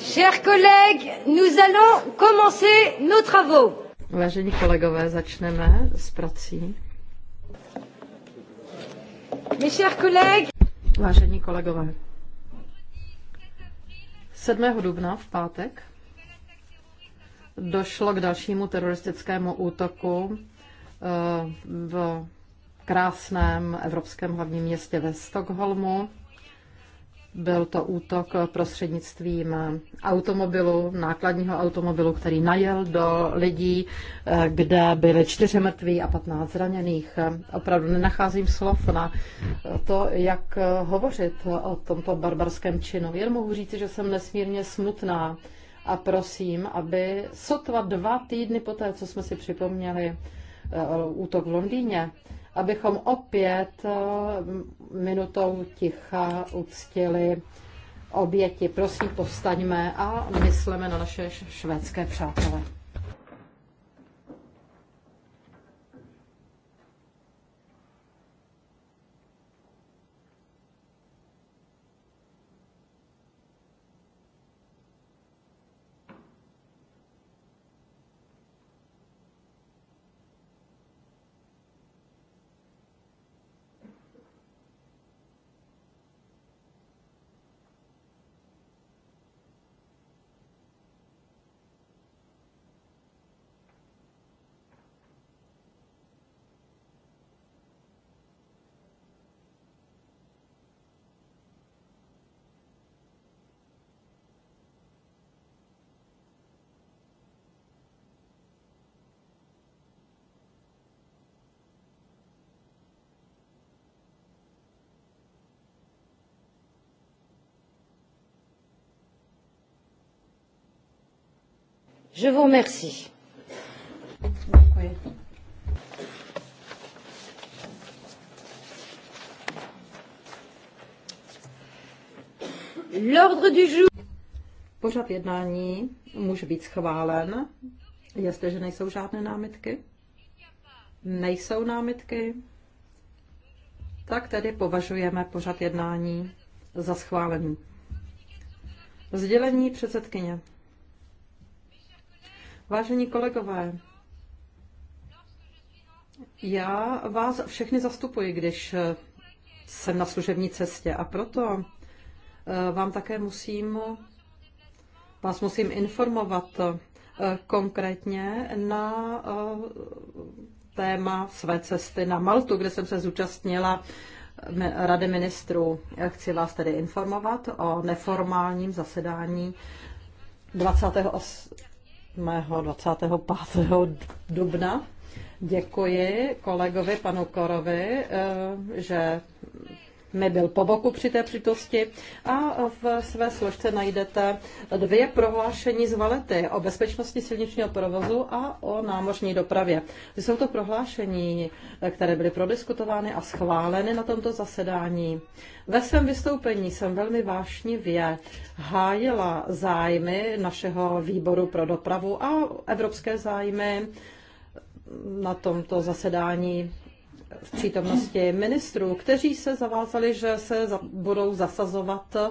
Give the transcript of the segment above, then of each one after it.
Chers collègues, nous allons commencer nos travaux. Vážení kolegové, začneme s prací. Mes chers collègues, Vážení kolegové, 7. dubna v pátek došlo k dalšímu teroristickému útoku eh, v krásném evropském hlavním městě ve Stockholmu. Byl to útok prostřednictvím automobilu, nákladního automobilu, který najel do lidí, kde byly čtyři mrtví a patnáct zraněných. Opravdu nenacházím slov na to, jak hovořit o tomto barbarském činu. Jen mohu říct, že jsem nesmírně smutná a prosím, aby sotva dva týdny poté, co jsme si připomněli eh, útok v Londýně, abychom opět eh, minutou ticha uctili oběti. Prosím, povstaňme a mysleme na naše švédské přátele. Je vous remercie. Děkuji. L'ordre du jour. Pořad jednání může být schválen, jestliže nejsou žádné námitky. Nejsou námitky, tak tedy považujeme pořad jednání za schválený. Sdělení předsedkyně. Vážení kolegové, já vás všechny zastupuji, když eh, jsem na služební cestě a proto eh, vám také musím, vás musím informovat eh, konkrétně na téma své cesty na Maltu, kde jsem se zúčastnila Rady ministrů. Chci vás tedy informovat o neformálním zasedání 28. 25. dubna. Děkuji kolegovi panu Korovi, eh, že mi byl po boku při té přítosti a v své složce najdete dvě prohlášení z Valety o bezpečnosti silničního provozu a o námořní dopravě. Jsou to prohlášení, které byly prodiskutovány a schváleny na tomto zasedání. Ve svém vystoupení jsem velmi vášnivě hájila zájmy našeho výboru pro dopravu a evropské zájmy na tomto zasedání v přítomnosti ministrů, kteří se zavázali, že se budou zasazovat eh,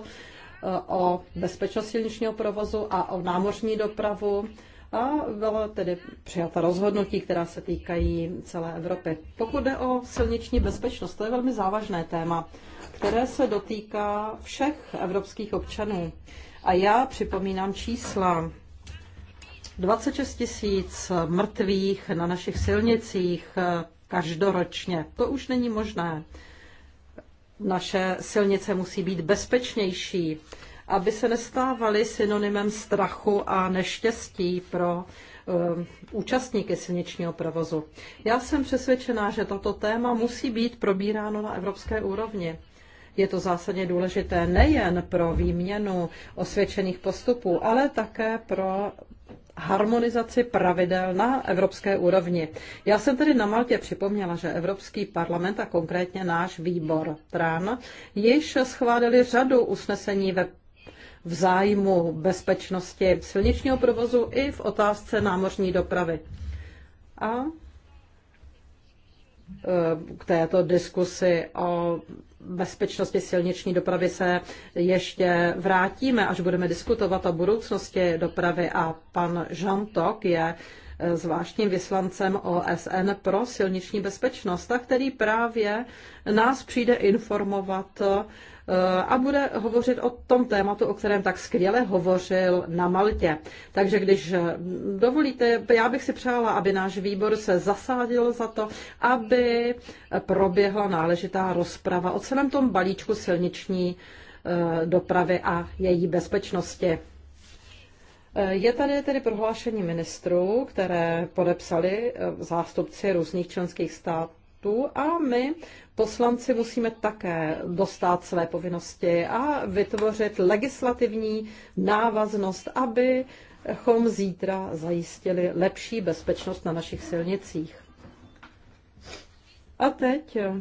o bezpečnost silničního provozu a o námořní dopravu a bylo tedy přijata rozhodnutí, která se týkají celé Evropy. Pokud jde o silniční bezpečnost, to je velmi závažné téma, které se dotýká všech evropských občanů. A já připomínám čísla. 26 tisíc mrtvých na našich silnicích, každoročně. To už není možné. Naše silnice musí být bezpečnější, aby se nestávaly synonymem strachu a neštěstí pro eh, účastníky silničního provozu. Já jsem přesvědčená, že toto téma musí být probíráno na evropské úrovni. Je to zásadně důležité nejen pro výměnu osvědčených postupů, ale také pro harmonizaci pravidel na evropské úrovni. Já jsem tedy na Maltě připomněla, že Evropský parlament a konkrétně náš výbor TRAN již schválili řadu usnesení ve v zájmu bezpečnosti silničního provozu i v otázce námořní dopravy. A e, k této diskusi o bezpečnosti silniční dopravy se ještě vrátíme, až budeme diskutovat o budoucnosti dopravy a pan Jean Tok je eh, zvláštním vyslancem OSN pro silniční bezpečnost, a který právě nás přijde informovat Eh, a bude hovořit o tom tématu, o kterém tak skvěle hovořil na Maltě. Takže když eh, dovolíte, já bych si přála, aby náš výbor se zasádil za to, aby proběhla náležitá rozprava o celém tom balíčku silniční eh, dopravy a její bezpečnosti. Je tady tedy prohlášení ministrů, které podepsali zástupci různých členských států aktů a my, poslanci, musíme také dostat své povinnosti a vytvořit legislativní návaznost, abychom zítra zajistili lepší bezpečnost na našich silnicích. A teď eh,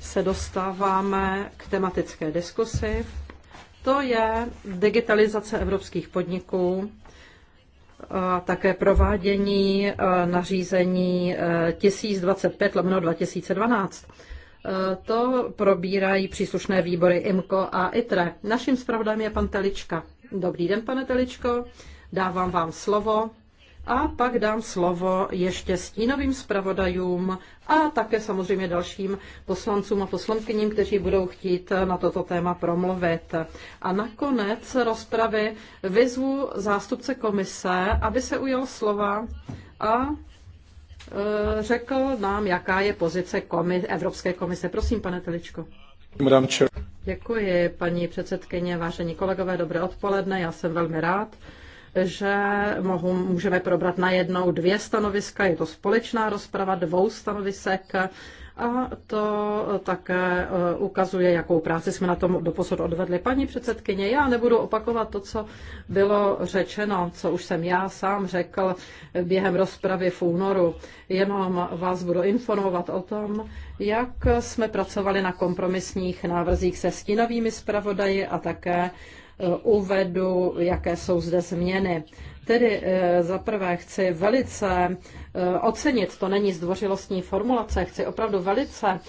se dostáváme k tematické diskusi. To je digitalizace evropských podniků a také provádění e, nařízení 1025 e, lomeno 2012. E, to probírají příslušné výbory IMCO a ITRE. Naším zpravodajem je pan Telička. Dobrý den, pane Teličko, dávám vám slovo a pak dám slovo ještě stínovým zpravodajům a také samozřejmě dalším poslancům a poslankyním, kteří budou chtít na toto téma promluvit. A nakonec rozpravy vyzvu zástupce komise, aby se ujal slova a e, řekl nám, jaká je pozice komi- Evropské komise. Prosím, pane Teličko. Děkuji, paní předsedkyně, vážení kolegové, dobré odpoledne. Já jsem velmi rád, že mohu, můžeme probrat najednou dvě stanoviska, je to společná rozprava dvou stanovisek a to také eh, ukazuje, jakou práci jsme na tom doposud odvedli. Paní předsedkyně, já nebudu opakovat to, co bylo řečeno, co už jsem já sám řekl během rozpravy v únoru. Jenom vás budu informovat o tom, jak jsme pracovali na kompromisních návrzích se stínovými zpravodaji a také Eh, uvedu, jaké jsou zde změny. Tedy eh, zaprvé chci velice eh, ocenit, to není zdvořilostní formulace, chci opravdu velice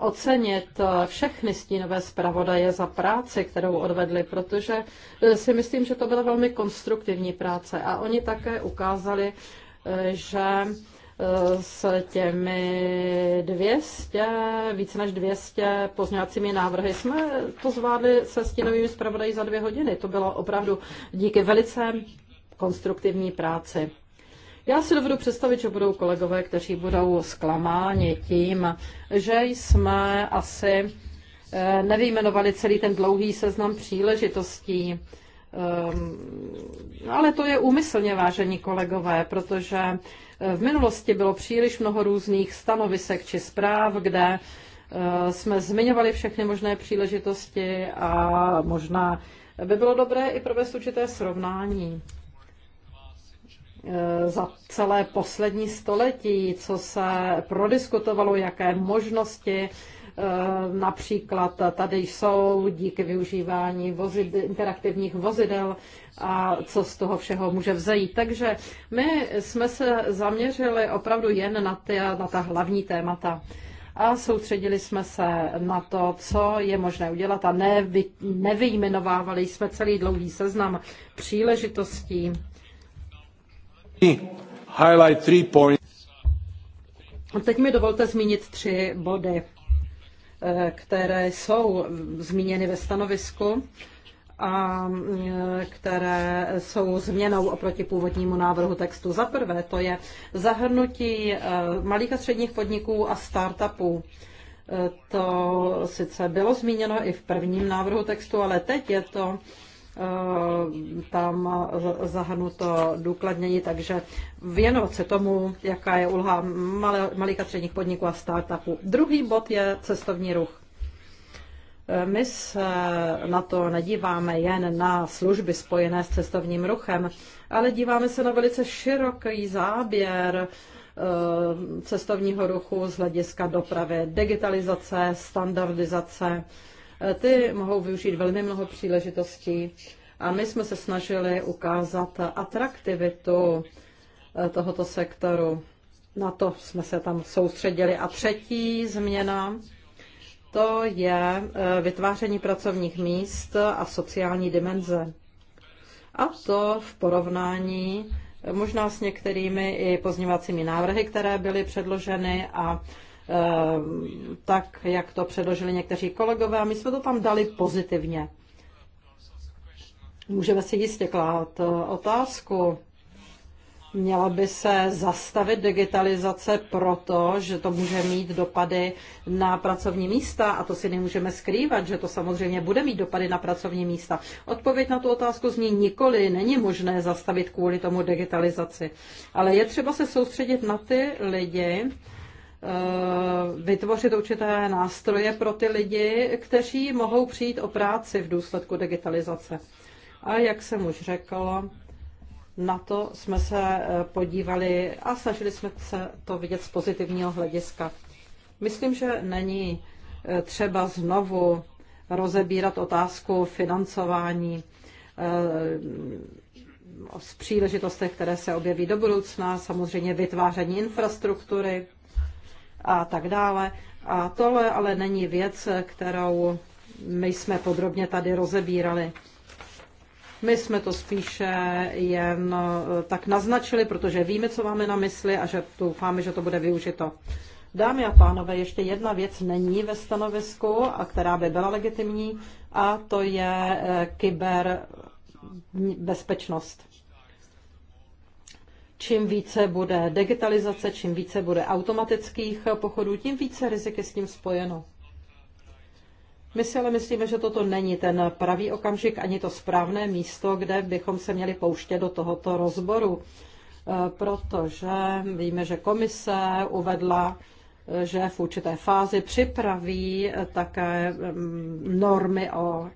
ocenit všechny stínové zpravodaje za práci, kterou odvedli, protože si myslím, že to byla velmi konstruktivní práce a oni také ukázali, že s těmi 200, více než 200 pozňovacími návrhy. Jsme to zvládli se stínovými zpravodají za dvě hodiny. To bylo opravdu díky velice konstruktivní práci. Já si dovedu představit, že budou kolegové, kteří budou zklamáni tím, že jsme asi eh, nevyjmenovali celý ten dlouhý seznam příležitostí, Ehm, ale to je úmyslně, vážení kolegové, protože eh, v minulosti bylo příliš mnoho různých stanovisek či zpráv, kde eh, jsme zmiňovali všechny možné příležitosti a možná by bylo dobré i provést určité srovnání eh, za celé poslední století, co se prodiskutovalo, jaké možnosti Eh, například tady jsou díky využívání vozid, interaktivních vozidel a co z toho všeho může vzejít. Takže my jsme se zaměřili opravdu jen na, ty, na ta hlavní témata a soustředili jsme se na to, co je možné udělat a nevy, nevyjmenovávali jsme celý dlouhý seznam příležitostí. Highlight three points. Teď mi dovolte zmínit tři body. Eh, které jsou zmíněny ve stanovisku a eh, které jsou změnou oproti původnímu návrhu textu. Za prvé to je zahrnutí eh, malých a středních podniků a startupů. To sice bylo zmíněno i v prvním návrhu textu, ale teď je to Eh, tam zahrnuto důkladněji, takže věnovat se tomu, jaká je úloha malých a středních podniků a startupů. Druhý bod je cestovní ruch. Eh, my se na to nedíváme jen na služby spojené s cestovním ruchem, ale díváme se na velice široký záběr eh, cestovního ruchu z hlediska dopravy, digitalizace, standardizace, Eh, ty mohou využít velmi mnoho příležitostí a my jsme se snažili ukázat atraktivitu eh, tohoto sektoru. Na to jsme se tam soustředili. A třetí změna, to je eh, vytváření pracovních míst a sociální dimenze. A to v porovnání možná s některými i pozněvacími návrhy, které byly předloženy a Ehm, tak jak to předložili někteří kolegové a my jsme to tam dali pozitivně. Můžeme si jistě klát eh, otázku. Měla by se zastavit digitalizace proto, že to může mít dopady na pracovní místa a to si nemůžeme skrývat, že to samozřejmě bude mít dopady na pracovní místa. Odpověď na tu otázku zní nikoli, není možné zastavit kvůli tomu digitalizaci, ale je třeba se soustředit na ty lidi, Eh, vytvořit určité nástroje pro ty lidi, kteří mohou přijít o práci v důsledku digitalizace. A jak jsem už řekl, na to jsme se eh, podívali a snažili jsme se to vidět z pozitivního hlediska. Myslím, že není eh, třeba znovu rozebírat otázku financování z příležitostech, které se objeví do budoucna, samozřejmě vytváření infrastruktury, a tak dále. A tohle ale není věc, kterou my jsme podrobně tady rozebírali. My jsme to spíše jen eh, tak naznačili, protože víme, co máme na mysli a že doufáme, že to bude využito. Dámy a pánové, ještě jedna věc není ve stanovisku, a která by byla legitimní, a to je eh, kyberbezpečnost. Čím více bude digitalizace, čím více bude automatických pochodů, tím více rizik je s tím spojeno. My si ale myslíme, že toto není ten pravý okamžik ani to správné místo, kde bychom se měli pouštět do tohoto rozboru, eh, protože víme, že komise uvedla, eh, že v určité fázi připraví také mm, normy o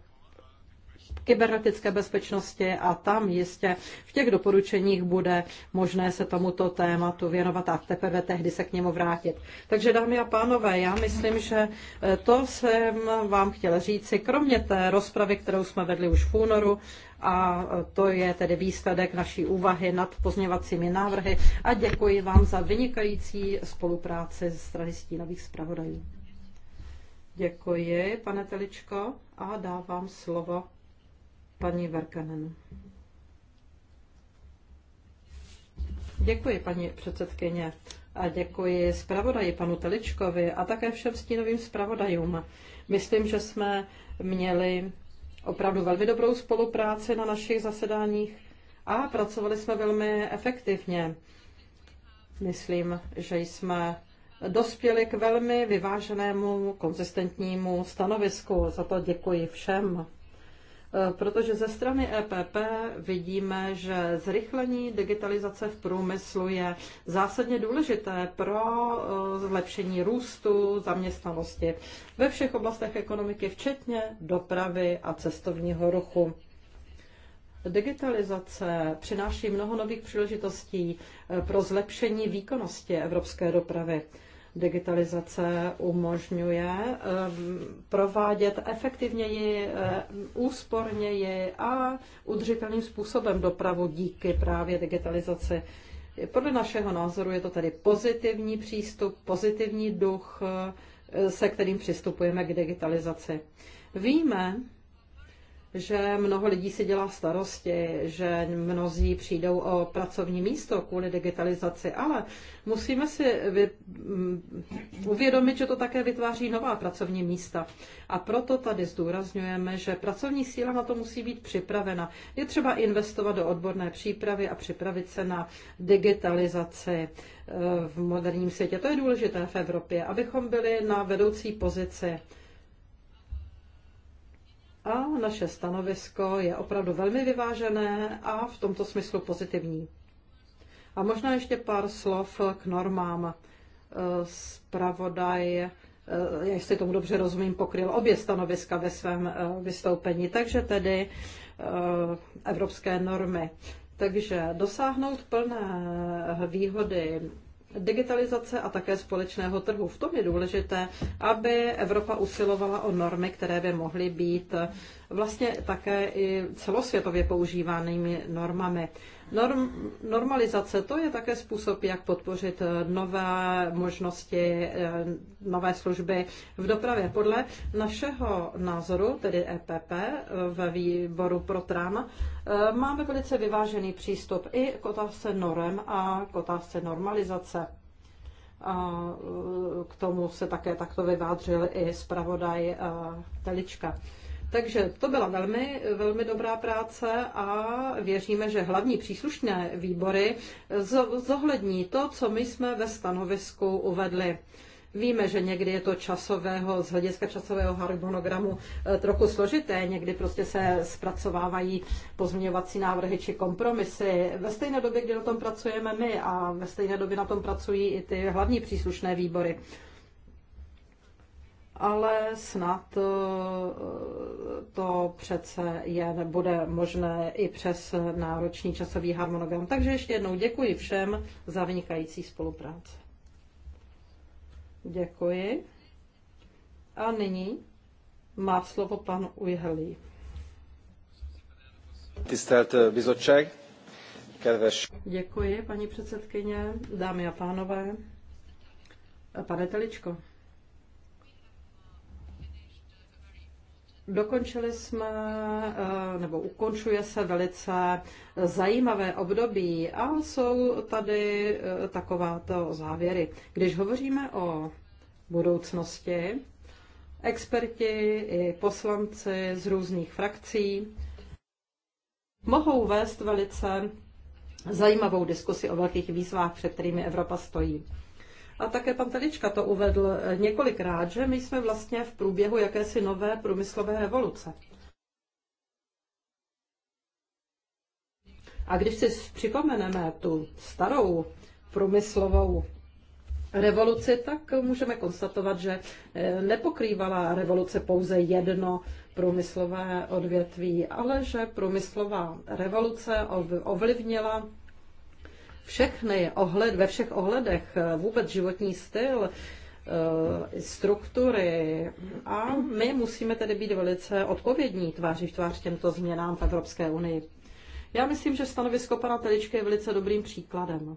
kybernetické bezpečnosti a tam jistě v těch doporučeních bude možné se tomuto tématu věnovat a teprve tehdy se k němu vrátit. Takže dámy a pánové, já myslím, že eh, to jsem vám chtěla říci, kromě té rozpravy, kterou jsme vedli už v únoru, a eh, to je tedy výsledek naší úvahy nad pozměvacími návrhy a děkuji vám za vynikající spolupráci ze strany stínových zpravodajů. Děkuji, pane Teličko, a dávám slovo paní Varkanen. Děkuji, paní předsedkyně, a děkuji zpravodaji panu Teličkovi a také všem stínovým zpravodajům. Myslím, že jsme měli opravdu velmi dobrou spolupráci na našich zasedáních a pracovali jsme velmi efektivně. Myslím, že jsme dospěli k velmi vyváženému, konzistentnímu stanovisku. Za to děkuji všem. Eh, protože ze strany EPP vidíme, že zrychlení digitalizace v průmyslu je zásadně důležité pro eh, zlepšení růstu, zaměstnanosti ve všech oblastech ekonomiky, včetně dopravy a cestovního ruchu. Digitalizace přináší mnoho nových příležitostí eh, pro zlepšení výkonnosti evropské dopravy. Digitalizace umožňuje ehm, provádět efektivněji, ehm, úsporněji a udržitelným způsobem dopravu díky právě digitalizaci. Podle našeho názoru je to tedy pozitivní přístup, pozitivní duch, eh, se kterým přistupujeme k digitalizaci. Víme, že mnoho lidí si dělá starosti, že mnozí přijdou o pracovní místo kvůli digitalizaci, ale musíme si vy... Mm, uvědomit, že to také vytváří nová pracovní místa. A proto tady zdůrazňujeme, že pracovní síla na to musí být připravena. Je třeba investovat do odborné přípravy a připravit se na digitalizaci eh, v moderním světě. To je důležité v Evropě, abychom byli na vedoucí pozici a naše stanovisko je opravdu velmi vyvážené a v tomto smyslu pozitivní. A možná ještě pár slov k normám. Spravodaj, e, e, jestli tomu dobře rozumím, pokryl obě stanoviska ve svém e, vystoupení, takže tedy evropské normy. Takže dosáhnout plné výhody digitalizace a také společného trhu. V tom je důležité, aby Evropa usilovala o normy, které by mohly být vlastně také i celosvětově používanými normami. Norm, normalizace to je také způsob, jak podpořit eh, nové možnosti, eh, nové služby v dopravě. Podle našeho názoru, tedy EPP eh, ve výboru pro TRAM, máme velice vyvážený přístup i k otázce norem a k otázce normalizace. A k tomu se také takto vyvádřil i zpravodaj Telička. Takže to byla velmi, velmi dobrá práce a věříme, že hlavní příslušné výbory zohlední to, co my jsme ve stanovisku uvedli. Víme, že někdy je to časového, z hlediska časového harmonogramu eh, trochu složité, někdy prostě se zpracovávají pozměňovací návrhy či kompromisy. Ve stejné době, kdy na tom pracujeme my a ve stejné době na tom pracují i ty hlavní příslušné výbory ale snad eh, to přece je, bude možné i přes náročný časový harmonogram. Takže ještě jednou děkuji všem za vynikající spolupráci. Děkuji. A nyní má slovo pan Ujhelý. Tisztelt eh, bizottság, kedves... Děkuji, paní předsedkyně, dámy a pánové. Pane Teličko. Dokončili jsme, eh, nebo ukončuje se velice zajímavé období a jsou tady eh, takováto závěry. Když hovoříme o budoucnosti, experti i poslanci z různých frakcí mohou vést velice zajímavou diskusi o velkých výzvách, před kterými Evropa stojí. A také pan Telička to uvedl eh, několikrát, že my jsme vlastně v průběhu jakési nové průmyslové revoluce. A když si připomeneme tu starou průmyslovou revoluci, tak můžeme konstatovat, že eh, nepokrývala revoluce pouze jedno průmyslové odvětví, ale že průmyslová revoluce ovlivnila všechny ohled, ve všech ohledech, eh, vůbec životní styl, eh, struktury a my musíme tedy být velice odpovědní tváří v tvář těmto změnám v Evropské unii. Já myslím, že stanovisko pana Teličky je velice dobrým příkladem.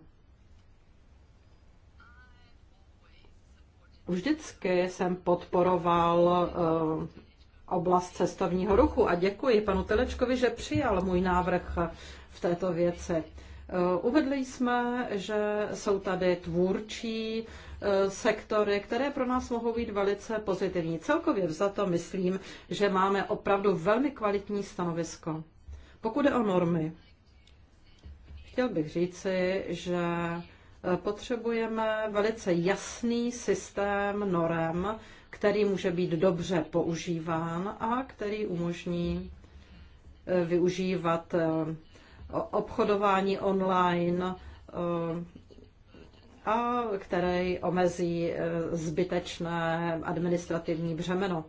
Vždycky jsem podporoval eh, oblast cestovního ruchu a děkuji panu Telečkovi, že přijal můj návrh v této věci. Eh, uvedli jsme, že jsou tady tvůrčí eh, sektory, které pro nás mohou být velice pozitivní. Celkově to myslím, že máme opravdu velmi kvalitní stanovisko. Pokud je o normy, chtěl bych říci, že eh, potřebujeme velice jasný systém norem, který může být dobře používán a který umožní využívat obchodování online, eh, a který omezí eh, zbytečné administrativní břemeno.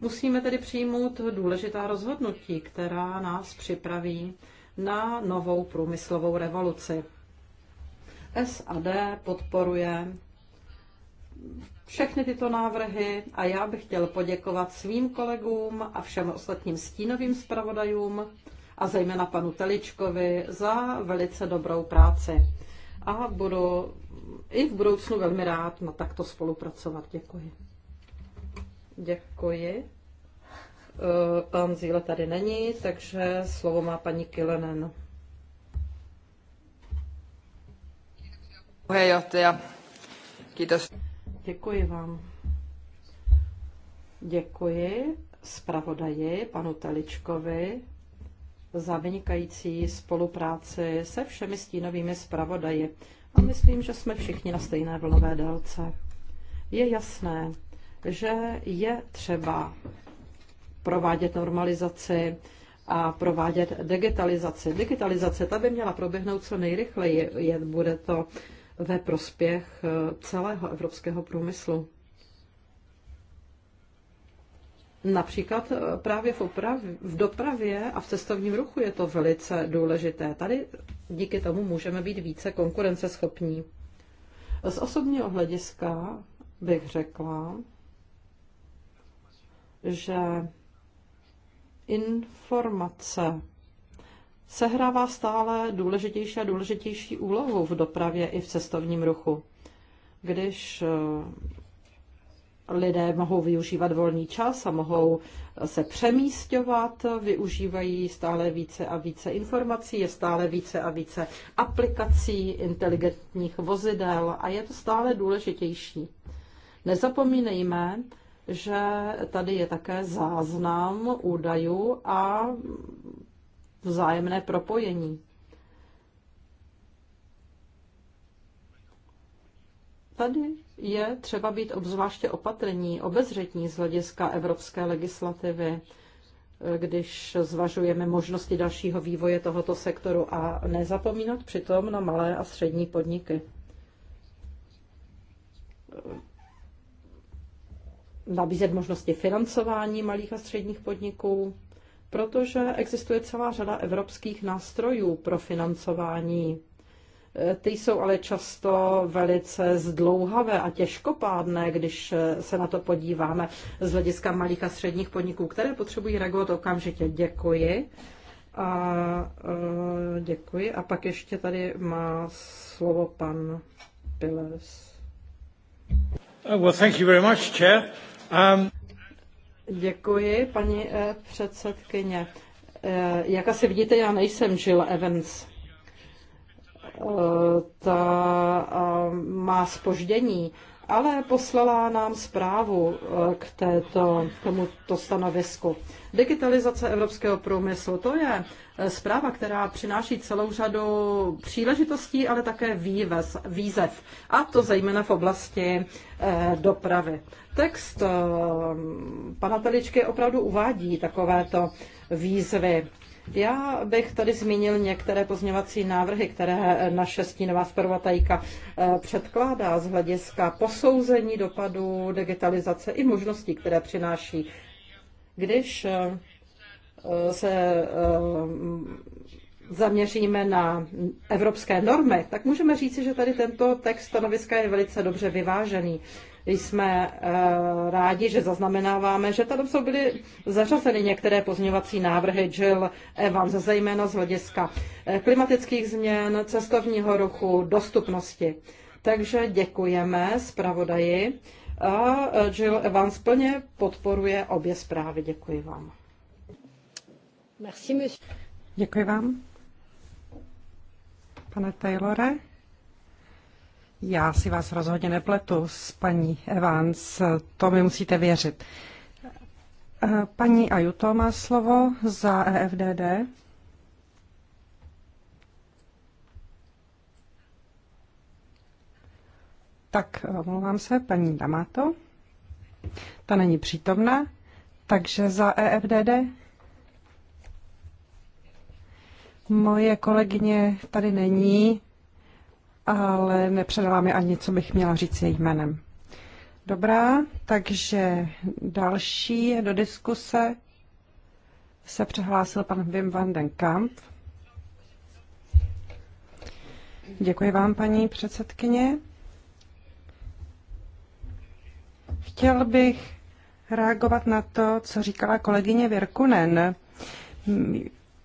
Musíme tedy přijmout důležitá rozhodnutí, která nás připraví na novou průmyslovou revoluci. SAD podporuje všechny tyto návrhy a já bych chtěl poděkovat svým kolegům a všem ostatním stínovým zpravodajům a zejména panu Teličkovi za velice dobrou práci. A budu i v budoucnu velmi rád na takto spolupracovat. Děkuji. Děkuji. Eh, pan Zíle tady není, takže slovo má paní Kilenen. Děkuji vám. Děkuji zpravodaji, panu Teličkovi, za vynikající spolupráci se všemi stínovými zpravodaji. A myslím, že jsme všichni na stejné vlnové délce. Je jasné, že je třeba provádět normalizaci a provádět digitalizaci. Digitalizace ta by měla proběhnout co nejrychleji, je, bude to ve prospěch eh, celého evropského průmyslu. Například eh, právě v, oprav, v dopravě a v cestovním ruchu je to velice důležité. Tady díky tomu můžeme být více konkurenceschopní. Z osobního hlediska bych řekla, že informace sehrává stále důležitější a důležitější úlohu v dopravě i v cestovním ruchu. Když eh, lidé mohou využívat volný čas a mohou se přemístovat, využívají stále více a více informací, je stále více a více aplikací, inteligentních vozidel a je to stále důležitější. Nezapomínejme, že tady je také záznam údajů a vzájemné propojení. Tady je třeba být obzvláště opatrní, obezřetní z hlediska evropské legislativy, když zvažujeme možnosti dalšího vývoje tohoto sektoru a nezapomínat přitom na malé a střední podniky. Nabízet možnosti financování malých a středních podniků, protože existuje celá řada evropských nástrojů pro financování ty jsou ale často velice zdlouhavé a těžkopádné, když se na to podíváme z hlediska malých a středních podniků, které potřebují reagovat okamžitě. Děkuji. A eh, děkuji. A pak ještě tady má slovo pan Piles. Uh, well, thank you very much, Chair. Um... Děkuji, paní eh, předsedkyně. Eh, jak asi vidíte, já nejsem Jill Evans ta má spoždění, ale poslala nám zprávu e, k, této, k tomuto stanovisku. Digitalizace evropského průmyslu, to je e, zpráva, která přináší celou řadu příležitostí, ale také vývez, výzev, a to zejména v oblasti e, dopravy. Text pana Teličky opravdu uvádí takovéto výzvy já bych tady zmínil některé pozměňovací návrhy, které naše stínová zpravotajka eh, předkládá z hlediska posouzení dopadů digitalizace i možností, které přináší. Když eh, se eh, zaměříme na evropské normy, tak můžeme říci, že tady tento text stanoviska je velice dobře vyvážený jsme eh, rádi, že zaznamenáváme, že tady jsou byly zařazeny některé pozměňovací návrhy Jill Evans, zejména z hlediska eh, klimatických změn, cestovního ruchu, dostupnosti. Takže děkujeme zpravodaji a eh, Jill Evans plně podporuje obě zprávy. Děkuji vám. Děkuji vám. Pane Taylore. Já si vás rozhodně nepletu s paní Evans, to mi musíte věřit. Eh, paní Ajuto má slovo za EFDD. Tak, omlouvám se, paní Damato. Ta není přítomná, takže za EFDD. Moje kolegyně tady není, ale nepředala mi ani, co bych měla říct jejím jménem. Dobrá, takže další do diskuse se přihlásil pan Wim van den Kamp. Děkuji vám, paní předsedkyně. Chtěl bych reagovat na to, co říkala kolegyně Virkunen.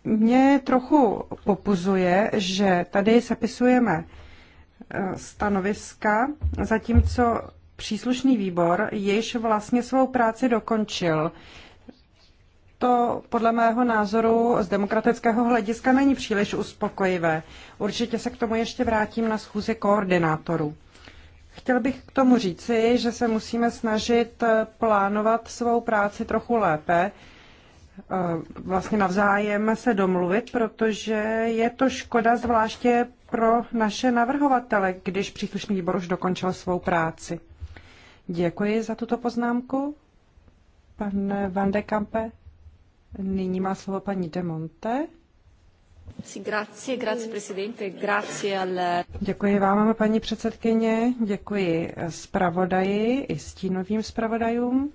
Mě trochu popuzuje, že tady zapisujeme stanoviska, zatímco příslušný výbor již vlastně svou práci dokončil. To podle mého názoru z demokratického hlediska není příliš uspokojivé. Určitě se k tomu ještě vrátím na schůzi koordinátorů. Chtěl bych k tomu říci, že se musíme snažit plánovat svou práci trochu lépe, eh, vlastně navzájem se domluvit, protože je to škoda zvláště pro naše navrhovatele, když příslušný výbor už dokončil svou práci. Děkuji za tuto poznámku. Pan Van de Kampe, nyní má slovo paní De Monte. Děkuji vám, paní předsedkyně, děkuji zpravodaji i stínovým zpravodajům.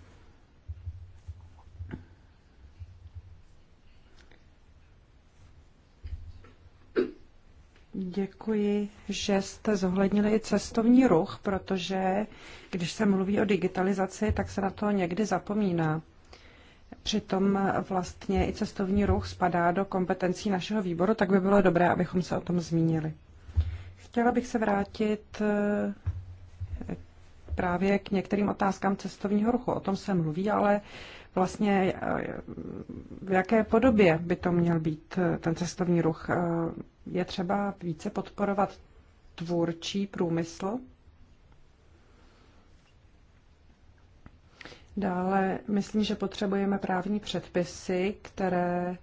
Děkuji, že jste zohlednili i cestovní ruch, protože když se mluví o digitalizaci, tak se na to někdy zapomíná. Přitom vlastně i cestovní ruch spadá do kompetencí našeho výboru, tak by bylo dobré, abychom se o tom zmínili. Chtěla bych se vrátit eh, právě k některým otázkám cestovního ruchu. O tom se mluví, ale vlastně eh, v jaké podobě by to měl být eh, ten cestovní ruch? je třeba více podporovat tvůrčí průmysl. Dále myslím, že potřebujeme právní předpisy, které eh,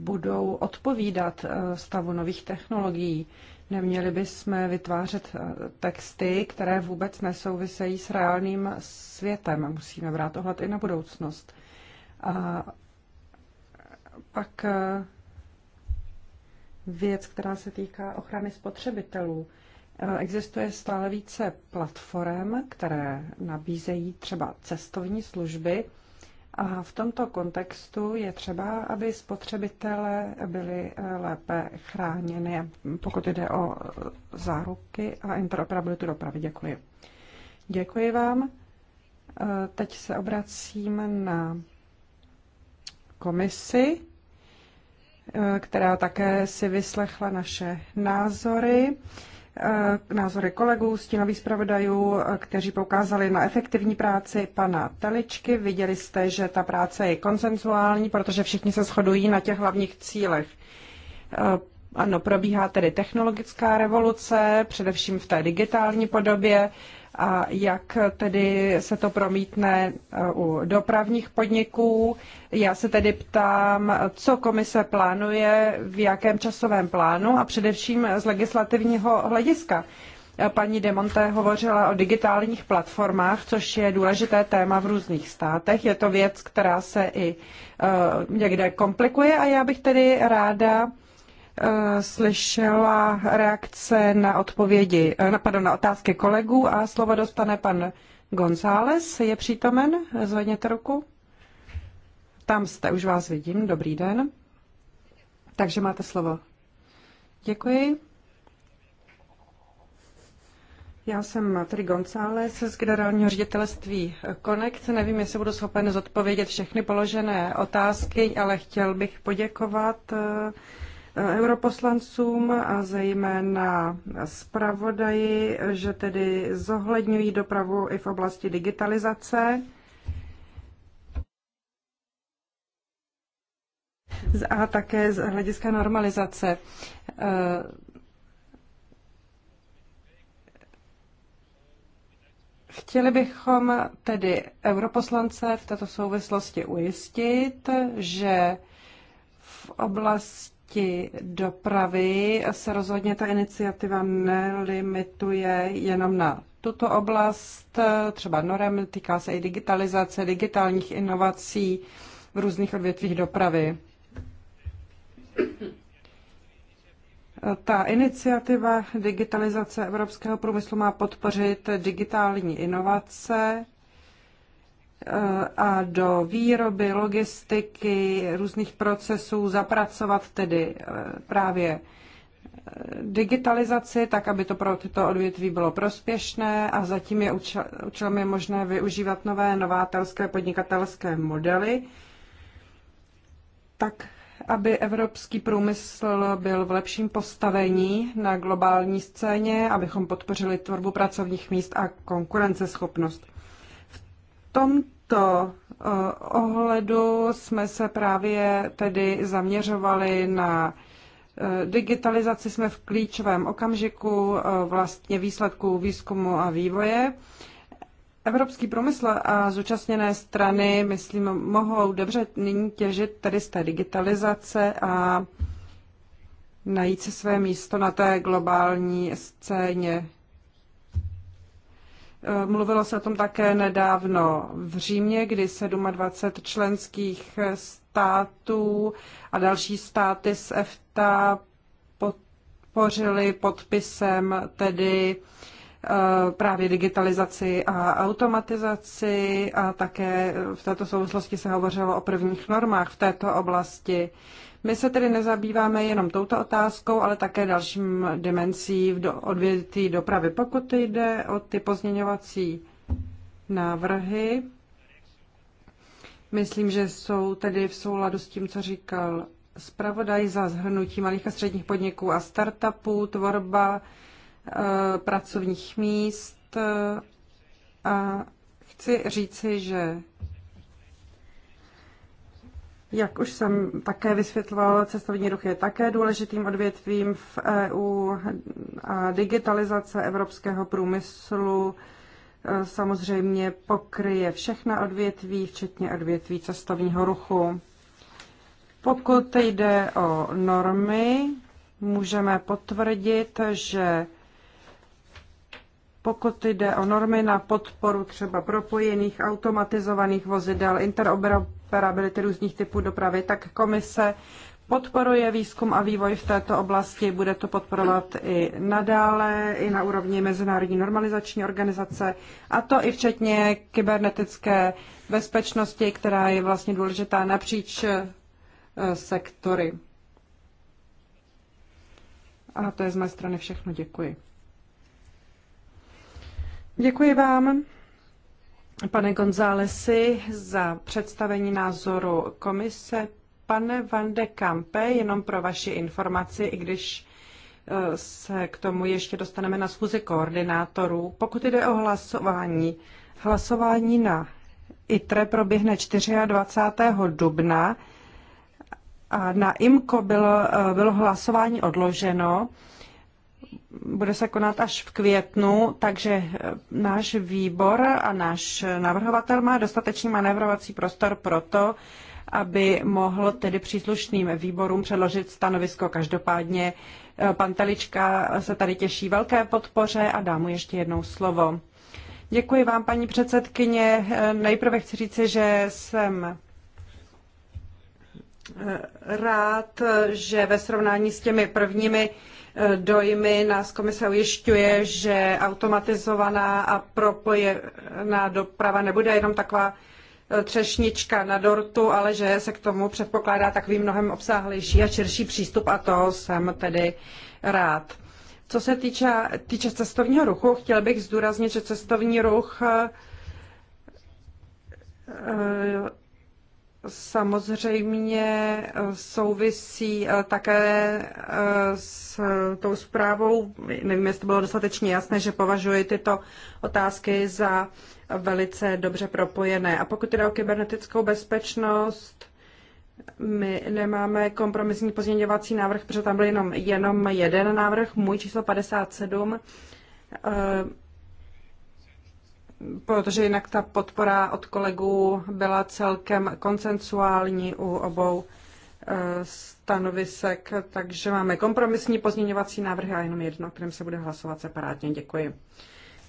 budou odpovídat eh, stavu nových technologií. Neměli bychom vytvářet eh, texty, které vůbec nesouvisejí s reálným světem. Musíme brát ohled i na budoucnost. A pak věc, která se týká ochrany spotřebitelů. Eh, existuje stále více platform, které nabízejí třeba cestovní služby a v tomto kontextu je třeba, aby spotřebitelé byli eh, lépe chráněni, pokud jde o eh, záruky a interoperabilitu dopravy. Děkuji. Děkuji vám. Teď se obracím na komisi. Eh, která také si vyslechla naše názory eh, názory kolegů, stínových zpravodajů, eh, kteří poukázali na efektivní práci pana Teličky. Viděli jste, že ta práce je konsenzuální, protože všichni se shodují na těch hlavních cílech. Ano, probíhá tedy technologická revoluce, především v té digitální podobě, a jak tedy se to promítne e, u dopravních podniků. Já se tedy ptám, co komise plánuje, v jakém časovém plánu a především z legislativního hlediska. E, paní Demonte hovořila o digitálních platformách, což je důležité téma v různých státech. Je to věc, která se i e, někde komplikuje a já bych tedy ráda Eh, slyšela reakce na odpovědi, eh, na, pardon, na otázky kolegů a slovo dostane pan González. Je přítomen? Zvedněte ruku. Tam jste, už vás vidím. Dobrý den. Takže máte slovo. Děkuji. Já jsem tedy González z generálního ředitelství Connect. Nevím, jestli budu schopen zodpovědět všechny položené otázky, ale chtěl bych poděkovat uh, europoslancům a zejména zpravodaji, že tedy zohledňují dopravu i v oblasti digitalizace. A také z hlediska normalizace. Chtěli bychom tedy europoslance v této souvislosti ujistit, že v oblasti oblasti dopravy se rozhodně ta iniciativa nelimituje jenom na tuto oblast, třeba norem, týká se i digitalizace, digitálních inovací v různých odvětvích dopravy. Ta iniciativa digitalizace evropského průmyslu má podpořit digitální inovace, a do výroby, logistiky, různých procesů zapracovat tedy eh, právě eh, digitalizaci, tak aby to pro tyto odvětví bylo prospěšné a zatím je účelem je možné využívat nové novátelské podnikatelské modely, tak aby evropský průmysl byl v lepším postavení na globální scéně, abychom podpořili tvorbu pracovních míst a konkurenceschopnost. V tom tomto eh, ohledu jsme se právě tedy zaměřovali na eh, digitalizaci. Jsme v klíčovém okamžiku eh, vlastně výsledků výzkumu a vývoje. Evropský průmysl a zúčastněné strany, myslím, mohou dobře nyní těžit tedy z té digitalizace a najít si své místo na té globální scéně Eh, mluvilo se o tom také nedávno v Římě, kdy 27 členských států a další státy z EFTA podpořili podpisem tedy eh, právě digitalizaci a automatizaci a také v této souvislosti se hovořilo o prvních normách v této oblasti. My se tedy nezabýváme jenom touto otázkou, ale také dalším dimenzí v do, odvětví dopravy. Pokud jde o ty pozměňovací návrhy, myslím, že jsou tedy v souladu s tím, co říkal zpravodaj za zhrnutí malých a středních podniků a startupů, tvorba eh, pracovních míst eh, a chci říci, že jak už jsem také vysvětloval, cestovní ruch je také důležitým odvětvím v EU a digitalizace evropského průmyslu e, samozřejmě pokryje všechna odvětví, včetně odvětví cestovního ruchu. Pokud jde o normy, můžeme potvrdit, že pokud jde o normy na podporu třeba propojených automatizovaných vozidel, interoperability různých typů dopravy, tak komise podporuje výzkum a vývoj v této oblasti, bude to podporovat i nadále, i na úrovni Mezinárodní normalizační organizace, a to i včetně kybernetické bezpečnosti, která je vlastně důležitá napříč e, sektory. A to je z mé strany všechno. Děkuji. Děkuji vám, pane Gonzálesi, za představení názoru komise. Pane Van de Campe. jenom pro vaši informaci, i když eh, se k tomu ještě dostaneme na schůzi koordinátorů. Pokud jde o hlasování, hlasování na ITRE proběhne 24. dubna a na IMKO bylo, eh, bylo hlasování odloženo bude se konat až v květnu, takže eh, náš výbor a náš navrhovatel má dostatečný manévrovací prostor pro to, aby mohl tedy příslušným výborům předložit stanovisko. Každopádně eh, pan Telička se tady těší velké podpoře a dám mu ještě jednou slovo. Děkuji vám, paní předsedkyně. Eh, nejprve chci říci, že jsem rád, že ve srovnání s těmi prvními dojmy. Nás komise ujišťuje, že automatizovaná a propojená doprava nebude jenom taková eh, třešnička na dortu, ale že se k tomu předpokládá takový mnohem obsáhlejší a širší přístup a to jsem tedy rád. Co se týče, týče cestovního ruchu, chtěl bych zdůraznit, že cestovní ruch eh, samozřejmě eh, souvisí eh, také eh, s tou zprávou. Nevím, jestli bylo dostatečně jasné, že považuji tyto otázky za velice dobře propojené. A pokud jde o kybernetickou bezpečnost, my nemáme kompromisní pozměňovací návrh, protože tam byl jenom, jenom jeden návrh, můj číslo 57 protože jinak ta podpora od kolegů byla celkem koncensuální u obou eh, stanovisek, takže máme kompromisní pozměňovací návrhy a jenom jedno, kterým se bude hlasovat separátně. Děkuji.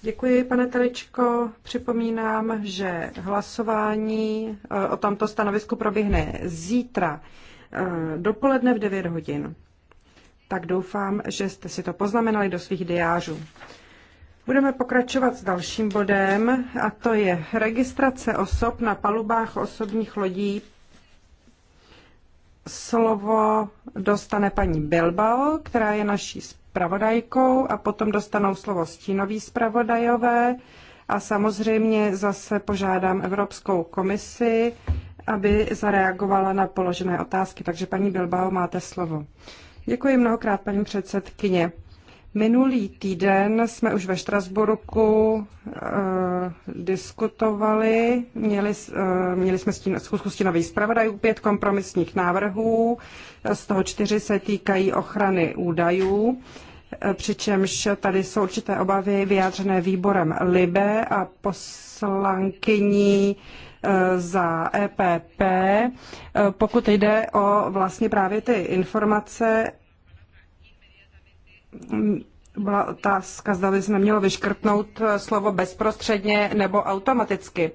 Děkuji, pane Teličko. Připomínám, že hlasování eh, o tomto stanovisku proběhne zítra eh, dopoledne v 9 hodin. Tak doufám, že jste si to poznamenali do svých diářů. Budeme pokračovat s dalším bodem a to je registrace osob na palubách osobních lodí. Slovo dostane paní Bilbao, která je naší zpravodajkou a potom dostanou slovo stínoví zpravodajové a samozřejmě zase požádám Evropskou komisi, aby zareagovala na položené otázky. Takže paní Bilbao, máte slovo. Děkuji mnohokrát, paní předsedkyně. Minulý týden jsme už ve Štrasburku uh, diskutovali, měli, uh, měli jsme stín, tím stínových zpravodajů, pět kompromisních návrhů, z toho čtyři se týkají ochrany údajů, eh, přičemž tady jsou určité obavy vyjádřené výborem LIBE a poslankyní za EPP, pokud jde o vlastně právě ty informace byla otázka, zda by se nemělo vyškrtnout eh, slovo bezprostředně nebo automaticky.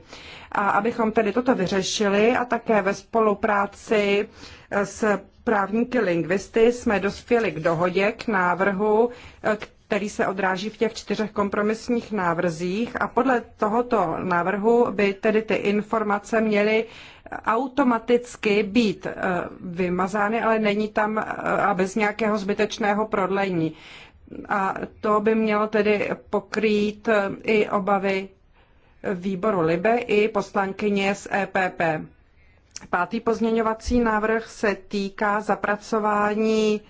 A abychom tedy toto vyřešili a také ve spolupráci eh, s právníky lingvisty jsme dospěli k dohodě, k návrhu, eh, který se odráží v těch čtyřech kompromisních návrzích a podle tohoto návrhu by tedy ty informace měly automaticky být eh, vymazány, ale není tam eh, a bez nějakého zbytečného prodlení. A to by mělo tedy pokrýt eh, i obavy výboru Libe i poslankyně z EPP. Pátý pozměňovací návrh se týká zapracování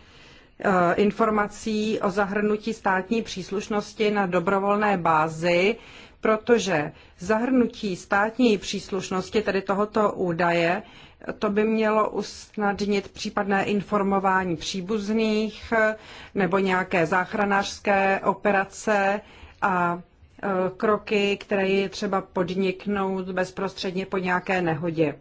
Eh, informací o zahrnutí státní příslušnosti na dobrovolné bázi, protože zahrnutí státní příslušnosti, tedy tohoto údaje, to by mělo usnadnit případné informování příbuzných eh, nebo nějaké záchranářské operace a eh, kroky, které je třeba podniknout bezprostředně po nějaké nehodě.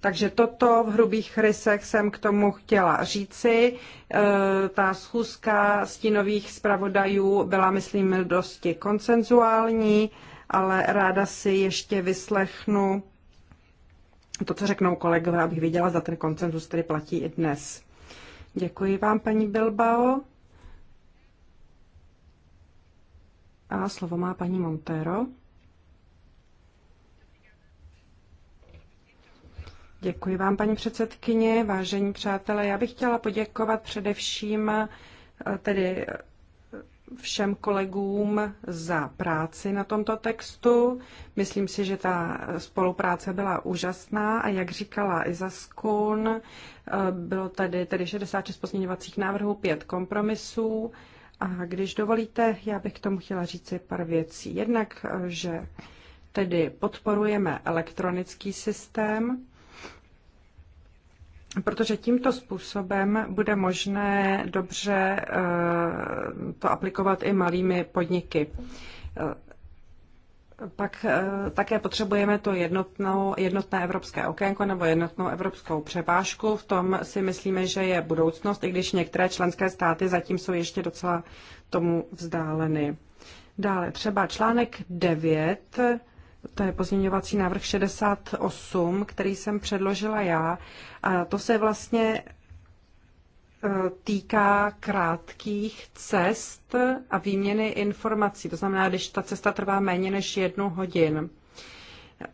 Takže toto v hrubých rysech jsem k tomu chtěla říci. E, ta schůzka stínových zpravodajů byla, myslím, dosti konsenzuální, ale ráda si ještě vyslechnu to, co řeknou kolegové, abych viděla, za ten koncenzus který platí i dnes. Děkuji vám, paní Bilbao. A slovo má paní Montero. Děkuji vám, paní předsedkyně, vážení přátelé. Já bych chtěla poděkovat především eh, tedy eh, všem kolegům za práci na tomto textu. Myslím si, že ta spolupráce byla úžasná a jak říkala Iza Skun, eh, bylo tady tedy 66 pozměňovacích návrhů, pět kompromisů. A když dovolíte, já bych k tomu chtěla říci pár věcí. Jednak, že tedy podporujeme elektronický systém, protože tímto způsobem bude možné dobře eh, to aplikovat i malými podniky. Eh, pak eh, také potřebujeme to jednotnou, jednotné evropské okénko nebo jednotnou evropskou přepážku. V tom si myslíme, že je budoucnost, i když některé členské státy zatím jsou ještě docela tomu vzdáleny. Dále třeba článek 9 to je pozměňovací návrh 68, který jsem předložila já. A to se vlastně e, týká krátkých cest a výměny informací. To znamená, když ta cesta trvá méně než jednu hodin. E,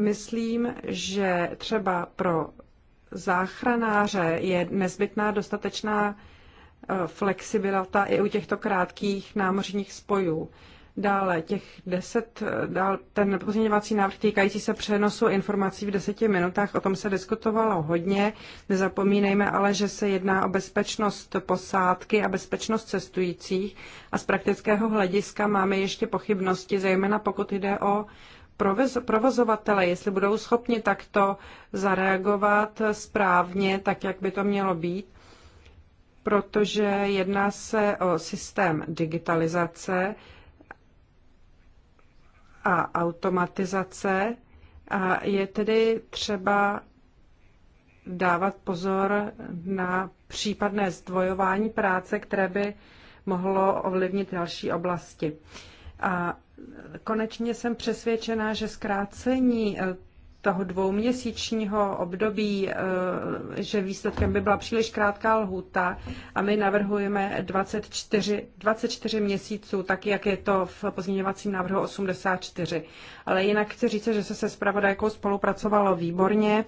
myslím, že třeba pro záchranáře je nezbytná dostatečná e, flexibilita i u těchto krátkých námořních spojů. Dále těch deset dál, ten pozměňovací návrh týkající se přenosu informací v deseti minutách, o tom se diskutovalo hodně. Nezapomínejme ale, že se jedná o bezpečnost posádky a bezpečnost cestujících a z praktického hlediska máme ještě pochybnosti, zejména pokud jde o provozovatele, jestli budou schopni takto zareagovat správně, tak jak by to mělo být, protože jedná se o systém digitalizace, a automatizace a je tedy třeba dávat pozor na případné zdvojování práce, které by mohlo ovlivnit další oblasti. A konečně jsem přesvědčená, že zkrácení toho dvouměsíčního období, eh, že výsledkem by byla příliš krátká lhůta a my navrhujeme 24, 24 měsíců, tak jak je to v pozměňovacím návrhu 84. Ale jinak chci říct, že se se zpravodajkou spolupracovalo výborně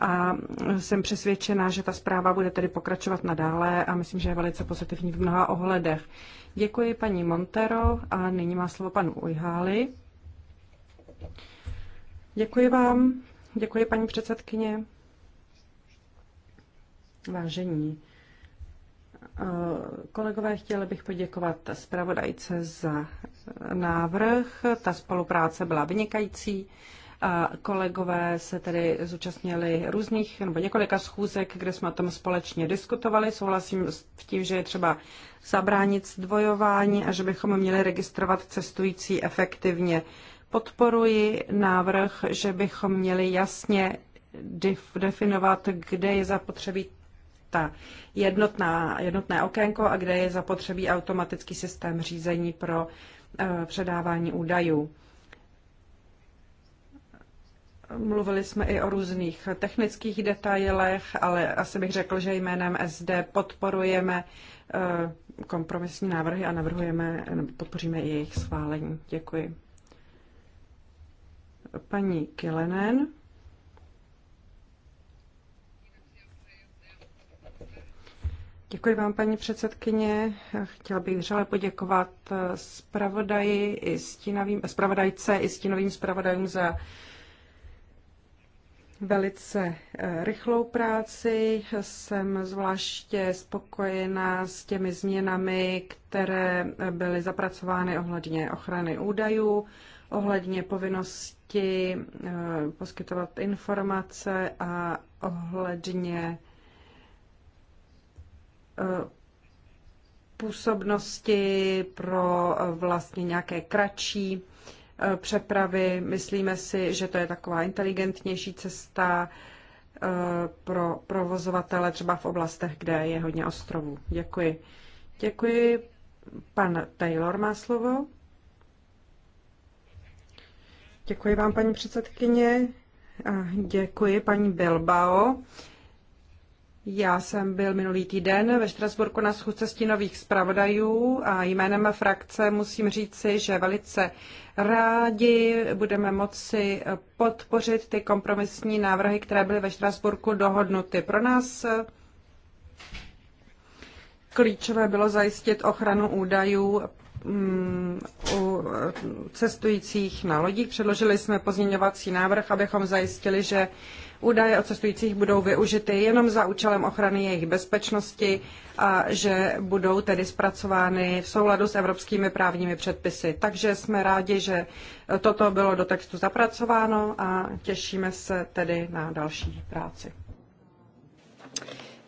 a jsem přesvědčená, že ta zpráva bude tedy pokračovat nadále a myslím, že je velice pozitivní v mnoha ohledech. Děkuji paní Montero a nyní má slovo pan Ujháli. Děkuji vám. Děkuji, paní předsedkyně. Vážení eh, kolegové, chtěla bych poděkovat zpravodajce za eh, návrh. Ta spolupráce byla vynikající. A kolegové se tedy zúčastnili různých nebo několika schůzek, kde jsme o tom společně diskutovali. Souhlasím s tím, že je třeba zabránit zdvojování a že bychom měli registrovat cestující efektivně. Podporuji návrh, že bychom měli jasně definovat, kde je zapotřebí ta jednotná, jednotné okénko a kde je zapotřebí automatický systém řízení pro eh, předávání údajů. Mluvili jsme i o různých technických detailech, ale asi bych řekl, že jménem SD podporujeme eh, kompromisní návrhy a navrhujeme, podpoříme i jejich schválení. Děkuji paní Kilenen. Děkuji vám, paní předsedkyně. Chtěla bych vřele poděkovat zpravodaji i stínovým, zpravodajce i stínovým zpravodajům za velice eh, rychlou práci. Jsem zvláště spokojená s těmi změnami, které byly zapracovány ohledně ochrany údajů ohledně povinnosti eh, poskytovat informace a ohledně eh, působnosti pro vlastně nějaké kratší eh, přepravy. Myslíme si, že to je taková inteligentnější cesta pro provozovatele třeba v oblastech, kde je hodně ostrovů. Děkuji. Děkuji. Pan Taylor má slovo. Děkuji vám, paní předsedkyně. A děkuji, paní Bilbao. Já jsem byl minulý týden ve Štrasburku na schůzce stínových zpravodajů a jménem frakce musím říci, že velice rádi budeme moci podpořit ty kompromisní návrhy, které byly ve Štrasburku dohodnuty. Pro nás klíčové bylo zajistit ochranu údajů Mm, u eh, cestujících na lodích. Předložili jsme pozměňovací návrh, abychom zajistili, že údaje o cestujících budou využity jenom za účelem ochrany jejich bezpečnosti a že budou tedy zpracovány v souladu s evropskými právními předpisy. Takže jsme rádi, že toto bylo do textu zapracováno a těšíme se tedy na další práci.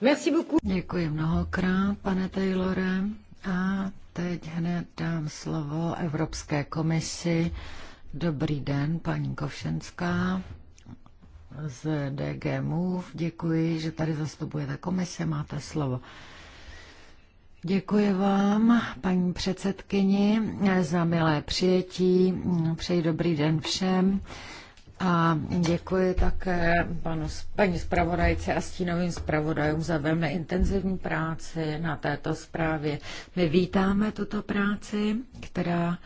Merci beaucoup. Děkuji mnohokrát, pane Taylore. A teď hned dám slovo Evropské komisi. Dobrý den, paní Kovšenská z DG Move. Děkuji, že tady zastupujete komise, máte slovo. Děkuji vám, paní předsedkyni, za milé přijetí. Přeji dobrý den všem. A děkuji také panu, paní zpravodajce a stínovým zpravodajům za velmi intenzivní práci na této zprávě. My vítáme tuto práci, která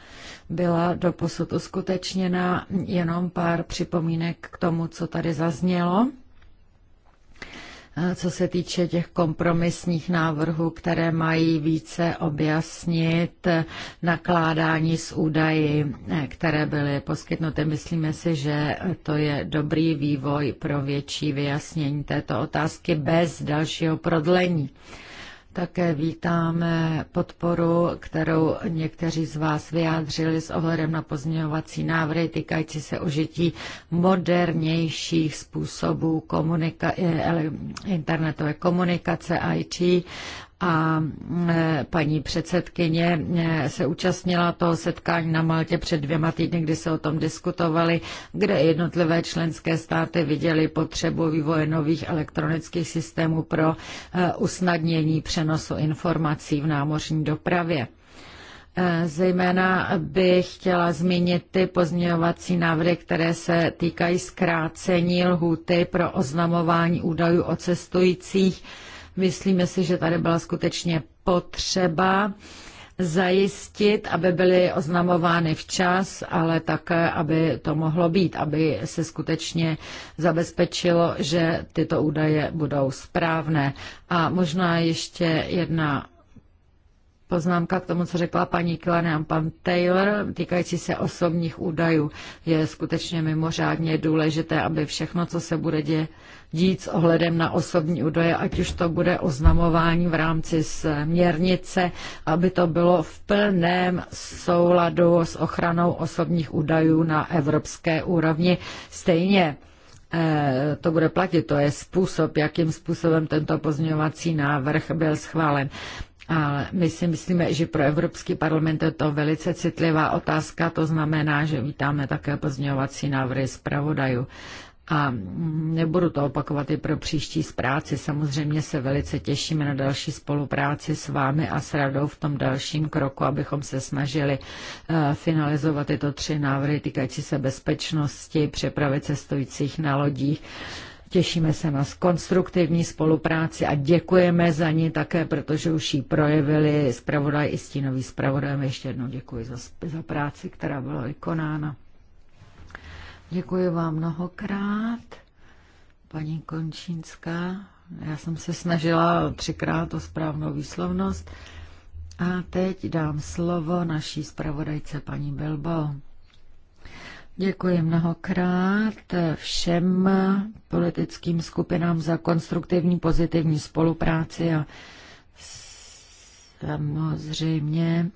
byla doposud uskutečněna. Jenom pár připomínek k tomu, co tady zaznělo co se týče těch kompromisních návrhů, které mají více objasnit nakládání s údaji, eh, které byly poskytnuty. Myslíme si, že to je dobrý vývoj pro větší vyjasnění této otázky bez dalšího prodlení. Také vítáme podporu, kterou někteří z vás vyjádřili s ohledem na pozměňovací návrhy týkající se užití modernějších způsobů komunika- eh, internetové komunikace IT a mm, paní předsedkyně mm, se účastnila toho setkání na Maltě před dvěma týdny, kdy se o tom diskutovali, kde jednotlivé členské státy viděly potřebu vývoje nových elektronických systémů pro eh, usnadnění přenosu informací v námořní dopravě. Eh, zejména bych chtěla zmínit ty pozměňovací návrhy, které se týkají zkrácení lhůty pro oznamování údajů o cestujících Myslíme si, že tady byla skutečně potřeba zajistit, aby byly oznamovány včas, ale také, aby to mohlo být, aby se skutečně zabezpečilo, že tyto údaje budou správné. A možná ještě jedna poznámka k tomu, co řekla paní Kilane a pan Taylor, týkající se osobních údajů. Je skutečně mimořádně důležité, aby všechno, co se bude dělat, dít s ohledem na osobní údaje, ať už to bude oznamování v rámci směrnice, aby to bylo v plném souladu s ochranou osobních údajů na evropské úrovni. Stejně eh, to bude platit, to je způsob, jakým způsobem tento pozměňovací návrh byl schválen. Ale my si myslíme, že pro Evropský parlament je to velice citlivá otázka, to znamená, že vítáme také pozměňovací návrhy zpravodajů. A nebudu to opakovat i pro příští zpráci. Samozřejmě se velice těšíme na další spolupráci s vámi a s radou v tom dalším kroku, abychom se snažili eh, finalizovat tyto tři návrhy týkající se bezpečnosti, přepravy cestujících na lodích. Těšíme se na konstruktivní spolupráci a děkujeme za ní také, protože už ji projevili zpravodaj i stínový zpravodaj. Ještě jednou děkuji za, za práci, která byla vykonána. Děkuji vám mnohokrát, paní Končínská. Já jsem se snažila třikrát o správnou výslovnost. A teď dám slovo naší zpravodajce paní Bilbo. Děkuji mnohokrát všem politickým skupinám za konstruktivní pozitivní spolupráci a samozřejmě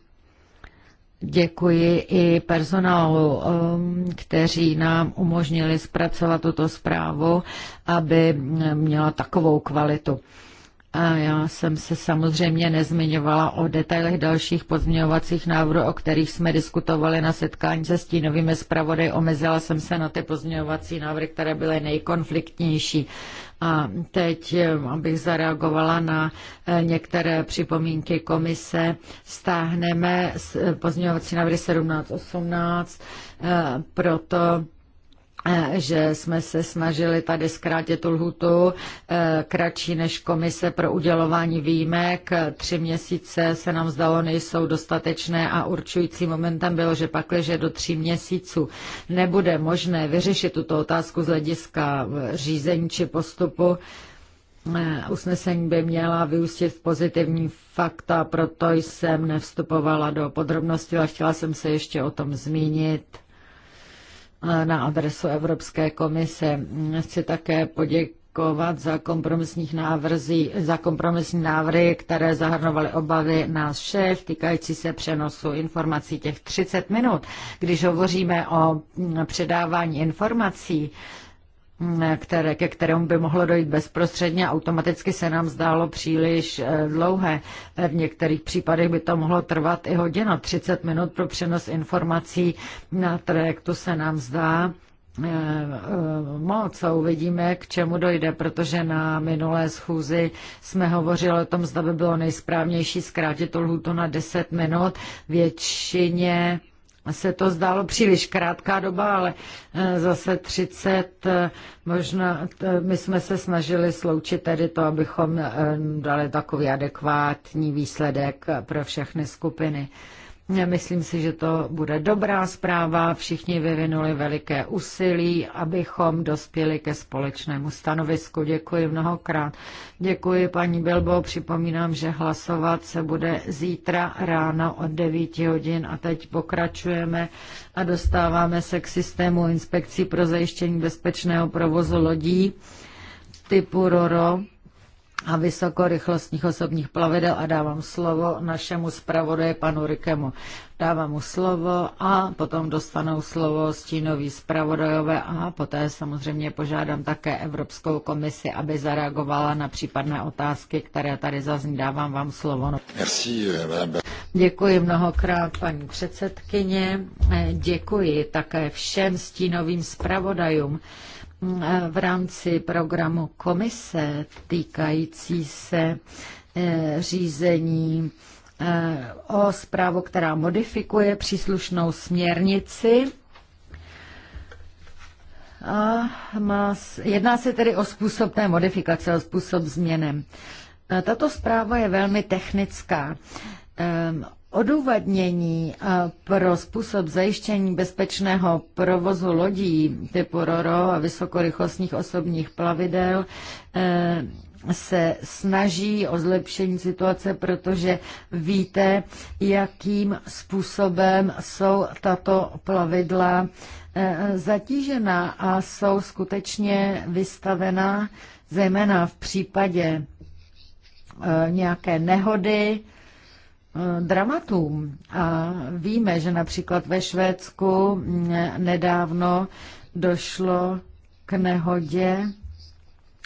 Děkuji i personálu, um, kteří nám umožnili zpracovat tuto zprávu, aby eh, měla takovou kvalitu. A já jsem se samozřejmě nezmiňovala o detailech dalších pozměňovacích návrhů, o kterých jsme diskutovali na setkání se stínovými zpravodaj. Omezila jsem se na ty pozměňovací návrhy, které byly nejkonfliktnější. A teď, eh, abych zareagovala na eh, některé připomínky komise, stáhneme eh, pozměňovací návrhy 17-18, proto Eh, že jsme se snažili tady zkrátit tu lhutu eh, kratší než komise pro udělování výjimek. Tři měsíce se nám zdalo nejsou dostatečné a určující momentem bylo, že že do tří měsíců nebude možné vyřešit tuto otázku z hlediska eh, řízení či postupu, Usnesení by měla vyústit v pozitivní fakta, proto jsem nevstupovala do podrobností, ale chtěla jsem se ještě o tom zmínit Eh, na adresu Evropské komise. Chci také poděkovat za, kompromisních návrzí, za kompromisní návrhy, které zahrnovaly obavy nás všech týkající se přenosu informací těch 30 minut. Když hovoříme o mm, předávání informací, které, ke kterému by mohlo dojít bezprostředně, automaticky se nám zdálo příliš eh, dlouhé. Eh, v některých případech by to mohlo trvat i hodinu. 30 minut pro přenos informací na trajektu se nám zdá eh, moc a uvidíme, k čemu dojde, protože na minulé schůzi jsme hovořili o tom, zda by bylo nejsprávnější zkrátit tu lhutu na 10 minut. Většině se to zdálo příliš krátká doba, ale eh, zase 30, eh, možná my jsme se snažili sloučit tedy to, abychom eh, dali takový adekvátní výsledek pro všechny skupiny. Myslím si, že to bude dobrá zpráva. Všichni vyvinuli veliké úsilí, abychom dospěli ke společnému stanovisku. Děkuji mnohokrát. Děkuji paní Bilbo. Připomínám, že hlasovat se bude zítra ráno od 9 hodin a teď pokračujeme a dostáváme se k systému inspekcí pro zajištění bezpečného provozu lodí typu RORO a vysokorychlostních osobních plavidel a dávám slovo našemu zpravodaji panu Rikemu. Dávám mu slovo a potom dostanou slovo stínoví zpravodajové a poté samozřejmě požádám také Evropskou komisi, aby zareagovala na případné otázky, které tady zazní. Dávám vám slovo. Merci, Děkuji mnohokrát paní předsedkyně, děkuji také všem stínovým zpravodajům v rámci programu komise týkající se eh, řízení eh, o zprávu, která modifikuje příslušnou směrnici. A má, jedná se tedy o způsob té modifikace, o způsob změny. Eh, tato zpráva je velmi technická. Ehm, Odůvodnění eh, pro způsob zajištění bezpečného provozu lodí typu RORO a vysokorychlostních osobních plavidel eh, se snaží o zlepšení situace, protože víte, jakým způsobem jsou tato plavidla eh, zatížena a jsou skutečně vystavená, zejména v případě nějaké nehody, Eh, dramatům. A víme, že například ve Švédsku nedávno došlo k nehodě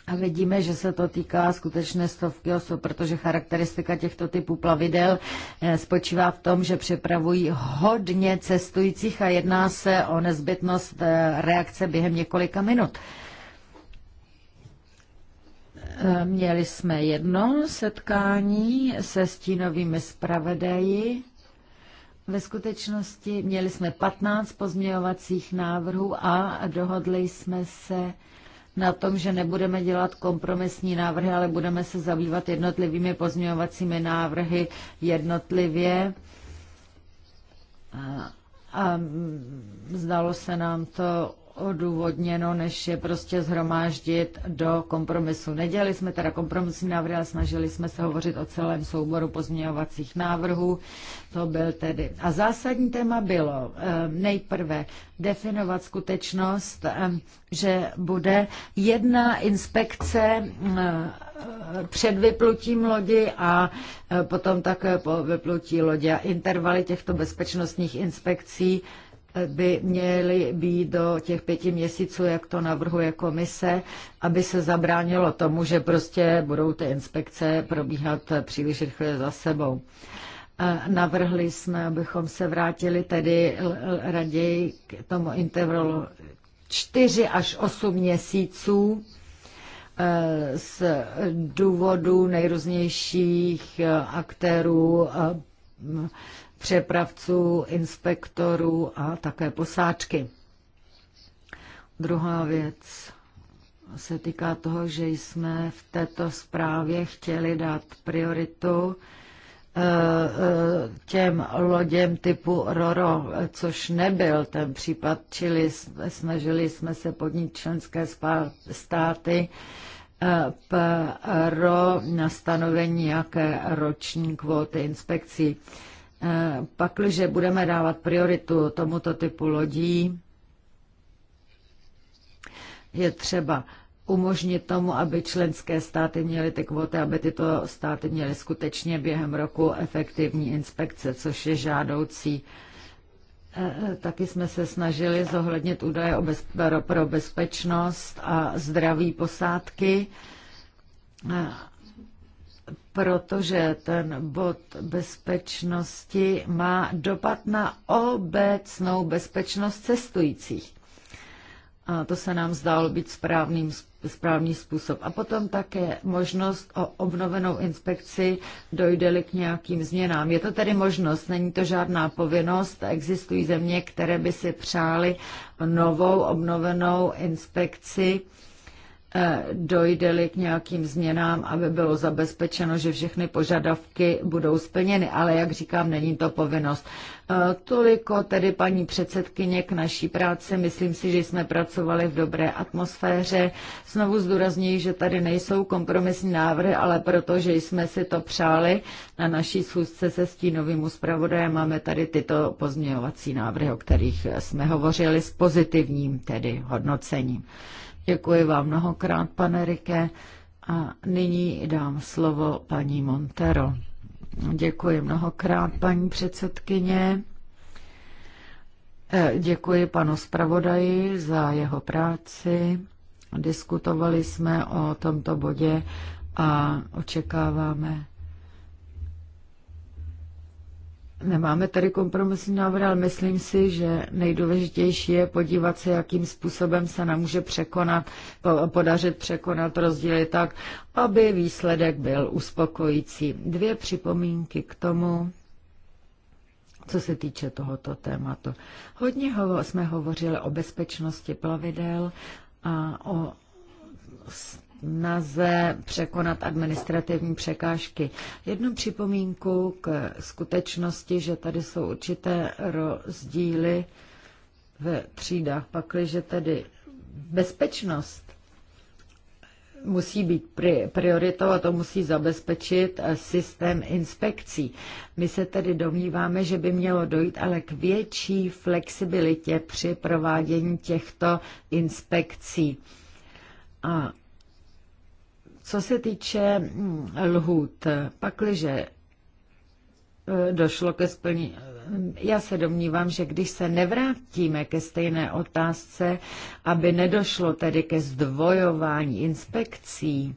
a vidíme, že se to týká skutečné stovky osob, protože charakteristika těchto typů plavidel eh, spočívá v tom, že přepravují hodně cestujících a jedná se o nezbytnost eh, reakce během několika minut. Měli jsme jedno setkání se stínovými zpravodaji. Ve skutečnosti měli jsme 15 pozměňovacích návrhů a dohodli jsme se na tom, že nebudeme dělat kompromisní návrhy, ale budeme se zabývat jednotlivými pozměňovacími návrhy jednotlivě. A, a zdalo se nám to odůvodněno, než je prostě zhromáždit do kompromisu. Nedělali jsme teda kompromisní návrhy, ale snažili jsme se hovořit o celém souboru pozměňovacích návrhů. To byl tedy. A zásadní téma bylo eh, nejprve definovat skutečnost, eh, že bude jedna inspekce eh, před vyplutím lodi a potom také po vyplutí lodi a intervaly těchto bezpečnostních inspekcí by měly být do těch pěti měsíců, jak to navrhuje komise, aby se zabránilo tomu, že prostě budou ty inspekce probíhat příliš rychle za sebou. Navrhli jsme, abychom se vrátili tedy raději k tomu intervalu 4 až 8 měsíců e, z důvodu nejrůznějších e, aktérů e, přepravců, inspektorů a také posáčky. Druhá věc se týká toho, že jsme v této zprávě chtěli dát prioritu eh, eh, těm loděm typu RORO, což nebyl ten případ, čili snažili jsme se podnít členské státy, pro nastanovení nějaké roční kvóty inspekcí. Pakliže budeme dávat prioritu tomuto typu lodí, je třeba umožnit tomu, aby členské státy měly ty kvóty, aby tyto státy měly skutečně během roku efektivní inspekce, což je žádoucí Taky jsme se snažili zohlednit údaje o bez, pro bezpečnost a zdraví posádky, protože ten bod bezpečnosti má dopad na obecnou bezpečnost cestujících. A to se nám zdálo být správným, správný způsob. A potom také možnost o obnovenou inspekci dojde-li k nějakým změnám. Je to tedy možnost, není to žádná povinnost. Existují země, které by si přáli novou obnovenou inspekci Eh, dojde-li k nějakým změnám, aby bylo zabezpečeno, že všechny požadavky budou splněny. Ale jak říkám, není to povinnost. Eh, toliko tedy paní předsedkyně k naší práci. Myslím si, že jsme pracovali v dobré atmosféře. Znovu zdůrazněji, že tady nejsou kompromisní návrhy, ale protože jsme si to přáli na naší schůzce se stínovým zpravodajem, máme tady tyto pozměňovací návrhy, o kterých jsme hovořili s pozitivním tedy hodnocením. Děkuji vám mnohokrát, pane Rike. A nyní dám slovo paní Montero. Děkuji mnohokrát, paní předsedkyně. E, děkuji panu zpravodaji za jeho práci. Diskutovali jsme o tomto bodě a očekáváme Nemáme tady kompromisní návrh, ale myslím si, že nejdůležitější je podívat se, jakým způsobem se nám může překonat, podařit překonat rozdíly tak, aby výsledek byl uspokojící. Dvě připomínky k tomu, co se týče tohoto tématu. Hodně hovo, jsme hovořili o bezpečnosti plavidel a o snaze překonat administrativní překážky. Jednu připomínku k skutečnosti, že tady jsou určité rozdíly ve třídách, pakliže tedy bezpečnost musí být prioritou a to musí zabezpečit eh, systém inspekcí. My se tedy domníváme, že by mělo dojít ale k větší flexibilitě při provádění těchto inspekcí. A co se týče mm, lhůt, pakliže e, došlo ke splnění. E, já se domnívám, že když se nevrátíme ke stejné otázce, aby nedošlo tedy ke zdvojování inspekcí,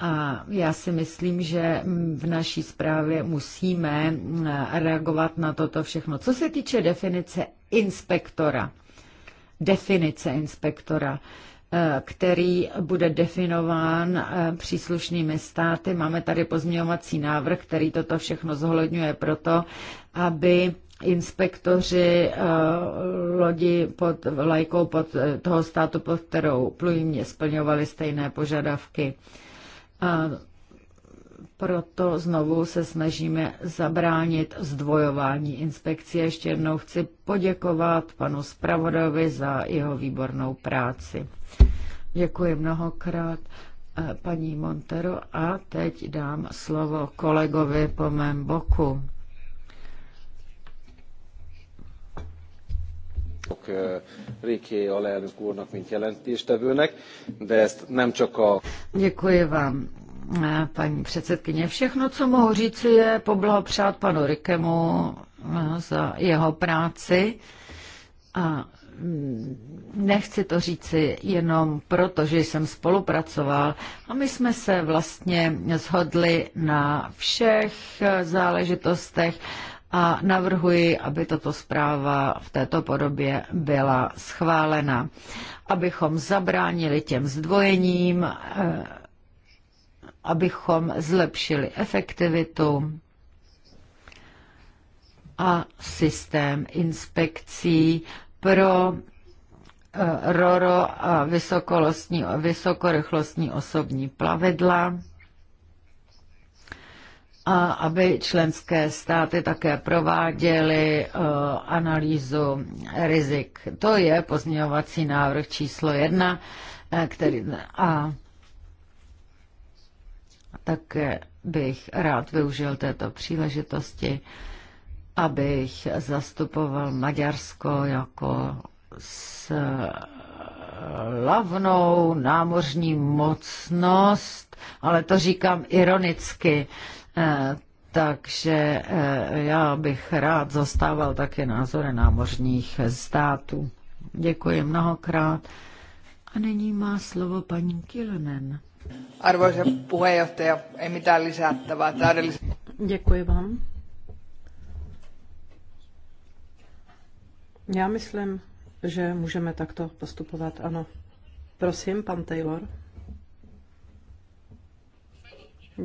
a já si myslím, že mm, v naší zprávě musíme mm, reagovat na toto všechno. Co se týče definice inspektora, definice inspektora, Eh, který bude definován eh, příslušnými státy. Máme tady pozměňovací návrh, který toto všechno zohledňuje proto, aby inspektoři eh, lodi pod lajkou pod toho státu, pod kterou plují, splňovali stejné požadavky. Proto znovu se snažíme zabránit zdvojování inspekcí. Ještě jednou chci poděkovat panu Spravodovi za jeho výbornou práci. Děkuji mnohokrát eh, paní Montero a teď dám slovo kolegovi po mém boku. Eh, Děkuji vám. Eh, paní předsedkyně, všechno, co mohu říci, je poblahopřát panu Rikemu eh, za jeho práci. A mm, nechci to říci jenom proto, že jsem spolupracoval a my jsme se vlastně shodli na všech eh, záležitostech a navrhuji, aby tato zpráva v této podobě byla schválena, abychom zabránili těm zdvojením, abychom zlepšili efektivitu a systém inspekcí pro eh, RORO a vysokorychlostní osobní plavidla a aby členské státy také prováděly eh, analýzu rizik. To je pozměňovací návrh číslo jedna, eh, který, a tak bych rád využil této příležitosti, abych zastupoval Maďarsko jako s hlavnou námořní mocnost, ale to říkám ironicky, eh, takže eh, já bych rád zastával také názory námořních států. Děkuji mnohokrát. A nyní má slovo paní Kilenen. Arvoisa puheenjohtaja, ei mitään lisättävää Täydellis- Děkuji vám. Já myslím, že můžeme takto postupovat, ano. Prosím, pan Taylor.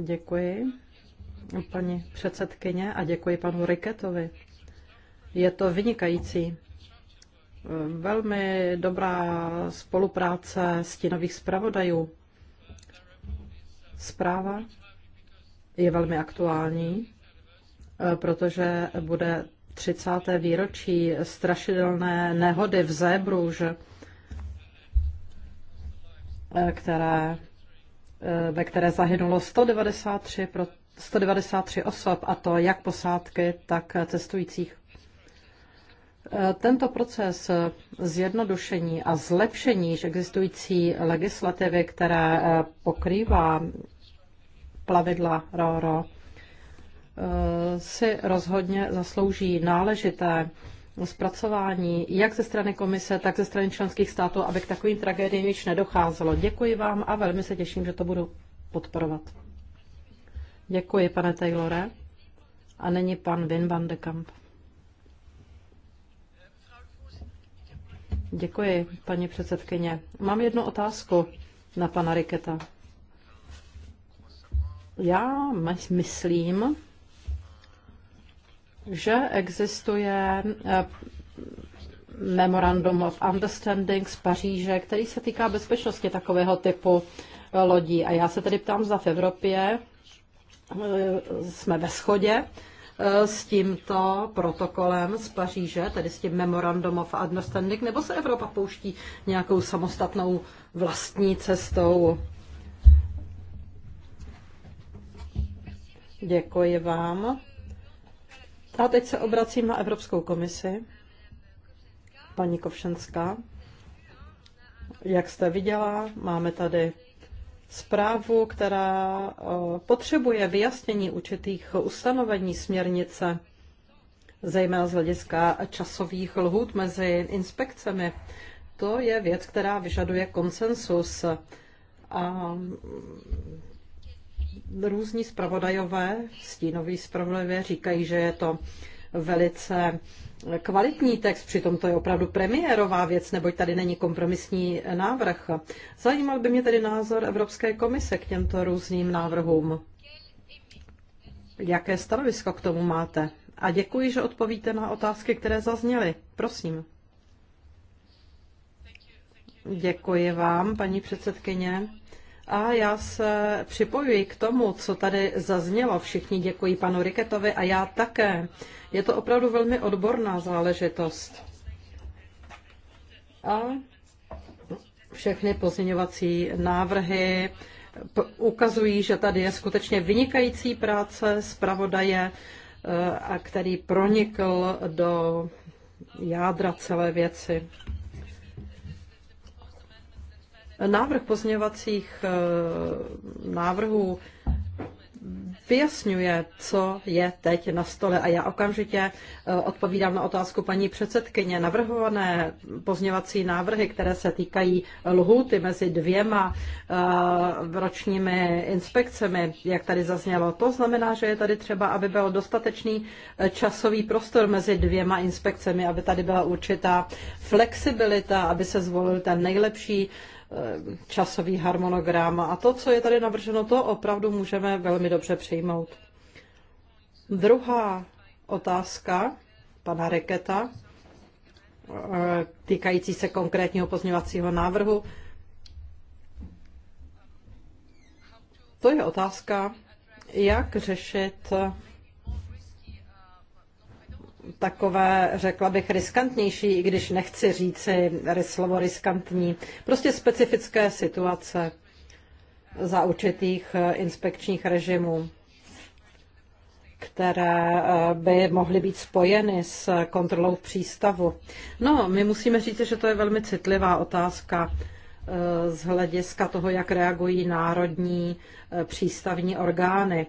Děkuji, paní předsedkyně, a děkuji panu Riketovi. Je to vynikající. Velmi dobrá spolupráce stínových zpravodajů. Zpráva je velmi aktuální, eh, protože bude 30. výročí strašidelné nehody v Zébruž, eh, které, eh, ve které zahynulo 193, 193 osob, a to jak posádky, tak cestujících. Eh, tento proces zjednodušení a zlepšení již existující legislativy, která eh, pokrývá plavidla RORO, eh, si rozhodně zaslouží náležité zpracování jak ze strany komise, tak ze strany členských států, aby k takovým tragédiím již nedocházelo. Děkuji vám a velmi se těším, že to budu podporovat. Děkuji, pane Taylore. A není pan Vin van de Kamp. Děkuji, paní předsedkyně. Mám jednu otázku na pana Riketa. Já myslím, že existuje eh, Memorandum of Understanding z Paříže, který se týká bezpečnosti takového typu eh, lodí. A já se tedy ptám, zda v Evropě eh, jsme ve shodě Eh, s tímto protokolem z Paříže, tedy s tím Memorandum of Understanding, nebo se Evropa pouští nějakou samostatnou vlastní cestou? Děkuji vám. A teď se obracím na Evropskou komisi. Paní Kovšenská, jak jste viděla, máme tady zprávu, která eh, potřebuje vyjasnění určitých ustanovení směrnice, zejména z hlediska časových lhůt mezi inspekcemi. To je věc, která vyžaduje konsensus a mm, různí zpravodajové, stínoví zpravodajové říkají, že je to velice kvalitní text, přitom to je opravdu premiérová věc, neboť tady není kompromisní návrh. Zajímal by mě tedy názor Evropské komise k těmto různým návrhům. Jaké stanovisko k tomu máte? A děkuji, že odpovíte na otázky, které zazněly. Prosím. Děkuji vám, paní předsedkyně. A já se připojuji k tomu, co tady zaznělo. Všichni děkuji panu Riketovi a já také. Je to opravdu velmi odborná záležitost. A všechny pozměňovací návrhy ukazují, že tady je skutečně vynikající práce zpravodaje, e, a který pronikl do jádra celé věci. Návrh pozměňovacích eh, návrhů vyjasňuje, co je teď na stole. A já okamžitě eh, odpovídám na otázku paní předsedkyně. Navrhované pozněvací návrhy, které se týkají lhuty mezi dvěma eh, ročními inspekcemi, jak tady zaznělo, to znamená, že je tady třeba, aby byl dostatečný časový prostor mezi dvěma inspekcemi, aby tady byla určitá flexibilita, aby se zvolil ten nejlepší Eh, časový harmonogram a to, co je tady navrženo, to opravdu můžeme velmi dobře přijmout. Druhá otázka pana Reketa eh, týkající se konkrétního pozměvacího návrhu. To je otázka, jak řešit takové, řekla bych, riskantnější, i když nechci říci slovo riskantní. Prostě specifické situace za určitých eh, inspekčních režimů, které eh, by mohly být spojeny s kontrolou přístavu. No, my musíme říct, že to je velmi citlivá otázka eh, z hlediska toho, jak reagují národní přístavní orgány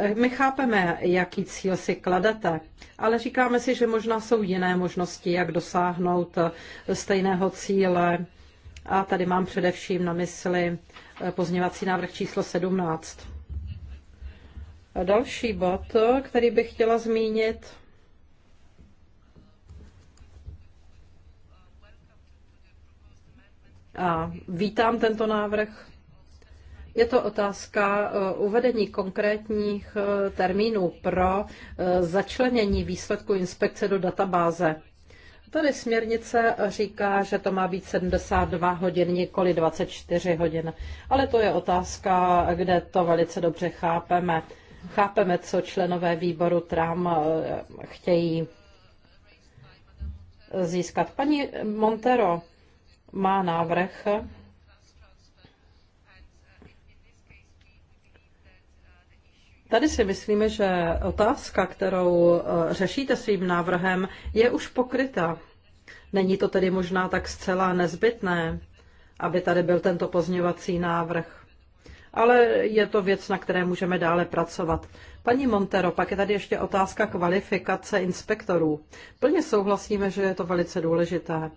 Eh, my chápeme, jaký cíl si kladete, ale říkáme si, že možná jsou jiné možnosti, jak dosáhnout eh, stejného cíle. A tady mám především na mysli eh, pozněvací návrh číslo 17. Další bod, který bych chtěla zmínit, a vítám tento návrh je to otázka eh, uvedení konkrétních eh, termínů pro eh, začlenění výsledku inspekce do databáze. Tady směrnice říká, že to má být 72 hodin, nikoli 24 hodin. Ale to je otázka, kde to velice dobře chápeme. Chápeme, co členové výboru TRAM chtějí získat. Paní Montero má návrh Tady si myslíme, že otázka, kterou eh, řešíte svým návrhem, je už pokryta. Není to tedy možná tak zcela nezbytné, aby tady byl tento pozměvací návrh. Ale je to věc, na které můžeme dále pracovat. Paní Montero, pak je tady ještě otázka kvalifikace inspektorů. Plně souhlasíme, že je to velice důležité,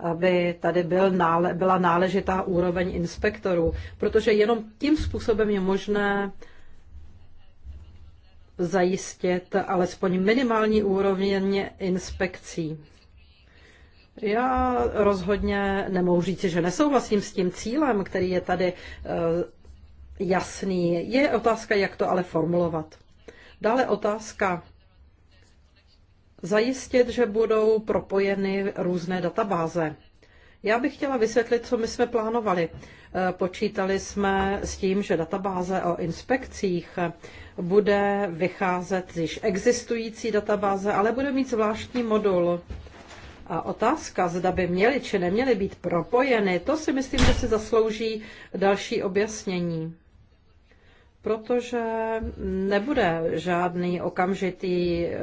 aby tady byl nále, byla náležitá úroveň inspektorů, protože jenom tím způsobem je možné zajistit alespoň minimální úroveň inspekcí. Já rozhodně nemohu říct, že nesouhlasím s tím cílem, který je tady eh, jasný. Je otázka, jak to ale formulovat. Dále otázka zajistit, že budou propojeny různé databáze. Já bych chtěla vysvětlit, co my jsme plánovali. Eh, počítali jsme s tím, že databáze o inspekcích eh, bude vycházet z již existující databáze, ale bude mít zvláštní modul. A otázka, zda by měly či neměly být propojeny, to si myslím, že si zaslouží další objasnění. Protože nebude žádný okamžitý, eh,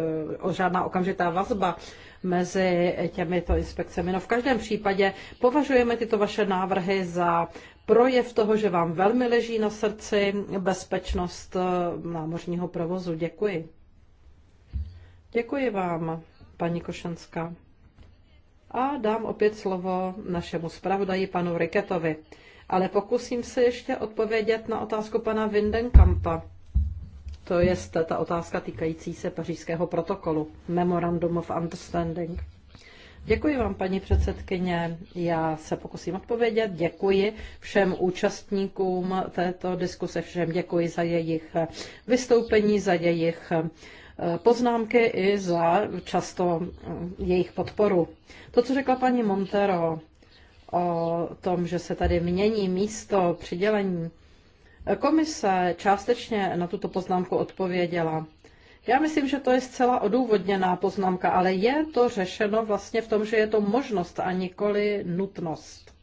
žádná okamžitá vazba mezi těmito inspekcemi. No v každém případě považujeme tyto vaše návrhy za projev toho, že vám velmi leží na srdci bezpečnost eh, námořního provozu. Děkuji. Děkuji vám, paní Košenská. A dám opět slovo našemu zpravodaji, panu Riketovi. Ale pokusím se ještě odpovědět na otázku pana Vindenkampa to je ta otázka týkající se pařížského protokolu, Memorandum of Understanding. Děkuji vám, paní předsedkyně. Já se pokusím odpovědět. Děkuji všem účastníkům této diskuse, všem děkuji za jejich vystoupení, za jejich eh, poznámky i za často eh, jejich podporu. To, co řekla paní Montero o tom, že se tady mění místo přidělení Komise částečně na tuto poznámku odpověděla. Já myslím, že to je zcela odůvodněná poznámka, ale je to řešeno vlastně v tom, že je to možnost a nikoli nutnost.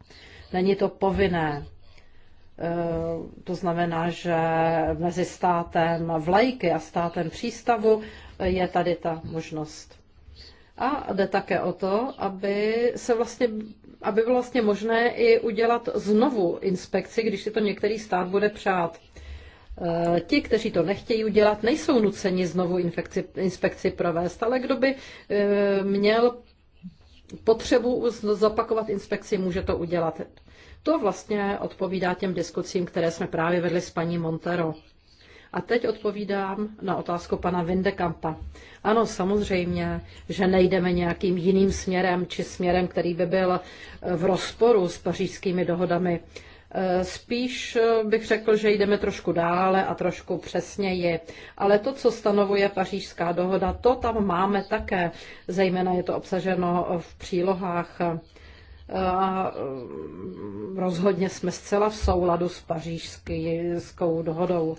Není to povinné. E, to znamená, že mezi státem vlajky a státem přístavu je tady ta možnost. A jde také o to, aby se vlastně aby bylo vlastně možné i udělat znovu inspekci, když si to některý stát bude přát. Eh, ti, kteří to nechtějí udělat, nejsou nuceni znovu infekci, inspekci provést, ale kdo by eh, měl potřebu zopakovat inspekci, může to udělat. To vlastně odpovídá těm diskucím, které jsme právě vedli s paní Montero. A teď odpovídám na otázku pana Vindekampa. Ano, samozřejmě, že nejdeme nějakým jiným směrem, či směrem, který by byl e, v rozporu s pařížskými dohodami. E, spíš e, bych řekl, že jdeme trošku dále a trošku přesněji. Ale to, co stanovuje pařížská dohoda, to tam máme také. Zejména je to obsaženo v přílohách. A rozhodně jsme zcela v souladu s pařížskou dohodou.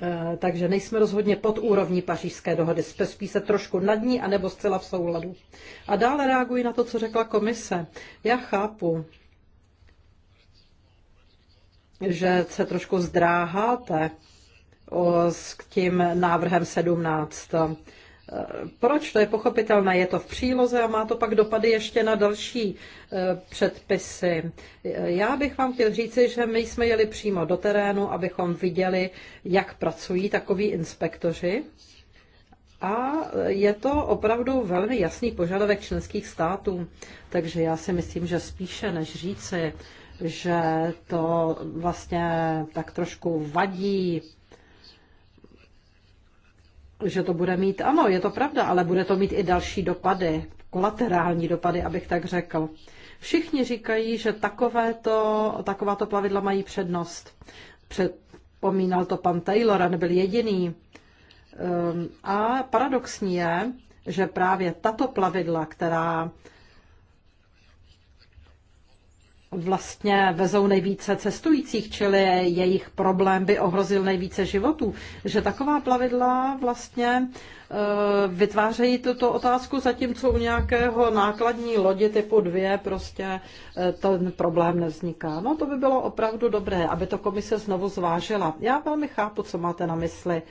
Eh, takže nejsme rozhodně pod úrovní pařížské dohody, jsme spíše trošku nad ní, anebo zcela v souladu. A dále reaguji na to, co řekla komise. Já chápu, že se trošku zdráháte s tím návrhem 17. Proč? To je pochopitelné, je to v příloze a má to pak dopady ještě na další e, předpisy. Já bych vám chtěl říci, že my jsme jeli přímo do terénu, abychom viděli, jak pracují takoví inspektoři. A je to opravdu velmi jasný požadavek členských států. Takže já si myslím, že spíše než říci, že to vlastně tak trošku vadí že to bude mít, ano, je to pravda, ale bude to mít i další dopady, kolaterální dopady, abych tak řekl. Všichni říkají, že takovéto, takováto plavidla mají přednost. Předpomínal to pan Taylor a nebyl jediný. Ehm, a paradoxní je, že právě tato plavidla, která vlastně vezou nejvíce cestujících, čili jejich problém by ohrozil nejvíce životů. Že taková plavidla vlastně eh, vytvářejí tuto otázku, zatímco u nějakého nákladní lodi typu dvě prostě eh, ten problém nevzniká. No to by bylo opravdu dobré, aby to komise znovu zvážila. Já velmi chápu, co máte na mysli.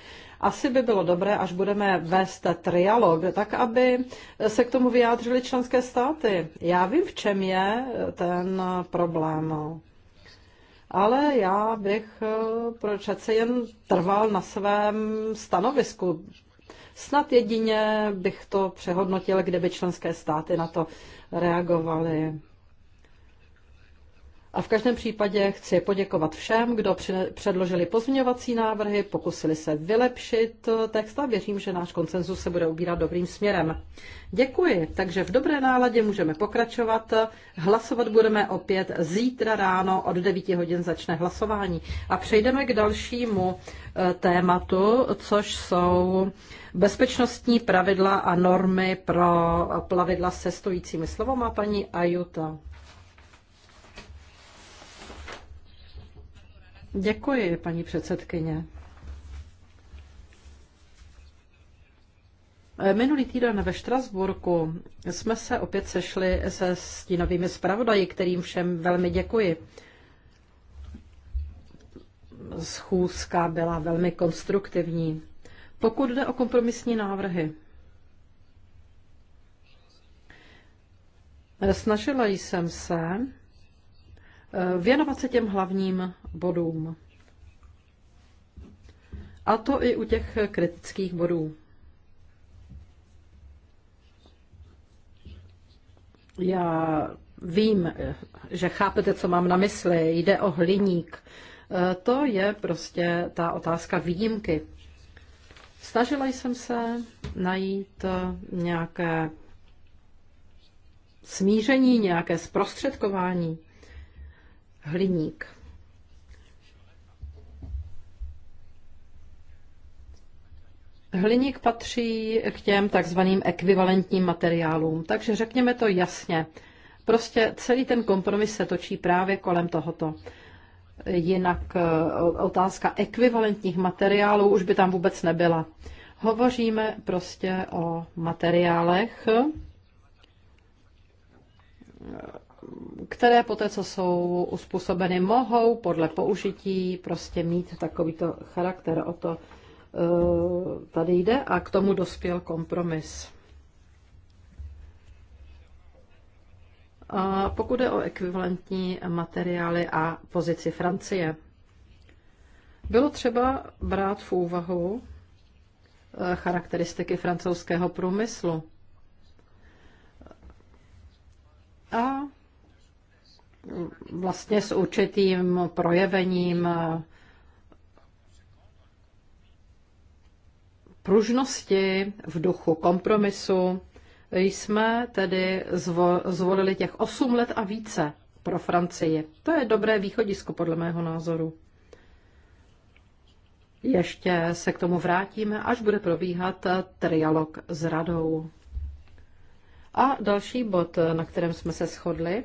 Asi by bylo dobré, až budeme vést trialog, tak aby se k tomu vyjádřili členské státy. Já vím, v čem je ten problém. Ale já bych eh, přece jen trval na svém stanovisku. Snad jedině bych to přehodnotil, kdyby členské státy na to reagovaly. A v každém případě chci poděkovat všem, kdo předložili pozměňovací návrhy, pokusili se vylepšit eh, text a věřím, že náš konsenzus se bude ubírat dobrým směrem. Děkuji, takže v dobré náladě můžeme pokračovat. Hlasovat budeme opět zítra ráno od 9 hodin začne hlasování. A přejdeme k dalšímu eh, tématu, což jsou bezpečnostní pravidla a normy pro plavidla se stojícími. Slovo má paní Ajuta. Děkuji, paní předsedkyně. Minulý týden ve Štrasburku jsme se opět sešli se stínovými zpravodaji, kterým všem velmi děkuji. Schůzka byla velmi konstruktivní. Pokud jde o kompromisní návrhy, snažila jsem se Eh, věnovat se těm hlavním bodům. A to i u těch kritických bodů. Já vím, eh, že chápete, co mám na mysli. Jde o hliník. Eh, to je prostě ta otázka výjimky. Snažila jsem se najít nějaké smíření, nějaké zprostředkování hliník. Hliník patří k těm takzvaným ekvivalentním materiálům, takže řekněme to jasně. Prostě celý ten kompromis se točí právě kolem tohoto. Jinak e, otázka ekvivalentních materiálů už by tam vůbec nebyla. Hovoříme prostě o materiálech, které poté, co jsou uspůsobeny, mohou podle použití prostě mít takovýto charakter. O to eh, tady jde a k tomu dospěl kompromis. A pokud je o ekvivalentní materiály a pozici Francie, bylo třeba brát v úvahu eh, charakteristiky francouzského průmyslu. A vlastně s určitým projevením eh, pružnosti, v duchu kompromisu, jsme tedy zvolili těch 8 let a více pro Francii. To je dobré východisko, podle mého názoru. Ještě se k tomu vrátíme, až bude probíhat trialog s radou. A další bod, na kterém jsme se shodli,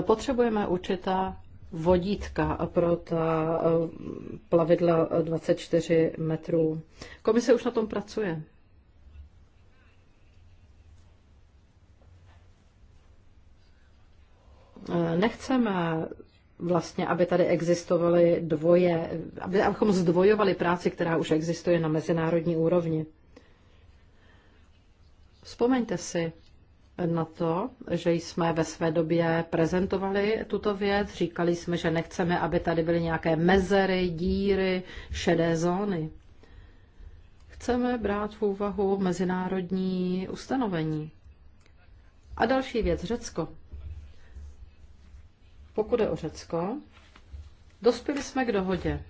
Potřebujeme určitá vodítka pro ta eh, plavidla 24 metrů. Komise už na tom pracuje. Eh, nechceme vlastně, aby tady existovaly dvoje, aby, abychom zdvojovali práci, která už existuje na mezinárodní úrovni. Vzpomeňte si, na to, že jsme ve své době prezentovali tuto věc. Říkali jsme, že nechceme, aby tady byly nějaké mezery, díry, šedé zóny. Chceme brát v úvahu mezinárodní ustanovení. A další věc, Řecko. Pokud je o Řecko, dospěli jsme k dohodě.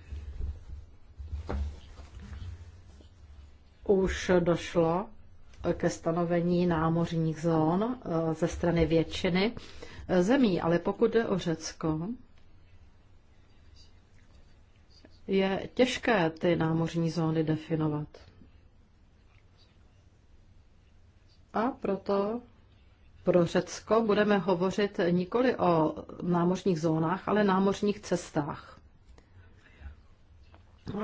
Už došlo ke stanovení námořních zón eh, ze strany většiny eh, zemí, ale pokud jde o Řecko, je těžké ty námořní zóny definovat. A proto pro Řecko budeme hovořit nikoli o námořních zónách, ale námořních cestách.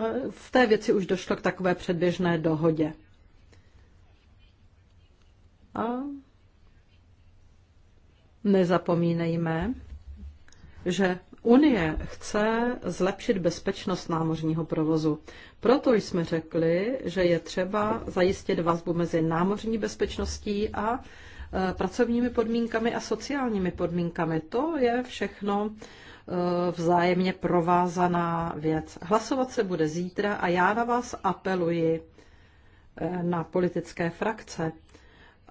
Eh, v té věci už došlo k takové předběžné dohodě. A nezapomínejme, že Unie chce zlepšit bezpečnost námořního provozu. Proto jsme řekli, že je třeba zajistit vazbu mezi námořní bezpečností a e, pracovními podmínkami a sociálními podmínkami. To je všechno e, vzájemně provázaná věc. Hlasovat se bude zítra a já na vás apeluji e, na politické frakce,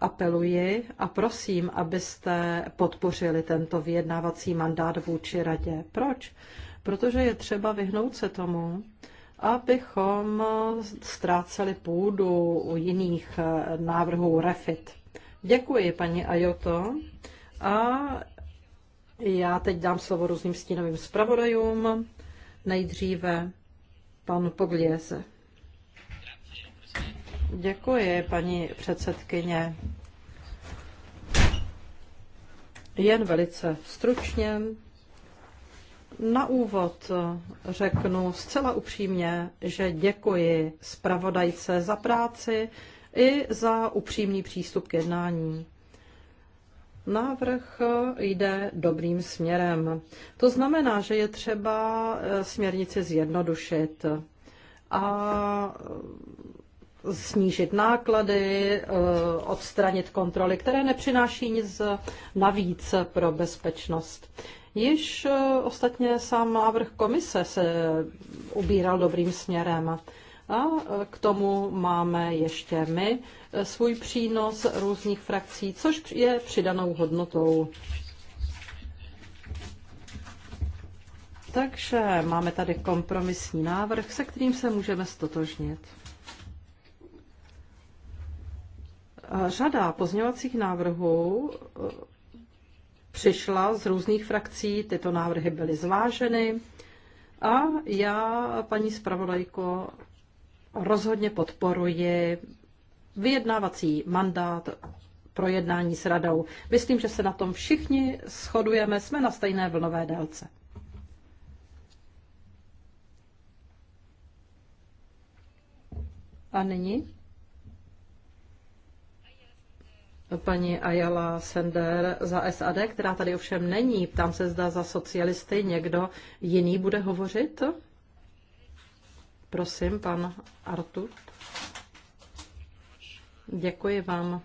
apeluji a prosím, abyste podpořili tento vyjednávací mandát vůči radě. Proč? Protože je třeba vyhnout se tomu, abychom ztráceli půdu u jiných návrhů refit. Děkuji, paní Ajoto. A já teď dám slovo různým stínovým zpravodajům. Nejdříve panu Pogliese. Děkuji, paní předsedkyně. Jen velice stručně na úvod řeknu zcela upřímně, že děkuji zpravodajce za práci i za upřímný přístup k jednání. Návrh jde dobrým směrem. To znamená, že je třeba směrnici zjednodušit a snížit náklady, eh, odstranit kontroly, které nepřináší nic navíc pro bezpečnost. Již eh, ostatně sám návrh komise se ubíral dobrým směrem. A eh, k tomu máme ještě my svůj přínos různých frakcí, což je přidanou hodnotou. Takže máme tady kompromisní návrh, se kterým se můžeme stotožnit. Řada pozměňovacích návrhů eh, přišla z různých frakcí, tyto návrhy byly zváženy a já, paní zpravodajko, rozhodně podporuji vyjednávací mandát pro jednání s radou. Myslím, že se na tom všichni shodujeme, jsme na stejné vlnové délce. A nyní paní Ayala Sender za SAD, která tady ovšem není. Ptám se, zda za socialisty někdo jiný bude hovořit? Prosím, pan Artur. Děkuji vám.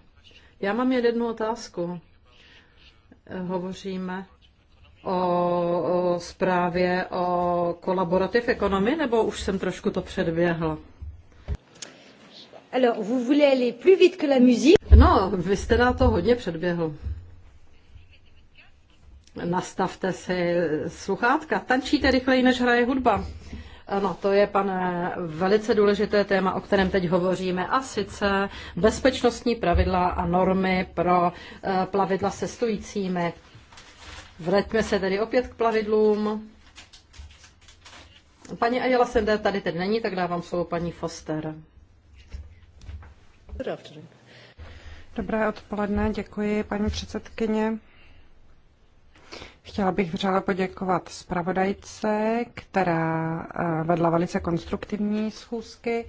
Já mám jednu otázku. Hovoříme o, o zprávě o kolaborativ ekonomii, nebo už jsem trošku to předběhl? Alors, vous voulez aller plus vite que la musique? No, vy jste na to hodně předběhl. Nastavte si sluchátka. Tančíte rychleji, než hraje hudba. No, to je, pane, velice důležité téma, o kterém teď hovoříme, a sice bezpečnostní pravidla a normy pro eh, plavidla se cestujícími. Vraťme se tedy opět k plavidlům. Paní Ajela Sender tady teď není, tak dávám slovo paní Foster. Good afternoon. Dobré odpoledne, děkuji paní předsedkyně. Chtěla bych vřele poděkovat zpravodajce, která eh, vedla velice konstruktivní schůzky.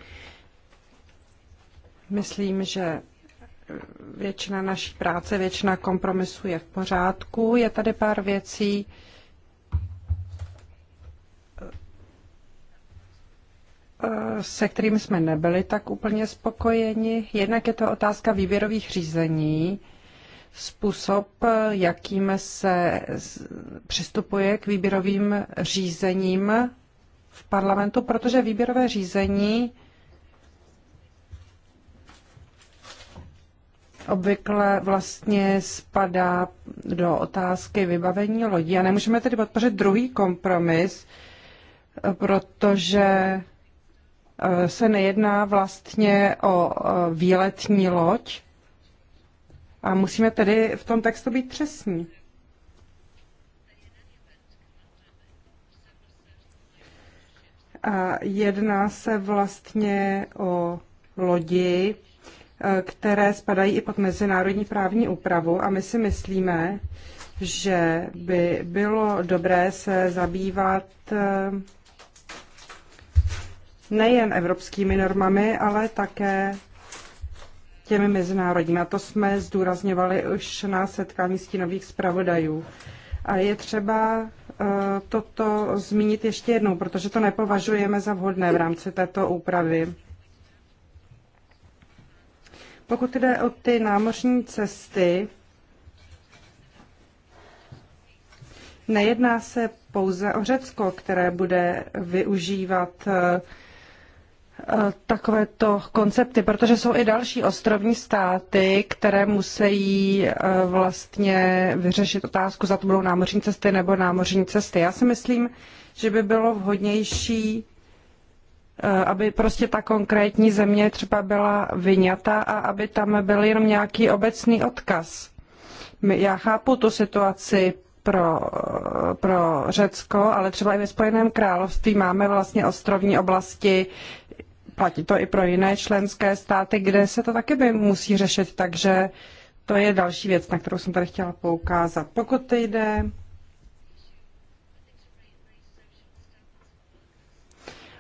Myslím, že eh, většina naší práce, většina kompromisu je v pořádku. Je tady pár věcí, se kterými jsme nebyli tak úplně spokojeni. Jednak je to otázka výběrových řízení, způsob, jakým se přistupuje k výběrovým řízením v parlamentu, protože výběrové řízení obvykle vlastně spadá do otázky vybavení lodí. A nemůžeme tedy podpořit druhý kompromis, protože Eh, se nejedná vlastně o eh, výletní loď. A musíme tedy v tom textu být přesní. A jedná se vlastně o lodi, eh, které spadají i pod mezinárodní právní úpravu a my si myslíme, že by bylo dobré se zabývat nejen evropskými normami, ale také těmi mezinárodními. A to jsme zdůrazňovali už na setkání stínových zpravodajů. A je třeba eh, toto zmínit ještě jednou, protože to nepovažujeme za vhodné v rámci této úpravy. Pokud jde o ty námořní cesty, nejedná se pouze o Řecko, které bude využívat uh, Eh, takovéto koncepty, protože jsou i další ostrovní státy, které musí eh, vlastně vyřešit otázku, za to budou námořní cesty nebo námořní cesty. Já si myslím, že by bylo vhodnější, eh, aby prostě ta konkrétní země třeba byla vyňata a aby tam byl jenom nějaký obecný odkaz. Já chápu tu situaci pro, pro Řecko, ale třeba i ve Spojeném království máme vlastně ostrovní oblasti, platí to i pro jiné členské státy, kde se to taky by musí řešit, takže to je další věc, na kterou jsem tady chtěla poukázat. Pokud jde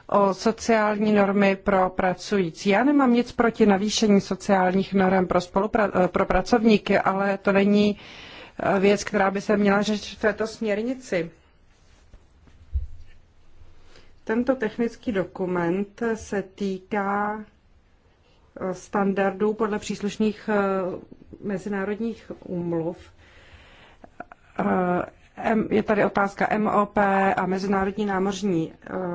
o sociální normy pro pracující. Já nemám nic proti navýšení sociálních norm pro, spolupra- pro pracovníky, ale to není eh, věc, která by se měla řešit v této směrnici. Tento technický dokument se týká eh, standardů podle příslušných eh, mezinárodních úmluv. Eh, je tady otázka MOP a Mezinárodní námořní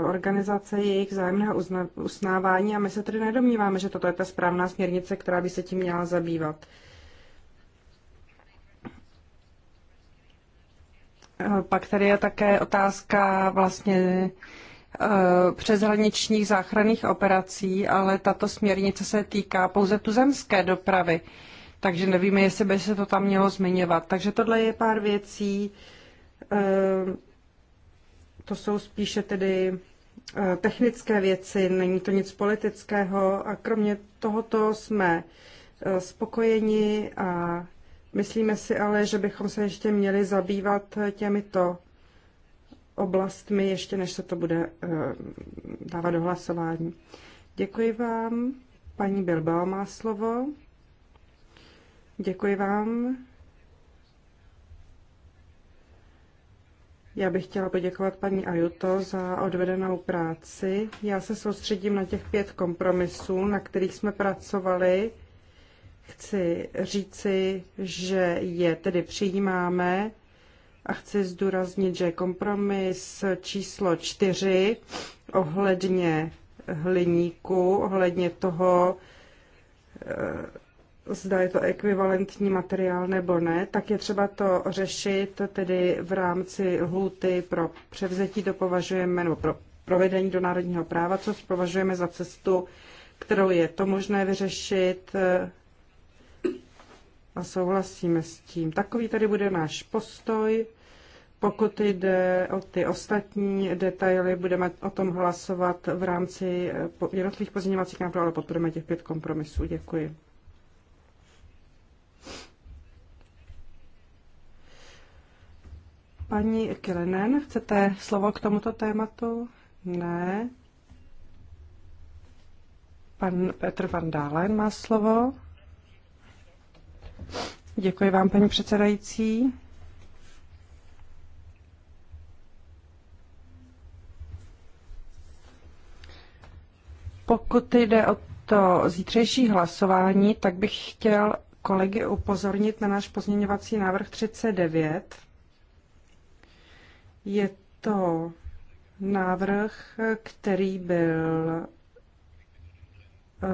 organizace, jejich zájemného uznávání a my se tedy nedomníváme, že toto je ta správná směrnice, která by se tím měla zabývat. Pak tady je také otázka vlastně Eh, přeshraničních záchranných operací, ale tato směrnice se týká pouze tuzemské dopravy. Takže nevíme, jestli by se to tam mělo zmiňovat. Takže tohle je pár věcí. Eh, to jsou spíše tedy eh, technické věci, není to nic politického a kromě tohoto jsme spokojeni a myslíme si ale, že bychom se ještě měli zabývat těmito oblastmi, ještě než se to bude eh, dávat do hlasování. Děkuji vám. Paní Bilbao má slovo. Děkuji vám. Já bych chtěla poděkovat paní Ajuto za odvedenou práci. Já se soustředím na těch pět kompromisů, na kterých jsme pracovali. Chci říci, že je tedy přijímáme a chci zdůraznit, že kompromis číslo čtyři ohledně hliníku, ohledně toho, eh, zda je to ekvivalentní materiál nebo ne, tak je třeba to řešit tedy v rámci hluty pro převzetí, to považujeme, nebo pro provedení do národního práva, což považujeme za cestu, kterou je to možné vyřešit eh, a souhlasíme s tím. Takový tady bude náš postoj. Pokud jde o ty ostatní detaily, budeme o tom hlasovat v rámci eh, jednotlivých pozměňovacích návrhů, ale podporujeme těch pět kompromisů. Děkuji. Paní Kilinen, chcete slovo k tomuto tématu? Ne. Pan Petr Van Dálen má slovo. Děkuji vám, paní předsedající. Pokud jde o to zítřejší hlasování, tak bych chtěl kolegy upozornit na náš pozměňovací návrh 39. Je to návrh, který byl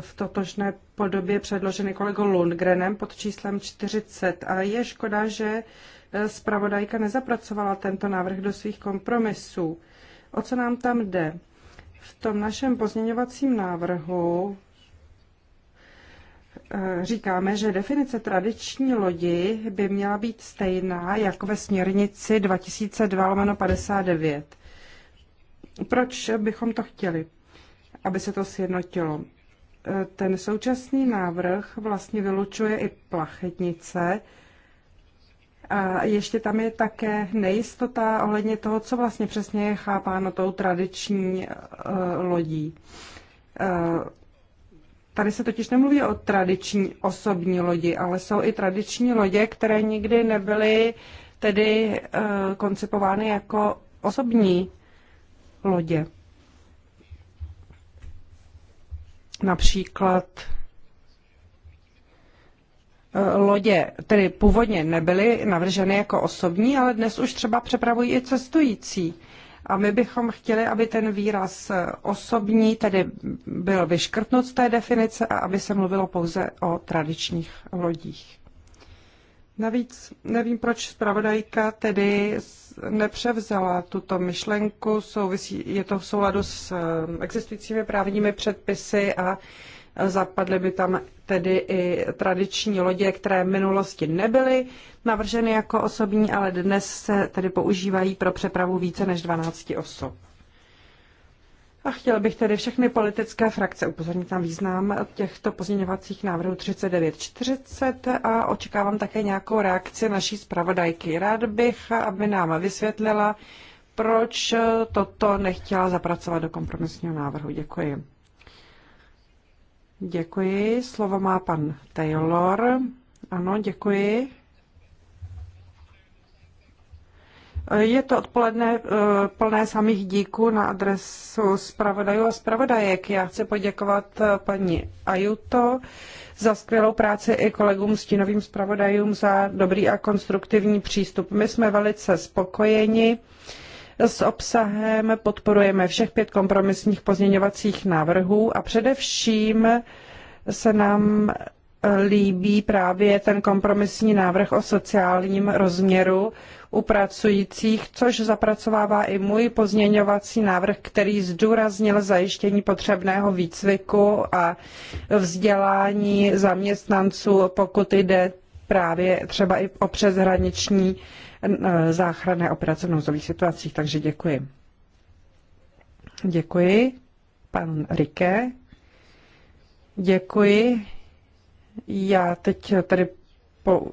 v totožné podobě předloženy kolegou Lundgrenem pod číslem 40. A je škoda, že eh, zpravodajka nezapracovala tento návrh do svých kompromisů. O co nám tam jde? V tom našem pozměňovacím návrhu eh, říkáme, že definice tradiční lodi by měla být stejná jako ve směrnici 2002-59. Proč bychom to chtěli? Aby se to sjednotilo ten současný návrh vlastně vylučuje i plachetnice, a ještě tam je také nejistota ohledně toho, co vlastně přesně je chápáno tou tradiční uh, lodí. Uh, tady se totiž nemluví o tradiční osobní lodi, ale jsou i tradiční lodě, které nikdy nebyly tedy uh, koncipovány jako osobní lodě. například e, lodě, tedy původně nebyly navrženy jako osobní, ale dnes už třeba přepravují i cestující. A my bychom chtěli, aby ten výraz e, osobní tedy byl vyškrtnut z té definice a aby se mluvilo pouze o tradičních lodích. Navíc nevím, proč zpravodajka tedy nepřevzala tuto myšlenku, souvisí, je to v souladu s eh, existujícími právními předpisy a zapadly by tam tedy i tradiční lodě, které v minulosti nebyly navrženy jako osobní, ale dnes se tedy používají pro přepravu více než 12 osob. A chtěl bych tedy všechny politické frakce upozornit na význam těchto pozměňovacích návrhů 3940 a očekávám také nějakou reakci naší zpravodajky. Rád bych, aby nám vysvětlila, proč toto nechtěla zapracovat do kompromisního návrhu. Děkuji. Děkuji. Slovo má pan Taylor. Ano, děkuji. Je to odpoledne eh, plné samých díků na adresu zpravodajů a zpravodajek. Já chci poděkovat eh, paní Ajuto za skvělou práci i kolegům stínovým zpravodajům za dobrý a konstruktivní přístup. My jsme velice spokojeni s obsahem, podporujeme všech pět kompromisních pozměňovacích návrhů a především se nám líbí právě ten kompromisní návrh o sociálním rozměru u pracujících, což zapracovává i můj pozměňovací návrh, který zdůraznil zajištění potřebného výcviku a vzdělání zaměstnanců, pokud jde právě třeba i o přeshraniční záchranné operace v nouzových situacích. Takže děkuji. Děkuji. Pan Rike. Děkuji. Já teď tady po,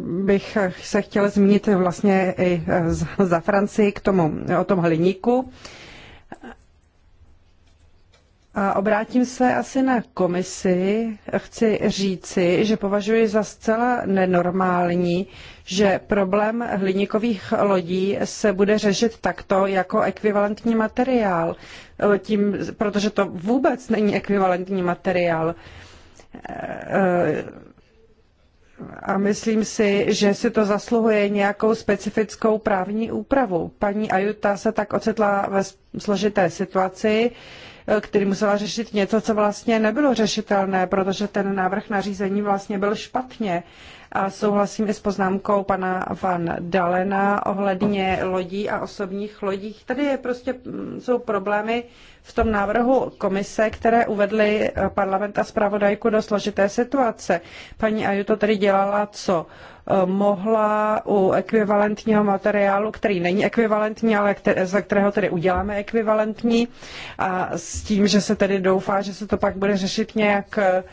bych se chtěla zmínit vlastně i eh, za Francii k tomu, o tom hliníku. A obrátím se asi na komisi. Chci říci, že považuji za zcela nenormální, že problém hliníkových lodí se bude řešit takto jako ekvivalentní materiál, tím, protože to vůbec není ekvivalentní materiál a myslím si, že si to zasluhuje nějakou specifickou právní úpravu. Paní Ajuta se tak ocitla ve složité situaci, který musela řešit něco, co vlastně nebylo řešitelné, protože ten návrh nařízení vlastně byl špatně. A souhlasím i s poznámkou pana Van Dalena ohledně lodí a osobních lodí. Tady je prostě, mm, jsou problémy v tom návrhu komise, které uvedly eh, parlament a zpravodajku do složité situace. Paní Aju to dělala, co eh, mohla u ekvivalentního materiálu, který není ekvivalentní, ale za kterého tedy uděláme ekvivalentní a s tím, že se tedy doufá, že se to pak bude řešit nějak eh,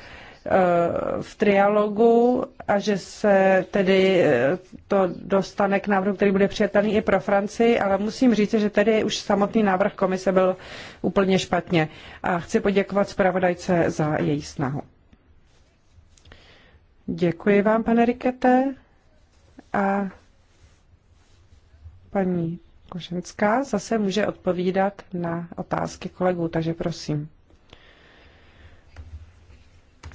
v trialogu a že se tedy eh, to dostane k návrhu, který bude přijatelný i pro Francii, ale musím říct, že tedy už samotný návrh komise byl úplně špatně. A chci poděkovat zpravodajce za její snahu. Děkuji vám, pane Rikete. A paní Koženská zase může odpovídat na otázky kolegů, takže prosím.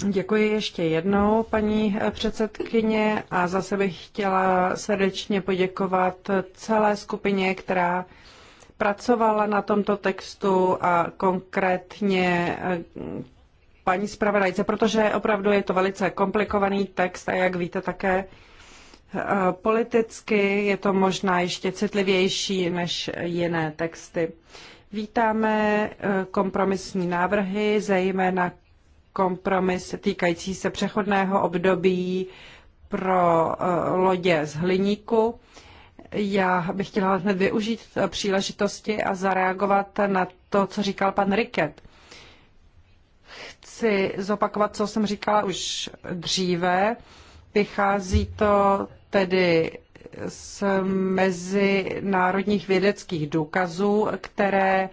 Děkuji ještě jednou, paní eh, předsedkyně, a zase bych chtěla srdečně poděkovat celé skupině, která pracovala na tomto textu a konkrétně eh, paní zpravodajce, protože opravdu je to velice komplikovaný text a jak víte také eh, politicky je to možná ještě citlivější než jiné texty. Vítáme kompromisní návrhy, zejména kompromis týkající se přechodného období pro eh, lodě z hliníku. Já bych chtěla hned využít eh, příležitosti a zareagovat na to, co říkal pan Riket. Chci zopakovat, co jsem říkala už dříve. Vychází to tedy z mezinárodních vědeckých důkazů, které uh,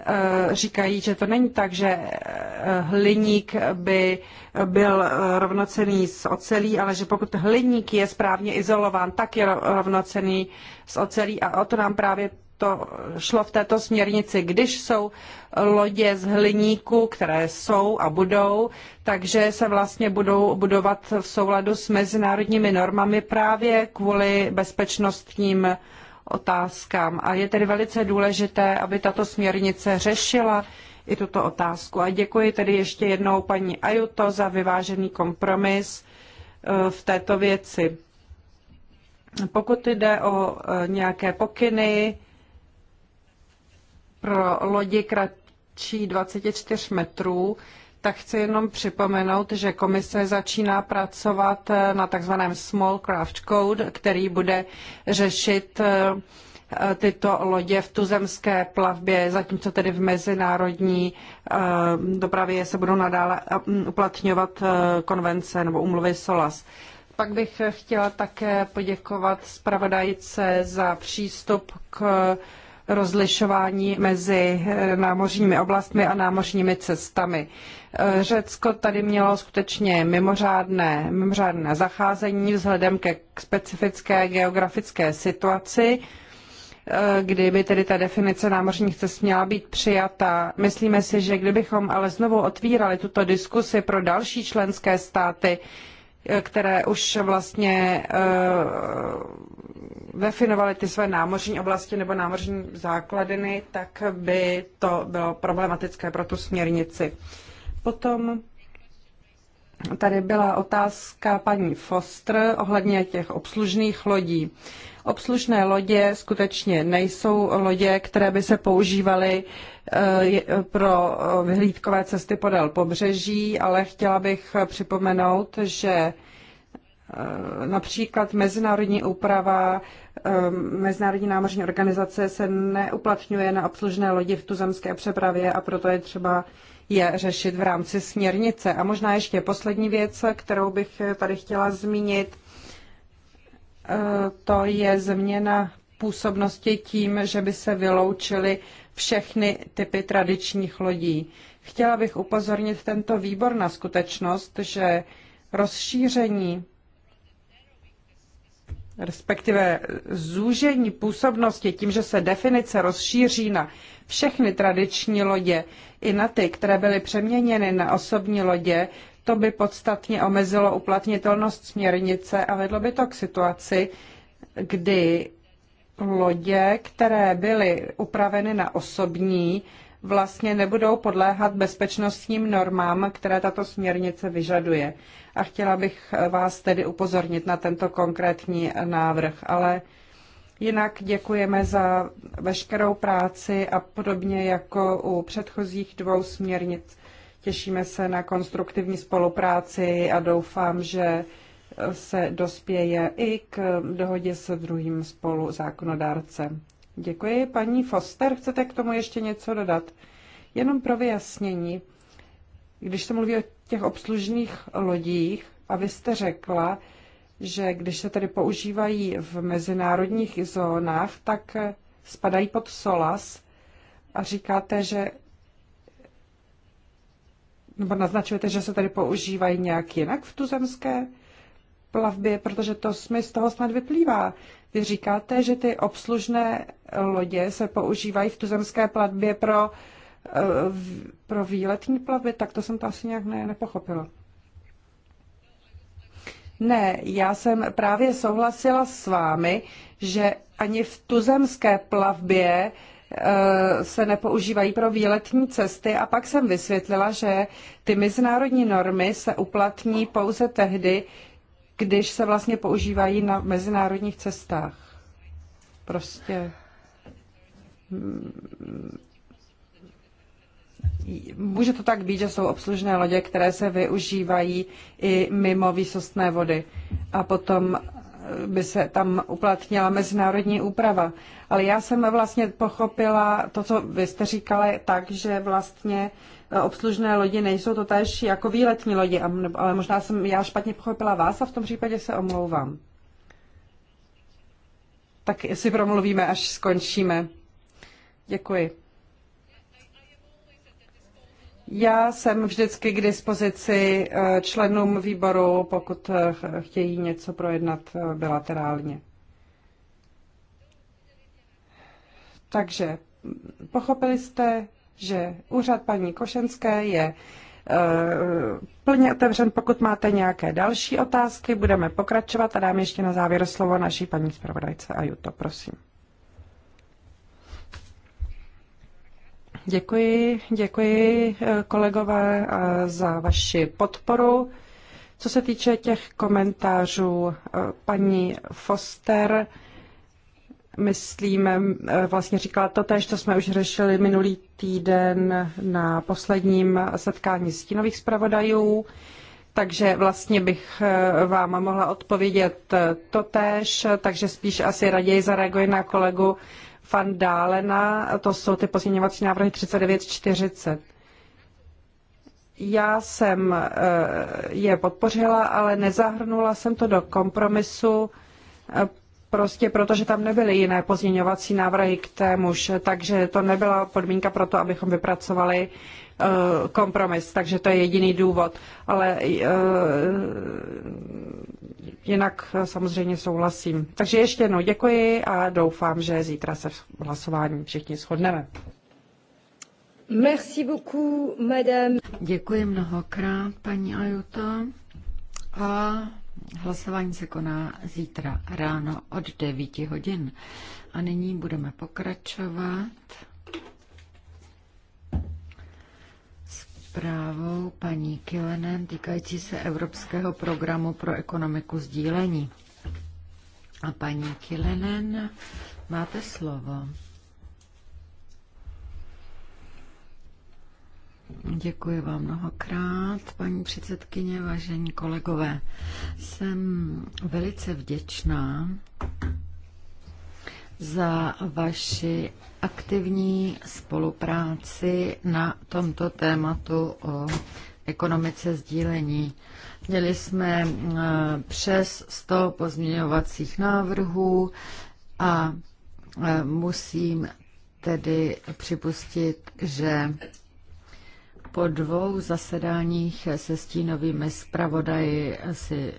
Eh, říkají, že to není tak, že eh, hliník by byl eh, rovnocený s ocelí, ale že pokud hliník je správně izolován, tak je rovnocený s ocelí a o to nám právě to šlo v této směrnici. Když jsou lodě z hliníku, které jsou a budou, takže se vlastně budou budovat v souladu s mezinárodními normami právě kvůli bezpečnostním otázkám. A je tedy velice důležité, aby tato směrnice řešila i tuto otázku. A děkuji tedy ještě jednou paní Ajuto za vyvážený kompromis e, v této věci. Pokud jde o e, nějaké pokyny pro lodi kratší 24 metrů, tak chci jenom připomenout, že komise začíná pracovat eh, na takzvaném Small Craft Code, který bude řešit eh, tyto lodě v tuzemské plavbě, zatímco tedy v mezinárodní eh, dopravě se budou nadále uplatňovat konvence nebo umluvy SOLAS. Pak bych chtěla také poděkovat zpravodajce za přístup k rozlišování mezi eh, námořními oblastmi a námořními cestami. Eh, Řecko tady mělo skutečně mimořádné, mimořádné zacházení vzhledem ke specifické geografické situaci, eh, kdyby tedy ta definice námořních cest měla být přijata. Myslíme si, že kdybychom ale znovu otvírali tuto diskusi pro další členské státy, které už vlastně vefinovali ty své námořní oblasti nebo námořní základiny, tak by to bylo problematické pro tu směrnici. Potom tady byla otázka paní Foster ohledně těch obslužných lodí. Obslužné lodě skutečně nejsou lodě, které by se používaly eh, pro eh, vyhlídkové cesty podél pobřeží, ale chtěla bych připomenout, že Eh, například mezinárodní úprava eh, Mezinárodní námořní organizace se neuplatňuje na obslužné lodi v tuzemské přepravě a proto je třeba je řešit v rámci směrnice. A možná ještě poslední věc, kterou bych tady chtěla zmínit, eh, to je změna působnosti tím, že by se vyloučily všechny typy tradičních lodí. Chtěla bych upozornit tento výbor na skutečnost, že rozšíření respektive zúžení působnosti tím, že se definice rozšíří na všechny tradiční lodě, i na ty, které byly přeměněny na osobní lodě, to by podstatně omezilo uplatnitelnost směrnice a vedlo by to k situaci, kdy lodě, které byly upraveny na osobní, vlastně nebudou podléhat bezpečnostním normám, které tato směrnice vyžaduje. A chtěla bych vás tedy upozornit na tento konkrétní návrh, ale Jinak děkujeme za veškerou práci a podobně jako u předchozích dvou směrnic. Těšíme se na konstruktivní spolupráci a doufám, že se dospěje i k dohodě s druhým spolu zákonodárcem. Děkuji. Paní Foster, chcete k tomu ještě něco dodat? Jenom pro vyjasnění. Když se mluví o těch obslužných lodích, a vy jste řekla, že když se tedy používají v mezinárodních zónách, tak spadají pod SOLAS a říkáte, že nebo naznačujete, že se tady používají nějak jinak v tuzemské plavbě, protože to mi z toho snad vyplývá, vy říkáte, že ty obslužné lodě se používají v tuzemské platbě pro, eh, pro výletní plavby, tak to jsem to asi nějak ne, nepochopila. Ne, já jsem právě souhlasila s vámi, že ani v tuzemské plavbě eh, se nepoužívají pro výletní cesty a pak jsem vysvětlila, že ty mezinárodní normy se uplatní pouze tehdy, když se vlastně používají na mezinárodních cestách. Prostě mm, může to tak být, že jsou obslužné lodě, které se využívají i mimo výsostné vody. A potom eh, by se tam uplatnila mezinárodní úprava. Ale já jsem vlastně pochopila to, co vy jste říkali, tak, že vlastně Eh, obslužné lodi nejsou to tež jako výletní lodi, ale možná jsem já špatně pochopila vás a v tom případě se omlouvám. Tak si promluvíme, až skončíme. Děkuji. Já jsem vždycky k dispozici eh, členům výboru, pokud eh, chtějí něco projednat bilaterálně. Takže pochopili jste, že úřad paní Košenské je eh, plně otevřen. Pokud máte nějaké další otázky, budeme pokračovat a dám ještě na závěr slovo naší paní zpravodajce Juto, prosím. Děkuji, děkuji eh, kolegové eh, za vaši podporu. Co se týče těch komentářů, paní Foster, myslím, e, vlastně říkala to tež, co jsme už řešili minulý týden na posledním setkání stínových zpravodajů. Takže vlastně bych e, vám mohla odpovědět e, to tež, takže spíš asi raději zareaguji na kolegu Van Dálena, to jsou ty pozměňovací návrhy 3940. Já jsem je podpořila, ale nezahrnula jsem to do kompromisu, prostě proto, že tam nebyly jiné pozměňovací návrhy k témuž, takže to nebyla podmínka pro to, abychom vypracovali e, kompromis, takže to je jediný důvod. Ale e, jinak samozřejmě souhlasím. Takže ještě jednou děkuji a doufám, že zítra se v hlasování všichni shodneme. Merci beaucoup, madame. Děkuji mnohokrát, paní Ajuta. A Hlasování se koná zítra ráno od 9 hodin. A nyní budeme pokračovat s zprávou paní Kilenen týkající se Evropského programu pro ekonomiku sdílení. A paní Kilenen, máte slovo. Děkuji vám mnohokrát, paní předsedkyně, vážení kolegové. Jsem velice vděčná za vaši aktivní spolupráci na tomto tématu o ekonomice sdílení. Měli jsme eh, přes 100 pozměňovacích návrhů a eh, musím tedy připustit, že po dvou zasedáních se stínovými zpravodaji si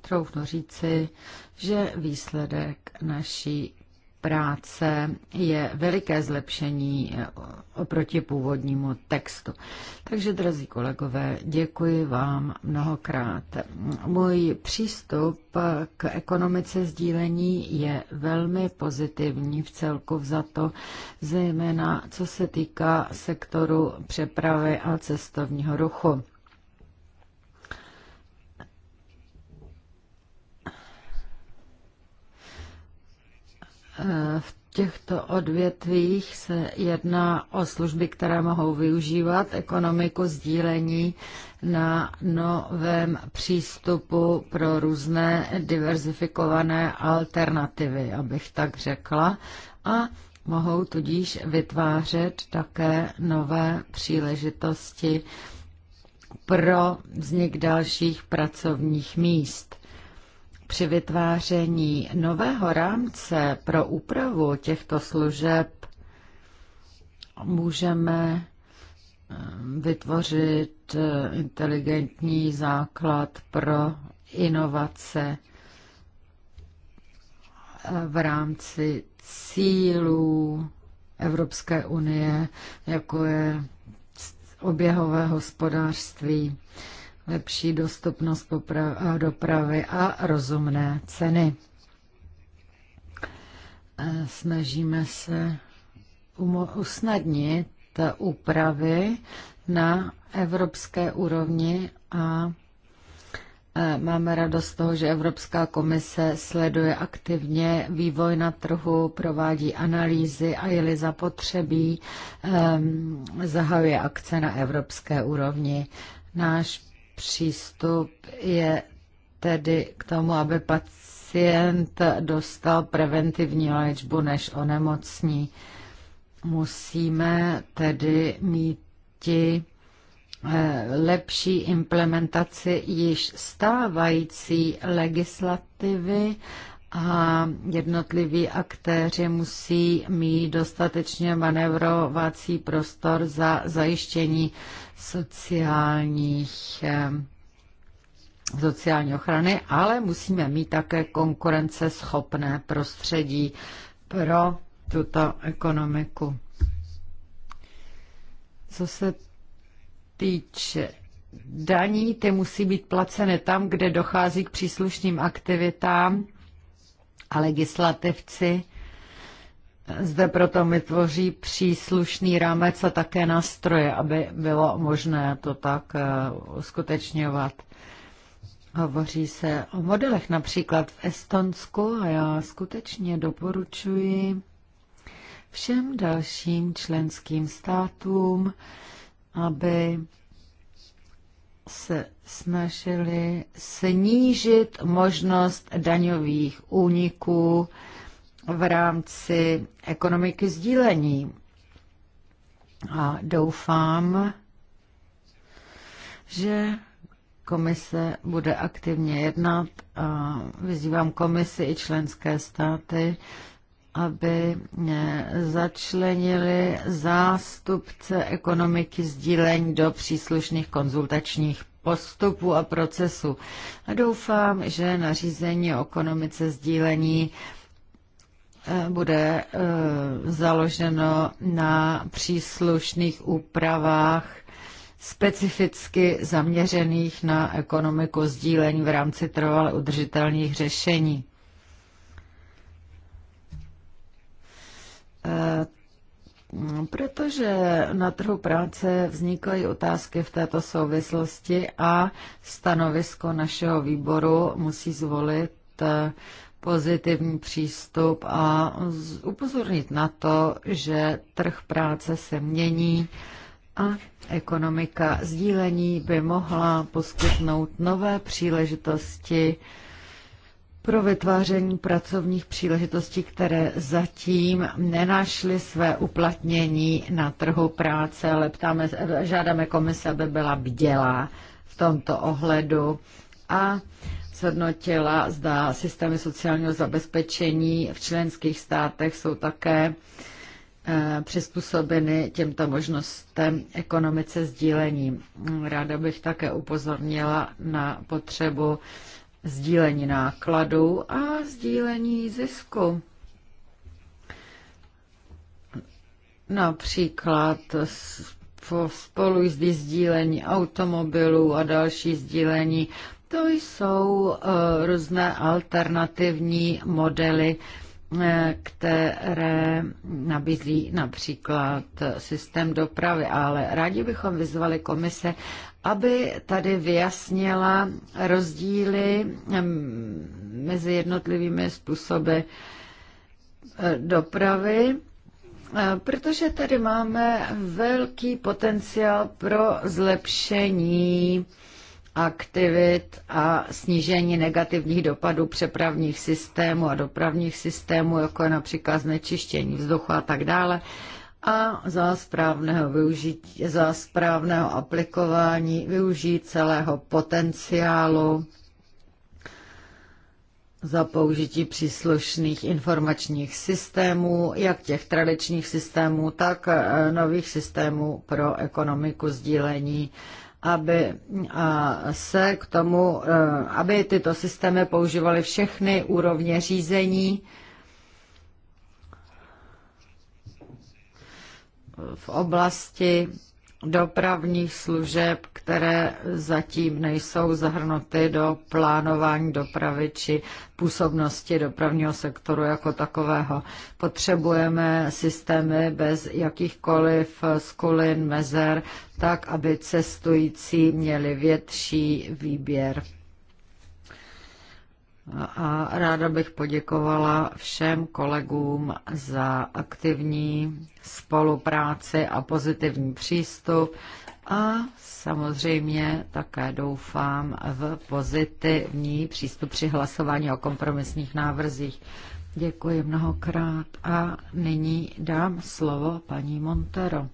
troufnu říci, že výsledek naší práce je veliké zlepšení eh, oproti původnímu textu. Takže, drazí kolegové, děkuji vám mnohokrát. Můj přístup k ekonomice sdílení je velmi pozitivní v celku to, zejména co se týká sektoru přepravy a cestovního ruchu. Eh, v těchto odvětvích se jedná o služby, které mohou využívat ekonomiku sdílení na novém přístupu pro různé diverzifikované alternativy, abych tak řekla, a mohou tudíž vytvářet také nové příležitosti pro vznik dalších pracovních míst. Při vytváření nového rámce pro úpravu těchto služeb můžeme eh, vytvořit eh, inteligentní základ pro inovace eh, v rámci cílů Evropské unie, jako je oběhové hospodářství lepší dostupnost dopravy a rozumné ceny. E, snažíme se usnadnit úpravy na evropské úrovni a e, Máme radost z toho, že Evropská komise sleduje aktivně vývoj na trhu, provádí analýzy a je-li zapotřebí, e, zahajuje akce na evropské úrovni. Náš přístup je tedy k tomu, aby pacient dostal preventivní léčbu, než onemocní. Musíme tedy mít eh, lepší implementaci již stávající legislativy a jednotliví aktéři musí mít dostatečně manevrovací prostor za zajištění sociálních eh, sociální ochrany, ale musíme mít také konkurenceschopné prostředí pro tuto ekonomiku. Co se týče daní, ty musí být placeny tam, kde dochází k příslušným aktivitám a legislativci zde proto vytvoří příslušný rámec a také nástroje, aby bylo možné to tak eh, uskutečňovat. Hovoří se o modelech například v Estonsku a já skutečně doporučuji všem dalším členským státům, aby se snažili snížit možnost daňových úniků v rámci ekonomiky sdílení. A doufám, že komise bude aktivně jednat a vyzývám komisi i členské státy, aby eh, začlenili zástupce ekonomiky sdílení do příslušných konzultačních postupů a procesů. A doufám, že nařízení o ekonomice sdílení eh, bude eh, založeno na příslušných úpravách specificky zaměřených na ekonomiku sdílení v rámci trvale udržitelných řešení. Eh, protože na trhu práce vznikají otázky v této souvislosti a stanovisko našeho výboru musí zvolit eh, pozitivní přístup a upozornit na to, že trh práce se mění a ekonomika sdílení by mohla poskytnout nové příležitosti pro vytváření pracovních příležitostí, které zatím nenašly své uplatnění na trhu práce, ale ptáme, žádáme komise, aby byla bdělá v tomto ohledu a zhodnotila, zda systémy sociálního zabezpečení v členských státech jsou také eh, přizpůsobeny těmto možnostem ekonomice sdílení. Ráda bych také upozornila na potřebu sdílení nákladů a sdílení zisku. Například spolu sdílení automobilů a další sdílení. To jsou eh, různé alternativní modely, eh, které nabízí například systém dopravy, ale rádi bychom vyzvali komise, aby tady vyjasnila rozdíly mezi jednotlivými způsoby eh, dopravy, eh, protože tady máme velký potenciál pro zlepšení aktivit a snížení negativních dopadů přepravních systémů a dopravních systémů, jako je například znečištění vzduchu a tak dále a za správného, využití, za správného aplikování využít celého potenciálu za použití příslušných informačních systémů, jak těch tradičních systémů, tak eh, nových systémů pro ekonomiku sdílení, aby se k tomu, eh, aby tyto systémy používaly všechny úrovně řízení, v oblasti dopravních služeb, které zatím nejsou zahrnuty do plánování dopravy či působnosti dopravního sektoru jako takového. Potřebujeme systémy bez jakýchkoliv skulin, mezer, tak, aby cestující měli větší výběr a ráda bych poděkovala všem kolegům za aktivní spolupráci a pozitivní přístup a samozřejmě také doufám v pozitivní přístup při hlasování o kompromisních návrzích. Děkuji mnohokrát a nyní dám slovo paní Montero.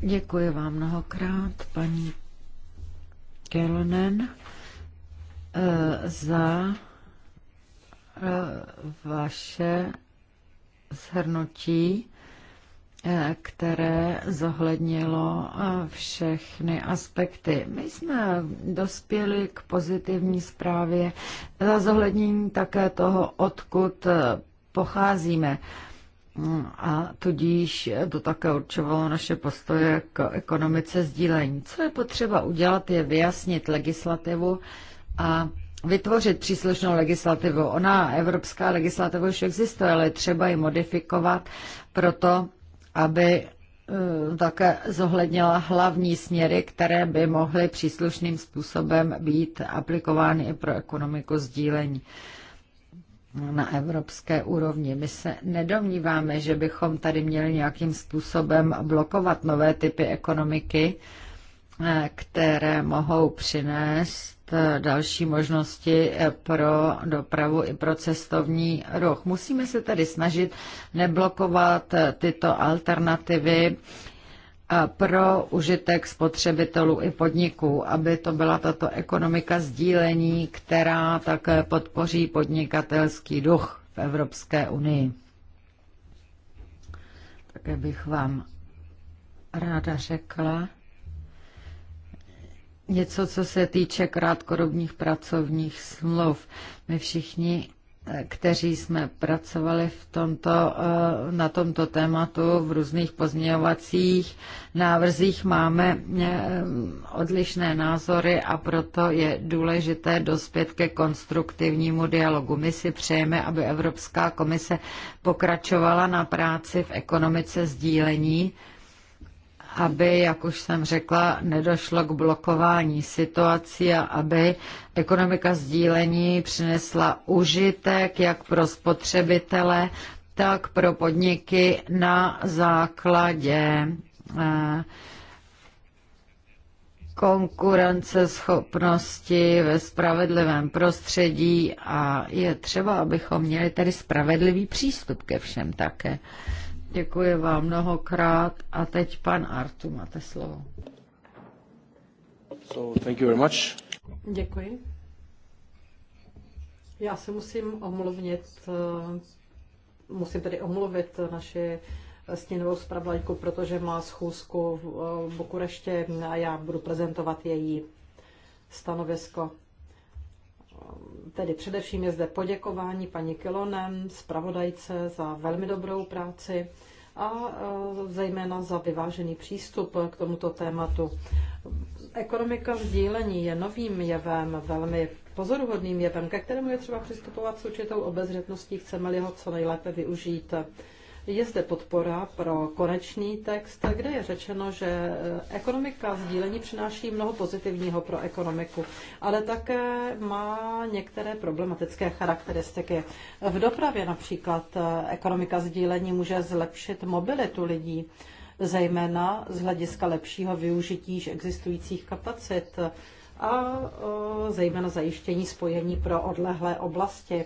Děkuji vám mnohokrát, paní Kyllnen eh, za eh, vaše shrnutí, eh, které zohlednilo všechny aspekty. My jsme dospěli k pozitivní zprávě za zohlednění také toho, odkud pocházíme a tudíž to také určovalo naše postoje k ekonomice sdílení. Co je potřeba udělat, je vyjasnit legislativu a vytvořit příslušnou legislativu. Ona, evropská legislativa, už existuje, ale třeba ji modifikovat proto, aby e, také zohlednila hlavní směry, které by mohly příslušným způsobem být aplikovány i pro ekonomiku sdílení na evropské úrovni. My se nedomníváme, že bychom tady měli nějakým způsobem blokovat nové typy ekonomiky, eh, které mohou přinést eh, další možnosti eh, pro dopravu i pro cestovní ruch. Musíme se tedy snažit neblokovat tyto alternativy pro užitek spotřebitelů i podniků, aby to byla tato ekonomika sdílení, která také podpoří podnikatelský duch v Evropské unii. Také bych vám ráda řekla něco, co se týče krátkodobních pracovních smluv. My všichni kteří jsme pracovali v tomto, eh, na tomto tématu v různých pozměňovacích návrzích, máme eh, odlišné názory a proto je důležité dospět ke konstruktivnímu dialogu. My si přejeme, aby Evropská komise pokračovala na práci v ekonomice sdílení, aby, jak už jsem řekla, nedošlo k blokování situací a aby ekonomika sdílení přinesla užitek jak pro spotřebitele, tak pro podniky na základě eh, konkurenceschopnosti ve spravedlivém prostředí a je třeba, abychom měli tedy spravedlivý přístup ke všem také. Děkuji vám mnohokrát a teď pan Artu, máte slovo. So, thank you very much. Děkuji. Já se musím omluvnit, eh, musím tedy omluvit naši stínovou zpravodajku, protože má schůzku v eh, Bukureště a já budu prezentovat její stanovisko. Tedy především je zde poděkování paní Kilonem, zpravodajce za velmi dobrou práci a e, zejména za vyvážený přístup k tomuto tématu. Ekonomika sdílení je novým jevem, velmi pozoruhodným jevem, ke kterému je třeba přistupovat s určitou obezřetností, chceme-li ho co nejlépe využít. Je zde podpora pro konečný text, kde je řečeno, že eh, ekonomika sdílení přináší mnoho pozitivního pro ekonomiku, ale také má některé problematické charakteristiky. V dopravě například eh, ekonomika sdílení může zlepšit mobilitu lidí zejména z hlediska lepšího využití již existujících kapacit a eh, zejména zajištění spojení pro odlehlé oblasti.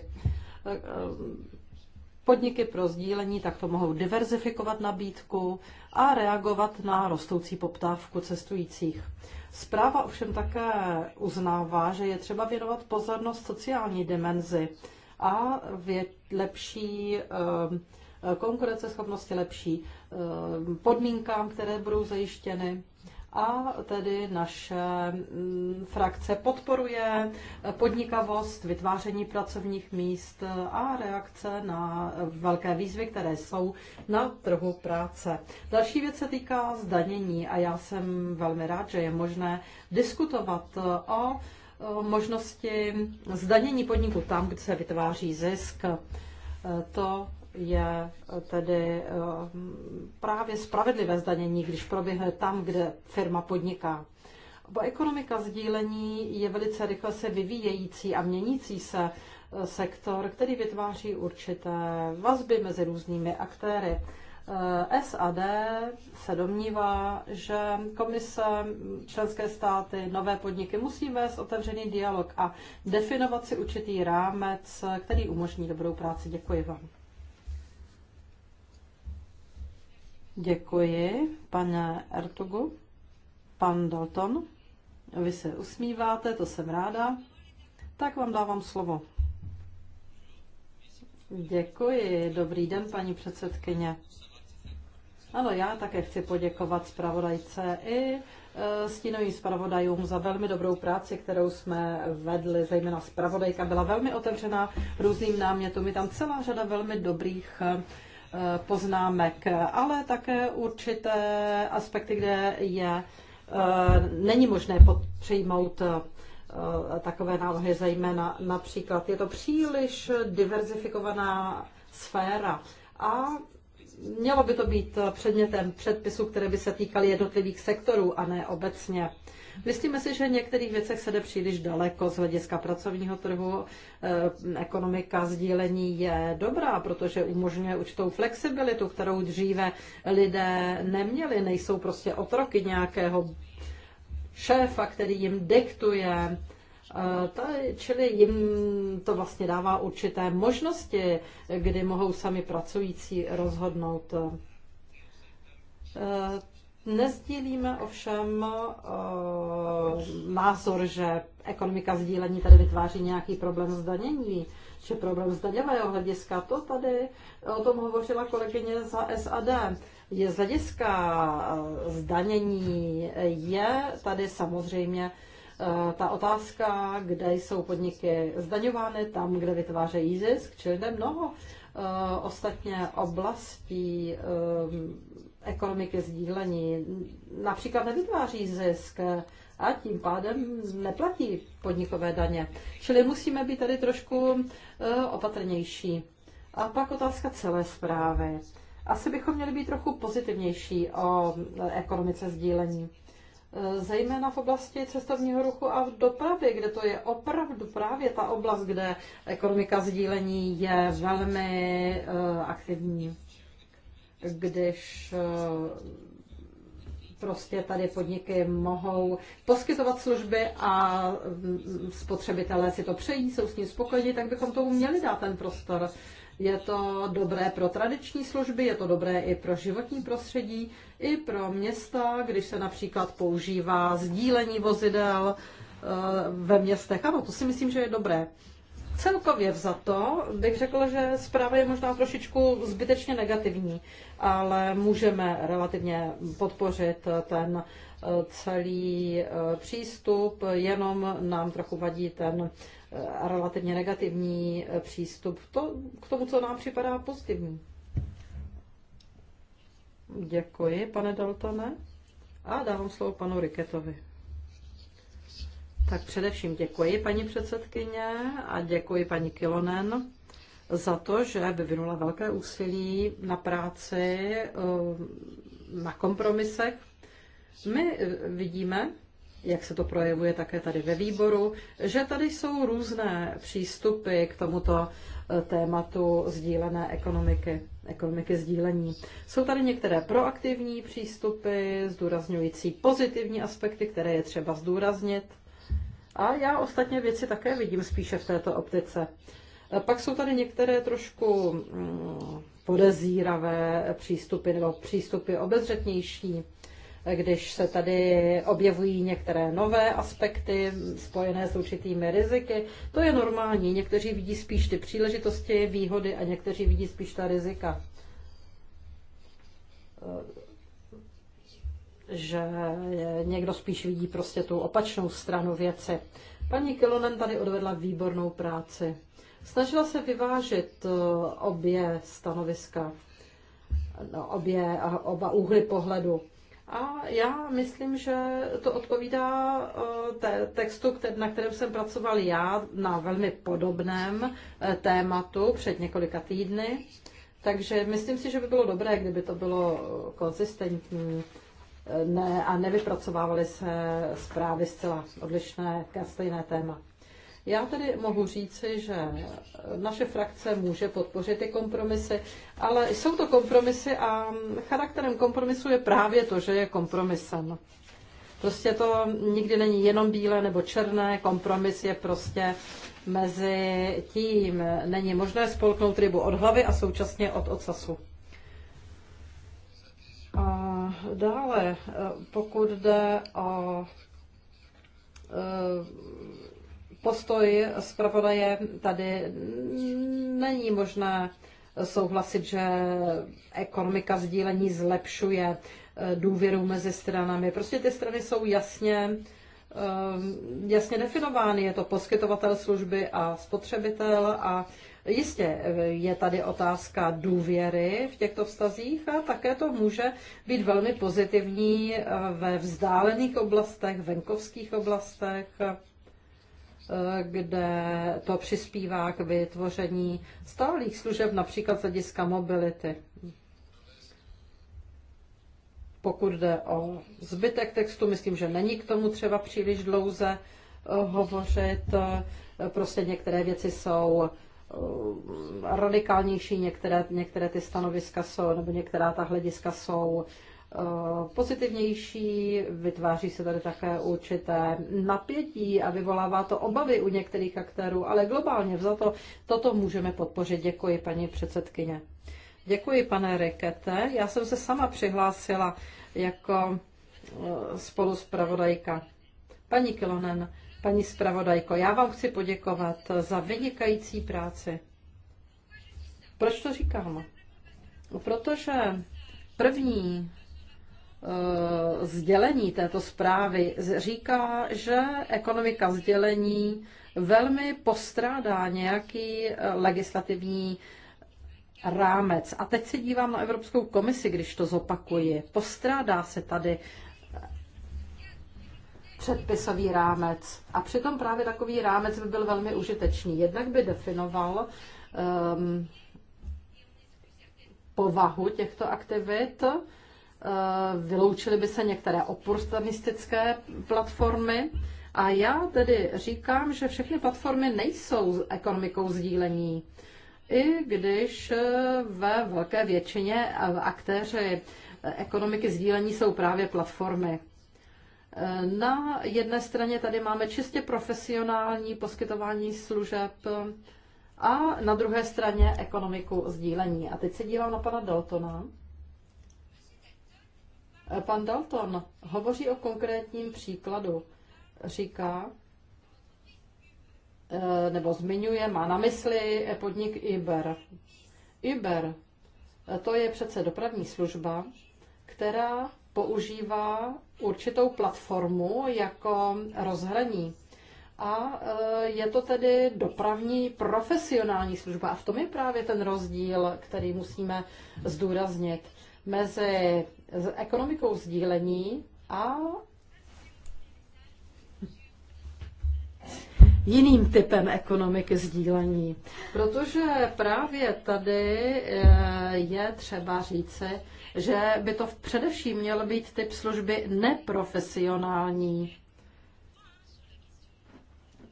Podniky pro sdílení takto mohou diverzifikovat nabídku a reagovat na rostoucí poptávku cestujících. Zpráva ovšem také uznává, že je třeba věnovat pozornost sociální dimenzi a vě- lepší ehm, konkurenceschopnosti, lepší ehm, podmínkám, které budou zajištěny a tedy naše mm, frakce podporuje podnikavost, vytváření pracovních míst a reakce na velké výzvy, které jsou na trhu práce. Další věc se týká zdanění a já jsem velmi rád, že je možné diskutovat o možnosti zdanění podniku tam, kde se vytváří zisk. E, to je tedy eh, právě spravedlivé zdanění, když proběhne tam, kde firma podniká. Bo ekonomika sdílení je velice rychle se vyvíjející a měnící se eh, sektor, který vytváří určité vazby mezi různými aktéry. Eh, SAD se domnívá, že komise, členské státy, nové podniky musí vést otevřený dialog a definovat si určitý rámec, který umožní dobrou práci. Děkuji vám. Děkuji, pane Ertugu. Pan Dalton, vy se usmíváte, to jsem ráda. Tak vám dávám slovo. Děkuji, dobrý den, paní předsedkyně. Ano, já také chci poděkovat zpravodajce i e, stínovým zpravodajům za velmi dobrou práci, kterou jsme vedli, zejména zpravodajka byla velmi otevřená různým námětům. Je tam celá řada velmi dobrých Eh, poznámek, ale také určité aspekty, kde je eh, není možné přijmout eh, takové návrhy, zejména například je to příliš diverzifikovaná sféra a mělo by to být předmětem předpisů, které by se týkaly jednotlivých sektorů a ne obecně. Myslíme si, že v některých věcech se jde příliš daleko z hlediska pracovního trhu. E, ekonomika sdílení je dobrá, protože umožňuje určitou flexibilitu, kterou dříve lidé neměli, nejsou prostě otroky nějakého šéfa, který jim diktuje e, ta, čili jim to vlastně dává určité možnosti, kdy mohou sami pracující rozhodnout. E, Nezdílíme ovšem eh, názor, že ekonomika sdílení tady vytváří nějaký problém zdanění, či problém zdaňového hlediska. To tady eh, o tom hovořila kolegyně za SAD. Je z hlediska eh, zdanění je tady samozřejmě ta otázka, kde jsou podniky zdaňovány, tam, kde vytvářejí zisk, čili jde mnoho ostatně oblastí ekonomiky sdílení například nevytváří zisk a tím pádem neplatí podnikové daně. Čili musíme být tady trošku eh, opatrnější. A pak otázka celé zprávy. Asi bychom měli být trochu pozitivnější o eh, ekonomice sdílení. Eh, zejména v oblasti cestovního ruchu a v dopravy, kde to je opravdu právě ta oblast, kde ekonomika sdílení je velmi aktivní když eh, prostě tady podniky mohou poskytovat služby a spotřebitelé si to přejí, jsou s ním spokojeni, tak bychom tomu měli dát ten prostor. Je to dobré pro tradiční služby, je to dobré i pro životní prostředí, i pro města, když se například používá sdílení vozidel eh, ve městech. Ano, to si myslím, že je dobré. Celkově vzato bych řekla, že zpráva je možná trošičku zbytečně negativní, ale můžeme relativně podpořit ten eh, celý eh, přístup, jenom nám trochu vadí ten eh, relativně negativní přístup to, k tomu, co nám připadá pozitivní. Děkuji, pane Daltone. A dávám slovo panu Riketovi. Tak především děkuji paní předsedkyně a děkuji paní Kilonen za to, že vyvinula velké úsilí na práci, eh, na kompromisech. My eh, vidíme, jak se to projevuje také tady ve výboru, že tady jsou různé přístupy k tomuto eh, tématu sdílené ekonomiky, ekonomiky sdílení. Jsou tady některé proaktivní přístupy, zdůrazňující pozitivní aspekty, které je třeba zdůraznit. A já ostatně věci také vidím spíše v této optice. Pak jsou tady některé trošku mm, podezíravé přístupy nebo přístupy obezřetnější, když se tady objevují některé nové aspekty spojené s určitými riziky. To je normální. Někteří vidí spíš ty příležitosti, výhody a někteří vidí spíš ta rizika že někdo spíš vidí prostě tu opačnou stranu věci. Paní Kilonen tady odvedla výbornou práci. Snažila se vyvážit eh, obě stanoviska, no, obě, oba úhly pohledu. A já myslím, že to odpovídá eh, té textu, na kterém jsem pracoval já, na velmi podobném eh, tématu před několika týdny. Takže myslím si, že by bylo dobré, kdyby to bylo konzistentní ne, a nevypracovávaly se zprávy zcela odlišné ke stejné téma. Já tedy mohu říci, že naše frakce může podpořit ty kompromisy, ale jsou to kompromisy a charakterem kompromisu je právě to, že je kompromisem. Prostě to nikdy není jenom bílé nebo černé, kompromis je prostě mezi tím, není možné spolknout rybu od hlavy a současně od ocasu dále, eh, pokud jde o eh, postoj zpravodaje, tady není možné souhlasit, že ekonomika sdílení zlepšuje eh, důvěru mezi stranami. Prostě ty strany jsou jasně, jasně definovány. Je to poskytovatel služby a spotřebitel a Jistě eh, je tady otázka důvěry v těchto vztazích a také to může být velmi pozitivní eh, ve vzdálených oblastech, venkovských oblastech, eh, kde to přispívá k vytvoření stálých služeb, například z hlediska mobility. Pokud jde o zbytek textu, myslím, že není k tomu třeba příliš dlouze hovořit. Prostě některé věci jsou Eh, radikálnější některé, některé ty stanoviska jsou, nebo některá ta hlediska jsou eh, pozitivnější, vytváří se tady také určité napětí a vyvolává to obavy u některých aktérů, ale globálně vzato toto můžeme podpořit. Děkuji, paní předsedkyně. Děkuji, pane Rikete. Já jsem se sama přihlásila jako eh, spoluspravodajka. Paní Kilonen, Paní zpravodajko, já vám chci poděkovat za vynikající práci. Proč to říkám? Protože první uh, sdělení této zprávy říká, že ekonomika sdělení velmi postrádá nějaký eh, legislativní rámec. A teď se dívám na Evropskou komisi, když to zopakuji. Postrádá se tady předpisový rámec. A přitom právě takový rámec by byl velmi užitečný. Jednak by definoval um, povahu těchto aktivit, eh, vyloučily by se některé oportunistické platformy. A já tedy říkám, že všechny platformy nejsou ekonomikou sdílení. I když eh, ve velké většině eh, aktéři ekonomiky sdílení jsou právě platformy. Na jedné straně tady máme čistě profesionální poskytování služeb a na druhé straně ekonomiku sdílení. A teď se dívám na pana Daltona. Pan Dalton hovoří o konkrétním příkladu. Říká, eh, nebo zmiňuje, má na mysli podnik Uber. Uber, eh, to je přece dopravní služba, která používá určitou platformu jako rozhraní. A e, je to tedy dopravní profesionální služba. A v tom je právě ten rozdíl, který musíme zdůraznit mezi ekonomikou sdílení a jiným typem ekonomiky sdílení. Protože právě tady eh, je třeba říci, že by to především měl být typ služby neprofesionální.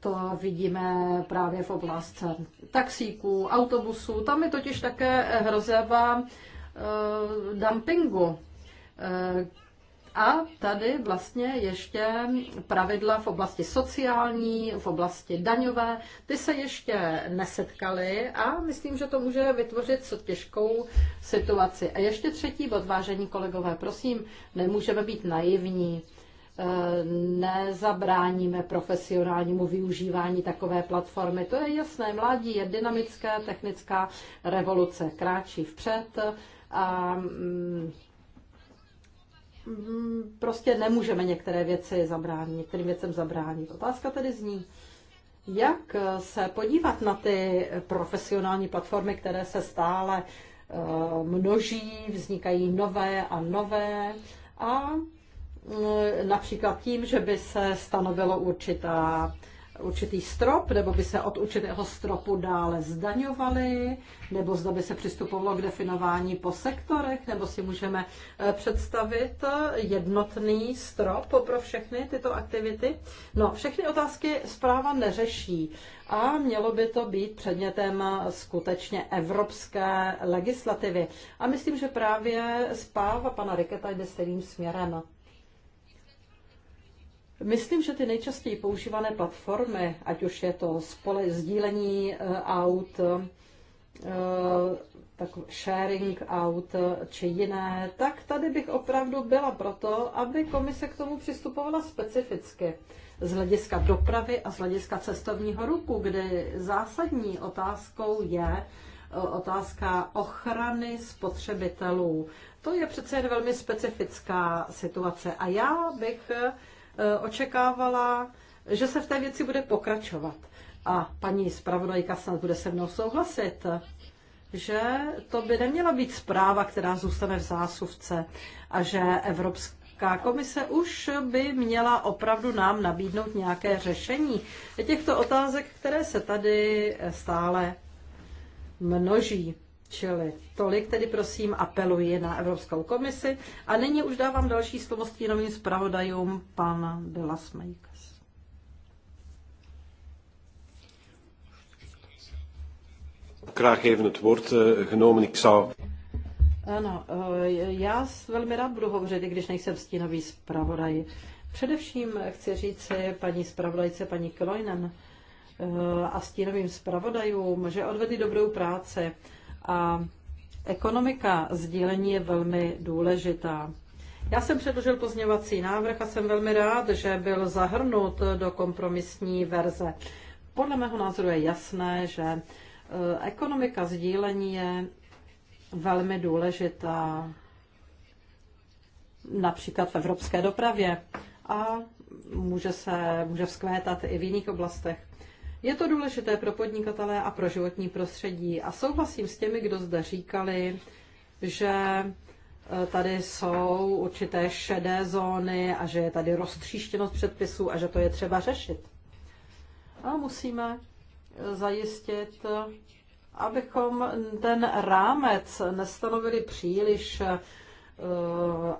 To vidíme právě v oblasti taxíků, autobusů. Tam je totiž také hrozeva eh, dumpingu eh, a tady vlastně ještě pravidla v oblasti sociální, v oblasti daňové, ty se ještě nesetkaly a myslím, že to může vytvořit těžkou situaci. A ještě třetí bod, vážení kolegové, prosím, nemůžeme být naivní e, nezabráníme profesionálnímu využívání takové platformy. To je jasné, mládí je dynamická technická revoluce, kráčí vpřed a mm, Mm, prostě nemůžeme některé věci zabránit, některým věcem zabránit. Otázka tedy zní, jak eh, se podívat na ty profesionální platformy, které se stále eh, množí, vznikají nové a nové a mm, například tím, že by se stanovilo určitá určitý strop, nebo by se od určitého stropu dále zdaňovaly, nebo zda by se přistupovalo k definování po sektorech, nebo si můžeme eh, představit eh, jednotný strop pro všechny tyto aktivity. No, všechny otázky zpráva neřeší a mělo by to být předmětem eh, skutečně evropské legislativy. A myslím, že právě zpráva pana Riketa jde stejným směrem. Myslím, že ty nejčastěji používané platformy, ať už je to spole sdílení eh, aut, eh, tak sharing aut eh, či jiné, tak tady bych opravdu byla proto, aby komise k tomu přistupovala specificky z hlediska dopravy a z hlediska cestovního ruku, kde zásadní otázkou je otázka ochrany spotřebitelů. To je přece jen velmi specifická situace a já bych Eh, očekávala, že se v té věci bude pokračovat. A paní zpravodajka snad bude se mnou souhlasit, že to by neměla být zpráva, která zůstane v zásuvce a že Evropská Evropská komise už by měla opravdu nám nabídnout nějaké řešení těchto otázek, které se tady stále množí. Čili tolik tedy prosím apeluji na Evropskou komisi. A nyní už dávám další slovo stínovým zpravodajům pana Delas Mejkas. Graag even eh, genomen. Ano, eh, já velmi rád budu hovořit, i když nejsem stínový zpravodaj. Především chci říct paní zpravodajce, paní Kloinen eh, a stínovým zpravodajům, že odvedli dobrou práci a ekonomika sdílení je velmi důležitá. Já jsem předložil pozměňovací návrh a jsem velmi rád, že byl zahrnut do kompromisní verze. Podle mého názoru je jasné, že e, ekonomika sdílení je velmi důležitá například v evropské dopravě a může se může vzkvétat i v jiných oblastech. Je to důležité pro podnikatele a pro životní prostředí. A souhlasím s těmi, kdo zde říkali, že eh, tady jsou určité šedé zóny a že je tady roztříštěnost předpisů a že to je třeba řešit. A musíme eh, zajistit, eh, abychom ten rámec nestanovili příliš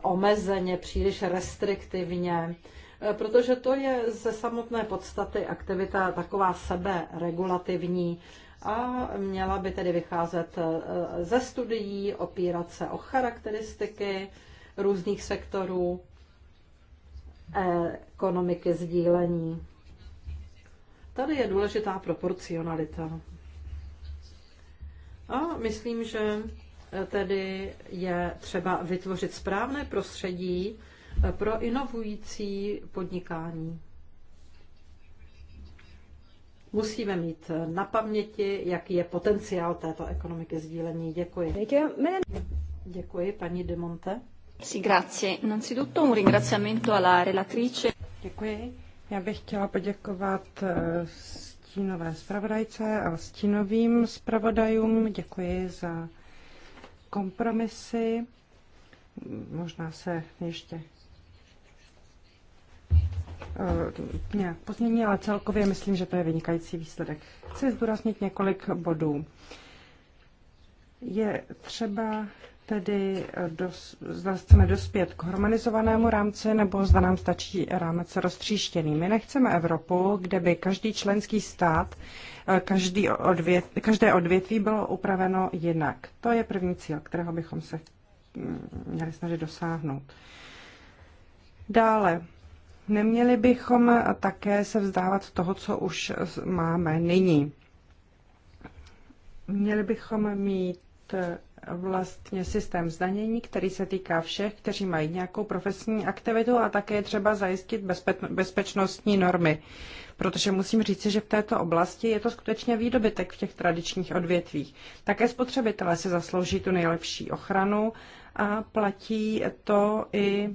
omezeně, příliš restriktivně. Eh, protože to je ze samotné podstaty aktivita taková seberegulativní a měla by tedy vycházet eh, ze studií, opírat se o charakteristiky různých sektorů ekonomiky sdílení. Tady je důležitá proporcionalita. A myslím, že tedy je třeba vytvořit správné prostředí pro inovující podnikání. Musíme mít na paměti, jaký je potenciál této ekonomiky sdílení. Děkuji. Děkuji, paní De Monte. un ringraziamento alla relatrice. Děkuji. Já bych chtěla poděkovat eh, stínové zpravodajce a stínovým zpravodajům. Děkuji za kompromisy. Možná se ještě Eh, nějak pozmění, ale celkově myslím, že to je vynikající výsledek. Chci zdůraznit několik bodů. Je třeba tedy, eh, dos, zda chceme dospět k harmonizovanému rámci, nebo zda nám stačí rámec roztříštěný. My nechceme Evropu, kde by každý členský stát, eh, každý odvět, každé odvětví bylo upraveno jinak. To je první cíl, kterého bychom se hm, měli snažit dosáhnout. Dále, Neměli bychom také se vzdávat toho, co už máme nyní. Měli bychom mít vlastně systém zdanění, který se týká všech, kteří mají nějakou profesní aktivitu a také třeba zajistit bezpečnostní normy. Protože musím říct, že v této oblasti je to skutečně výdobytek v těch tradičních odvětvích. Také spotřebitelé si zaslouží tu nejlepší ochranu a platí to i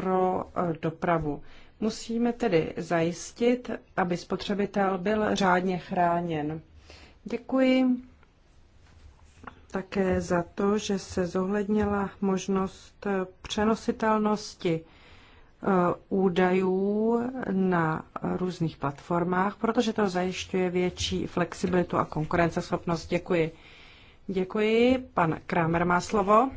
pro eh, dopravu. Musíme tedy zajistit, aby spotřebitel byl řádně chráněn. Děkuji také za to, že se zohlednila možnost eh, přenositelnosti eh, údajů na různých platformách, protože to zajišťuje větší flexibilitu a konkurenceschopnost. Děkuji. Děkuji. Pan Krámer má slovo.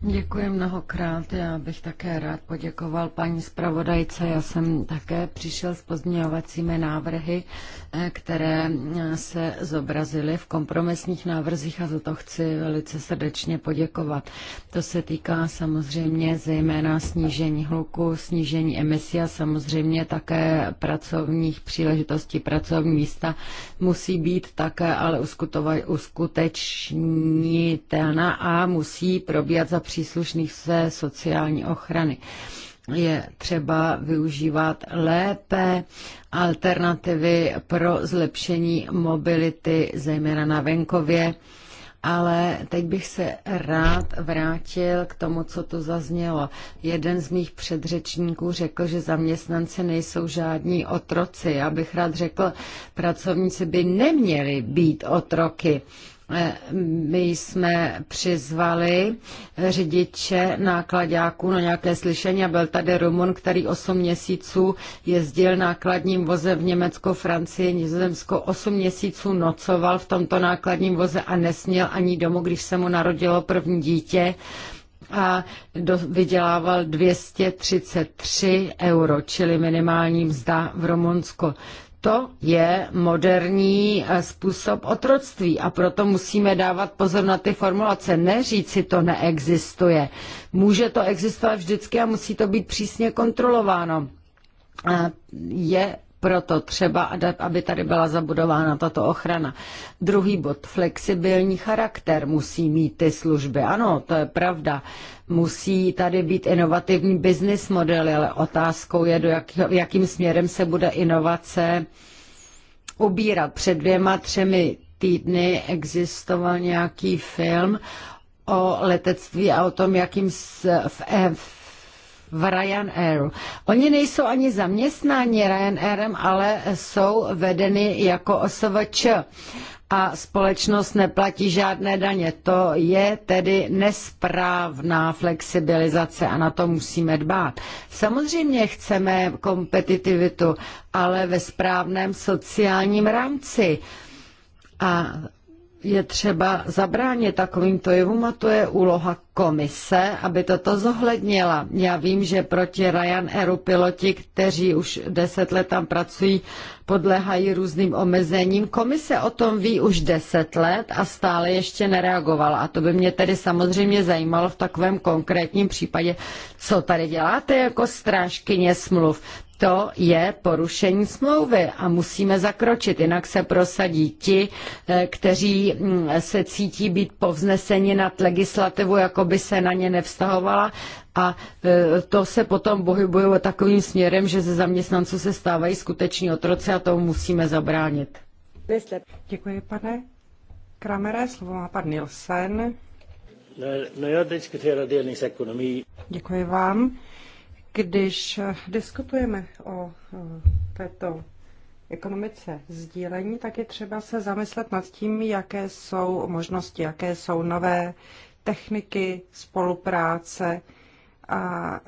Děkuji mnohokrát. Já bych také rád poděkoval paní zpravodajce. Já jsem také přišel s pozměňovacími návrhy, eh, které eh, se zobrazily v kompromisních návrzích a za to chci velice srdečně poděkovat. To se týká samozřejmě zejména snížení hluku, snížení emisí a samozřejmě také pracovních příležitostí. Pracovní místa musí být také ale uskuteč uskutečnitelná a musí probíhat za příslušných své sociální ochrany je třeba využívat lépe alternativy pro zlepšení mobility, zejména na venkově. Ale teď bych se rád vrátil k tomu, co tu zaznělo. Jeden z mých předřečníků řekl, že zaměstnanci nejsou žádní otroci. Já bych rád řekl, pracovníci by neměli být otroky Eh, my jsme přizvali řidiče nákladňáků na nějaké slyšení a byl tady Rumun, který 8 měsíců jezdil nákladním vozem v Německo, Francii, Nizozemsko. 8 měsíců nocoval v tomto nákladním voze a nesměl ani domů, když se mu narodilo první dítě a do, vydělával 233 euro, čili minimální mzda v Rumunsku. To je moderní eh, způsob otroctví a proto musíme dávat pozor na ty formulace. Neříct si to neexistuje. Může to existovat vždycky a musí to být přísně kontrolováno. Je proto třeba, aby tady byla zabudována tato ochrana. Druhý bod, flexibilní charakter musí mít ty služby. Ano, to je pravda. Musí tady být inovativní business modely, ale otázkou je, do jak, jakým směrem se bude inovace ubírat. Před dvěma, třemi týdny existoval nějaký film o letectví a o tom, jakým eh, v, v v Ryanairu. Oni nejsou ani zaměstnáni Ryanairem, ale jsou vedeny jako OSVČ a společnost neplatí žádné daně. To je tedy nesprávná flexibilizace a na to musíme dbát. Samozřejmě chceme kompetitivitu, ale ve správném sociálním rámci. A je třeba zabránit takovýmto jevům a to je úloha komise, aby toto zohlednila. Já vím, že proti Ryanairu piloti, kteří už deset let tam pracují, podléhají různým omezením. Komise o tom ví už deset let a stále ještě nereagovala. A to by mě tedy samozřejmě zajímalo v takovém konkrétním případě, co tady děláte jako strážkyně smluv to je porušení smlouvy a musíme zakročit, jinak se prosadí ti, eh, kteří mm, se cítí být povzneseni nad legislativu, jako by se na ně nevztahovala a eh, to se potom pohybuje takovým směrem, že ze zaměstnanců se stávají skuteční otroci a tomu musíme zabránit. Děkuji, pane Kramere. Slovo má pan Nielsen. No, no, Děkuji vám. Když diskutujeme o této ekonomice sdílení, tak je třeba se zamyslet nad tím, jaké jsou možnosti, jaké jsou nové techniky spolupráce a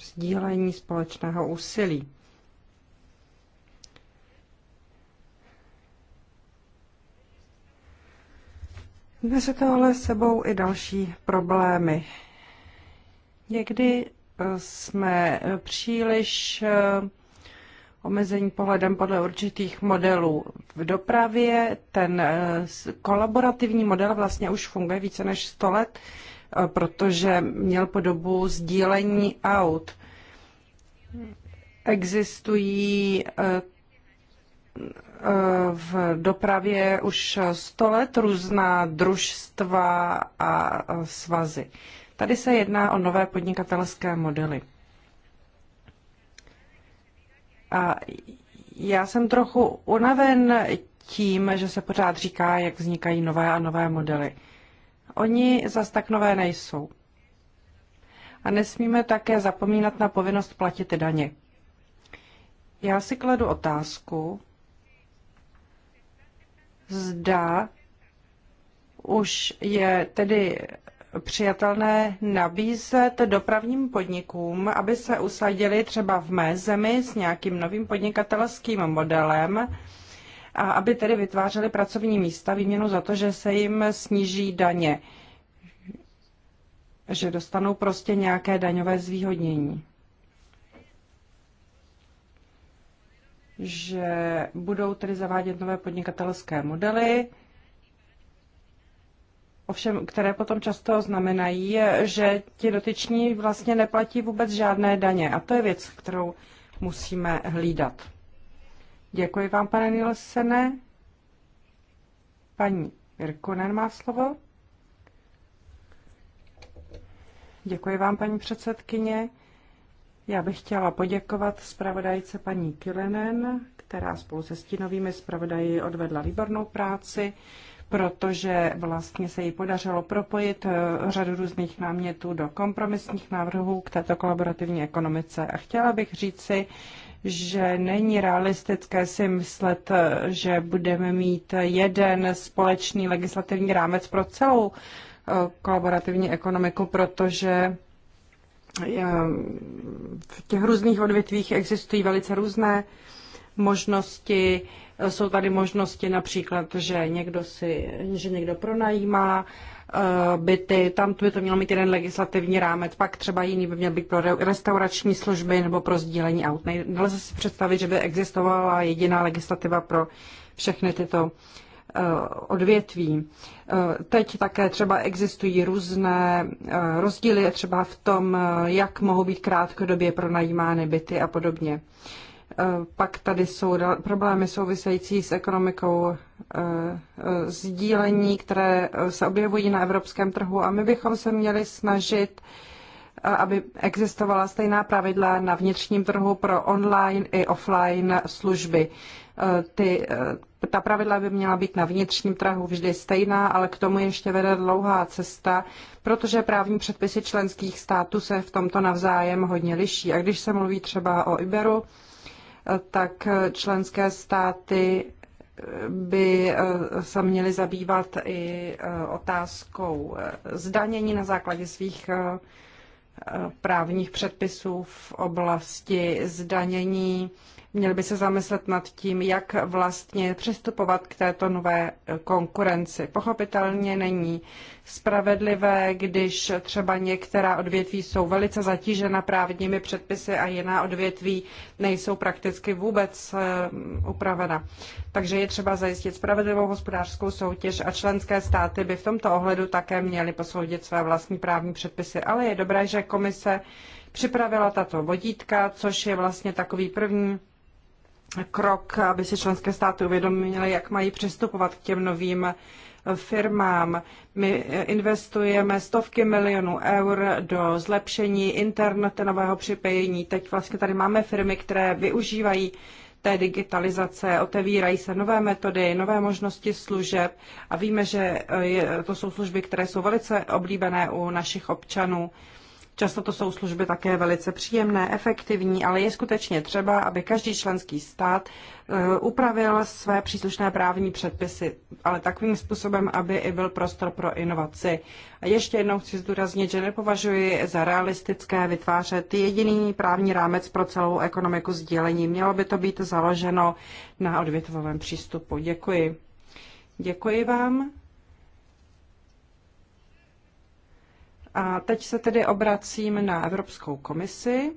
sdílení společného úsilí. Nese to ale sebou i další problémy. Někdy jsme příliš eh, omezení pohledem podle určitých modelů v dopravě. Ten eh, kolaborativní model vlastně už funguje více než 100 let, eh, protože měl podobu sdílení aut. Existují v dopravě už 100 let různá družstva a svazy. Tady se jedná o nové podnikatelské modely. A já jsem trochu unaven tím, že se pořád říká, jak vznikají nové a nové modely. Oni zas tak nové nejsou. A nesmíme také zapomínat na povinnost platit daně. Já si kladu otázku, zda už je tedy přijatelné nabízet dopravním podnikům, aby se usadili třeba v mé zemi s nějakým novým podnikatelským modelem a aby tedy vytvářeli pracovní místa výměnu za to, že se jim sníží daně, že dostanou prostě nějaké daňové zvýhodnění. Že budou tedy zavádět nové podnikatelské modely, ovšem, které potom často znamenají, že ti dotyční vlastně neplatí vůbec žádné daně. A to je věc, kterou musíme hlídat. Děkuji vám, pane Nilsene. Paní Virkonen má slovo. Děkuji vám, paní předsedkyně. Já bych chtěla poděkovat zpravodajce paní Kilenen, která spolu se stínovými zpravodaji odvedla výbornou práci protože vlastně se jí podařilo propojit eh, řadu různých námětů do kompromisních návrhů k této kolaborativní ekonomice. A chtěla bych říci, že není realistické si myslet, eh, že budeme mít jeden společný legislativní rámec pro celou eh, kolaborativní ekonomiku, protože v těch různých odvětvích existují velice různé možnosti, eh, jsou tady možnosti například, že někdo, si, že někdo pronajímá eh, byty, tam by to mělo mít jeden legislativní rámec, pak třeba jiný by měl být pro restaurační služby nebo pro sdílení aut. Nelze si představit, že by existovala jediná legislativa pro všechny tyto eh, odvětví. Teď také třeba existují různé rozdíly třeba v tom, jak mohou být krátkodobě pronajímány byty a podobně. Eh, pak tady jsou problémy související s ekonomikou eh, eh, sdílení, které se objevují na evropském trhu a my bychom se měli snažit, aby existovala stejná pravidla na vnitřním trhu pro online i offline služby. Ty, ta pravidla by měla být na vnitřním trhu vždy stejná, ale k tomu ještě vede dlouhá cesta, protože právní předpisy členských států se v tomto navzájem hodně liší. A když se mluví třeba o Iberu, tak členské státy by eh, se měly zabývat i eh, otázkou eh, zdanění na základě svých právních předpisů v oblasti zdanění Měli by se zamyslet nad tím, jak vlastně přistupovat k této nové eh, konkurenci. Pochopitelně není spravedlivé, když třeba některá odvětví jsou velice zatížena právními předpisy a jiná odvětví nejsou prakticky vůbec eh, upravena. Takže je třeba zajistit spravedlivou hospodářskou soutěž a členské státy by v tomto ohledu také měly posoudit své vlastní právní předpisy. Ale je dobré, že komise připravila tato vodítka, což je vlastně takový první krok, aby si členské státy uvědomily, jak mají přistupovat k těm novým firmám. My investujeme stovky milionů eur do zlepšení internetového připojení. Teď vlastně tady máme firmy, které využívají té digitalizace, otevírají se nové metody, nové možnosti služeb a víme, že to jsou služby, které jsou velice oblíbené u našich občanů. Často to jsou služby také velice příjemné, efektivní, ale je skutečně třeba, aby každý členský stát eh, upravil své příslušné právní předpisy, ale takovým způsobem, aby i byl prostor pro inovaci. A ještě jednou chci zdůraznit, že nepovažuji za realistické vytvářet jediný právní rámec pro celou ekonomiku sdílení. Mělo by to být založeno na odvětvovém přístupu. Děkuji. Děkuji vám. A teď se tedy obracím na Evropskou komisi.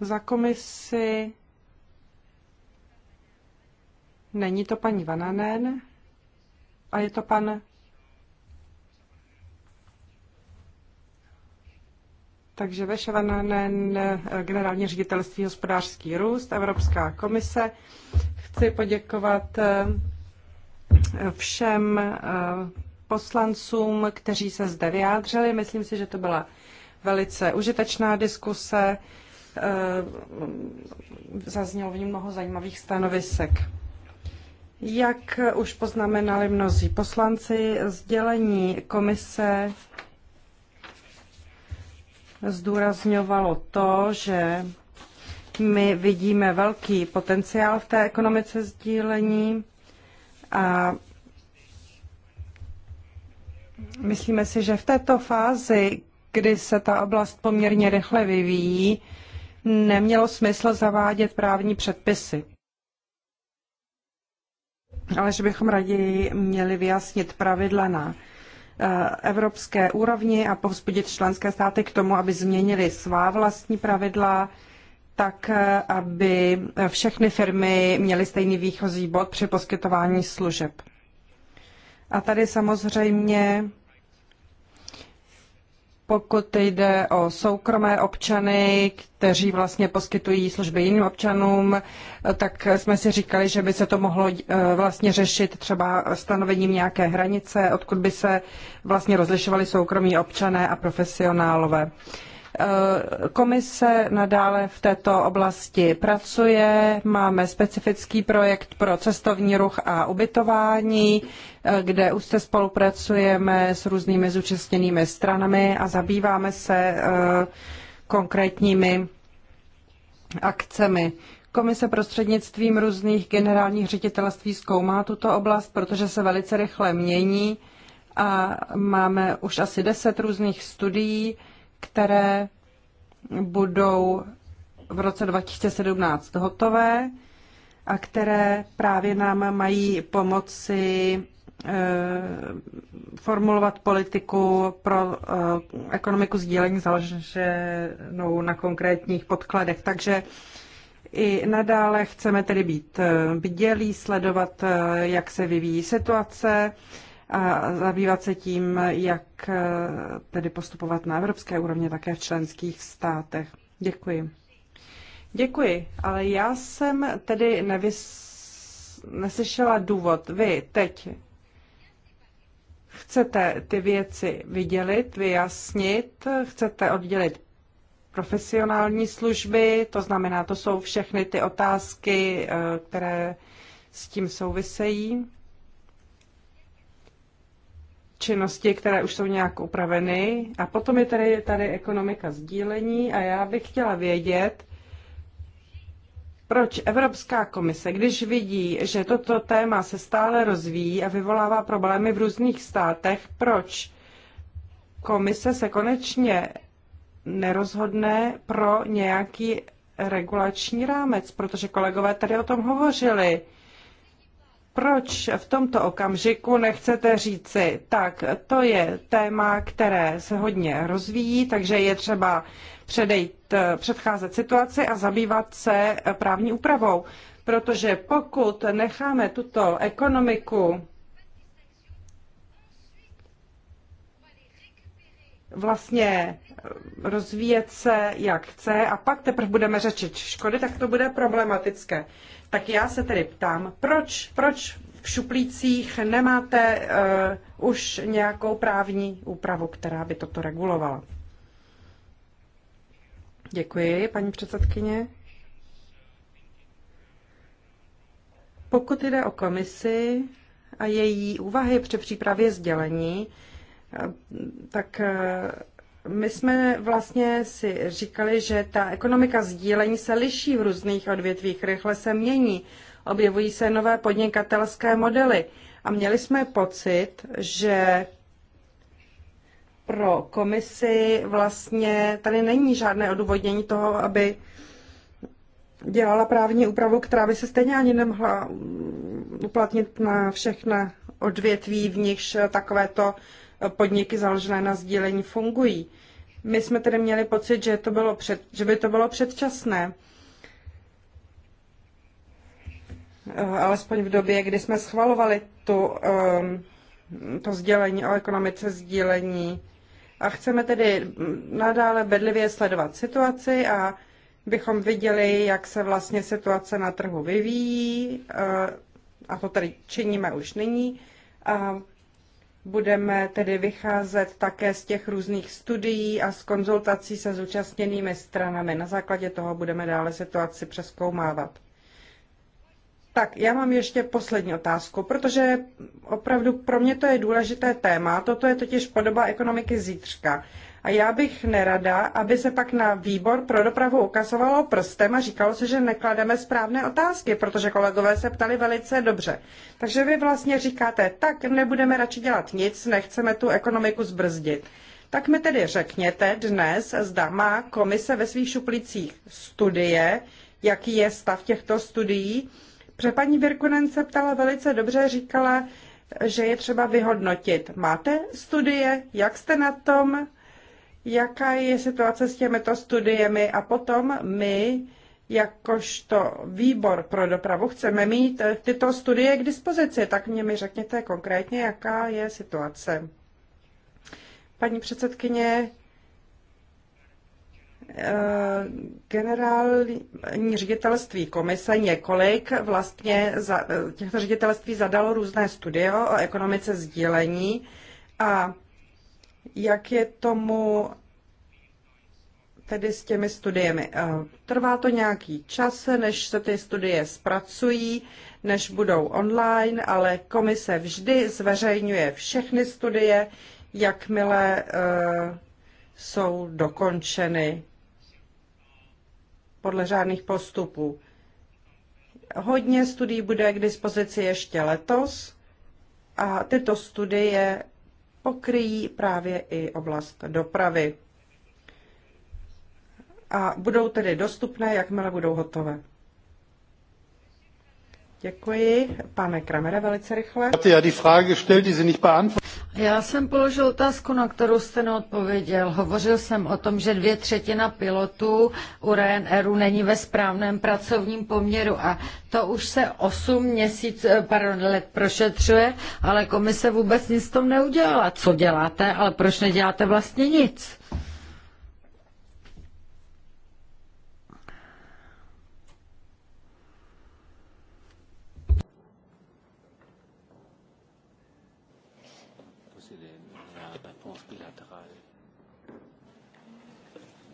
Za komisi není to paní Vananen a je to pan Takže Vešavanen, generální ředitelství hospodářský růst, Evropská komise. Chci poděkovat eh, všem eh, poslancům, kteří se zde vyjádřili. Myslím si, že to byla velice užitečná diskuse. Eh, zaznělo v ní mnoho zajímavých stanovisek. Jak už poznamenali mnozí poslanci, sdělení komise zdůrazňovalo to, že my vidíme velký potenciál v té ekonomice sdílení a myslíme si, že v této fázi, kdy se ta oblast poměrně rychle vyvíjí, nemělo smysl zavádět právní předpisy. Ale že bychom raději měli vyjasnit pravidla na eh, evropské úrovni a povzbudit členské státy k tomu, aby změnili svá vlastní pravidla tak eh, aby všechny firmy měly stejný výchozí bod při poskytování služeb. A tady samozřejmě, pokud jde o soukromé občany, kteří vlastně poskytují služby jiným občanům, tak jsme si říkali, že by se to mohlo eh, vlastně řešit třeba stanovením nějaké hranice, odkud by se vlastně rozlišovali soukromí občané a profesionálové. Eh, komise nadále v této oblasti pracuje. Máme specifický projekt pro cestovní ruch a ubytování, eh, kde už se spolupracujeme s různými zúčastněnými stranami a zabýváme se eh, konkrétními akcemi. Komise prostřednictvím různých generálních ředitelství zkoumá tuto oblast, protože se velice rychle mění a máme už asi deset různých studií, které budou v roce 2017 hotové a které právě nám mají pomoci eh, formulovat politiku pro eh, ekonomiku sdílení založenou na konkrétních podkladech. Takže i nadále chceme tedy být eh, bdělí, sledovat, jak se vyvíjí situace a zabývat se tím, jak eh, tedy postupovat na evropské úrovni, také v členských státech. Děkuji. Děkuji, ale já jsem tedy nevys... neslyšela důvod. Vy teď chcete ty věci vydělit, vyjasnit, chcete oddělit profesionální služby, to znamená, to jsou všechny ty otázky, eh, které s tím souvisejí činnosti, které už jsou nějak upraveny. A potom je tady, tady ekonomika sdílení a já bych chtěla vědět, proč Evropská komise, když vidí, že toto téma se stále rozvíjí a vyvolává problémy v různých státech, proč komise se konečně nerozhodne pro nějaký regulační rámec, protože kolegové tady o tom hovořili proč v tomto okamžiku nechcete říci, tak to je téma, které se hodně rozvíjí, takže je třeba předejít, předcházet situaci a zabývat se právní úpravou. Protože pokud necháme tuto ekonomiku vlastně rozvíjet se, jak chce, a pak teprve budeme řečit škody, tak to bude problematické. Tak já se tedy ptám, proč, proč v šuplících nemáte uh, už nějakou právní úpravu, která by toto regulovala? Děkuji, paní předsedkyně. Pokud jde o komisi a její úvahy při přípravě sdělení, eh, tak eh, my jsme vlastně si říkali, že ta ekonomika sdílení se liší v různých odvětvích, rychle se mění, objevují se nové podnikatelské modely. A měli jsme pocit, že pro komisi vlastně tady není žádné odůvodnění toho, aby dělala právní úpravu, která by se stejně ani nemohla uplatnit na všechna odvětví, v nichž takovéto podniky založené na sdílení fungují. My jsme tedy měli pocit, že, to bylo před, že by to bylo předčasné. Eh, alespoň v době, kdy jsme schvalovali tu, ehm, to sdělení o ekonomice sdílení. A chceme tedy nadále bedlivě sledovat situaci a bychom viděli, jak se vlastně situace na trhu vyvíjí, eh, a to tady činíme už nyní. A Budeme tedy vycházet také z těch různých studií a z konzultací se zúčastněnými stranami. Na základě toho budeme dále situaci přeskoumávat. Tak, já mám ještě poslední otázku, protože opravdu pro mě to je důležité téma. Toto je totiž podoba ekonomiky zítřka. A já bych nerada, aby se pak na výbor pro dopravu ukazovalo prstem a říkalo se, že neklademe správné otázky, protože kolegové se ptali velice dobře. Takže vy vlastně říkáte, tak nebudeme radši dělat nic, nechceme tu ekonomiku zbrzdit. Tak mi tedy řekněte dnes, zda má komise ve svých šuplicích studie, jaký je stav těchto studií. Protože paní Virkunen se ptala velice dobře, říkala, že je třeba vyhodnotit. Máte studie? Jak jste na tom? jaká je situace s těmito studiemi a potom my jakožto výbor pro dopravu chceme mít tyto studie k dispozici, tak mě mi řekněte konkrétně, jaká je situace. Paní předsedkyně, eh, generální ředitelství komise několik vlastně za, eh, těchto ředitelství zadalo různé studie o ekonomice sdílení a jak je tomu tedy s těmi studiemi? Eh, trvá to nějaký čas, než se ty studie zpracují, než budou online, ale komise vždy zveřejňuje všechny studie, jakmile eh, jsou dokončeny podle žádných postupů. Hodně studií bude k dispozici ještě letos a tyto studie pokryjí právě i oblast dopravy. A budou tedy dostupné, jakmile budou hotové. Děkuji. Pane Kramere, velice rychle. Já jsem položil otázku, na kterou jste neodpověděl. Hovořil jsem o tom, že dvě třetina pilotů u Ryanairu není ve správném pracovním poměru a to už se 8 měsíc, eh, pardon, let prošetřuje, ale komise vůbec nic s tom neudělala. Co děláte, ale proč neděláte vlastně nic?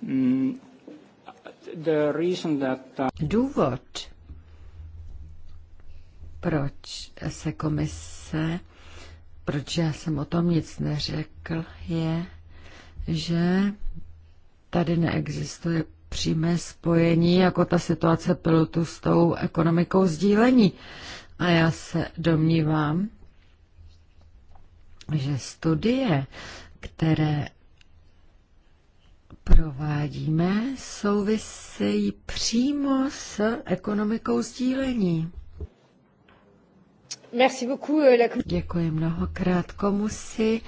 Mm, uh, Důvod, proč se komise, proč já jsem o tom nic neřekl, je, že tady neexistuje přímé spojení jako ta situace pilotu s tou ekonomikou sdílení. A já se domnívám, že studie, které provádíme, souvisejí přímo s ekonomikou sdílení. Merci beaucoup, euh, la... Děkuji mnohokrát si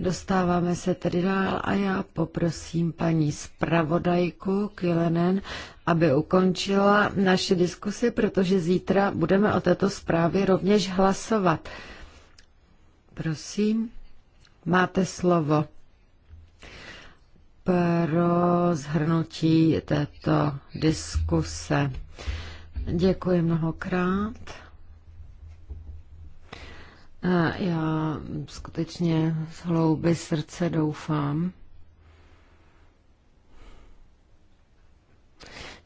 Dostáváme se tedy dál a já poprosím paní zpravodajku Kilenen, aby ukončila naše diskusi, protože zítra budeme o této zprávě rovněž hlasovat. Prosím, máte slovo pro zhrnutí této diskuse. Děkuji mnohokrát. Já skutečně z hlouby srdce doufám,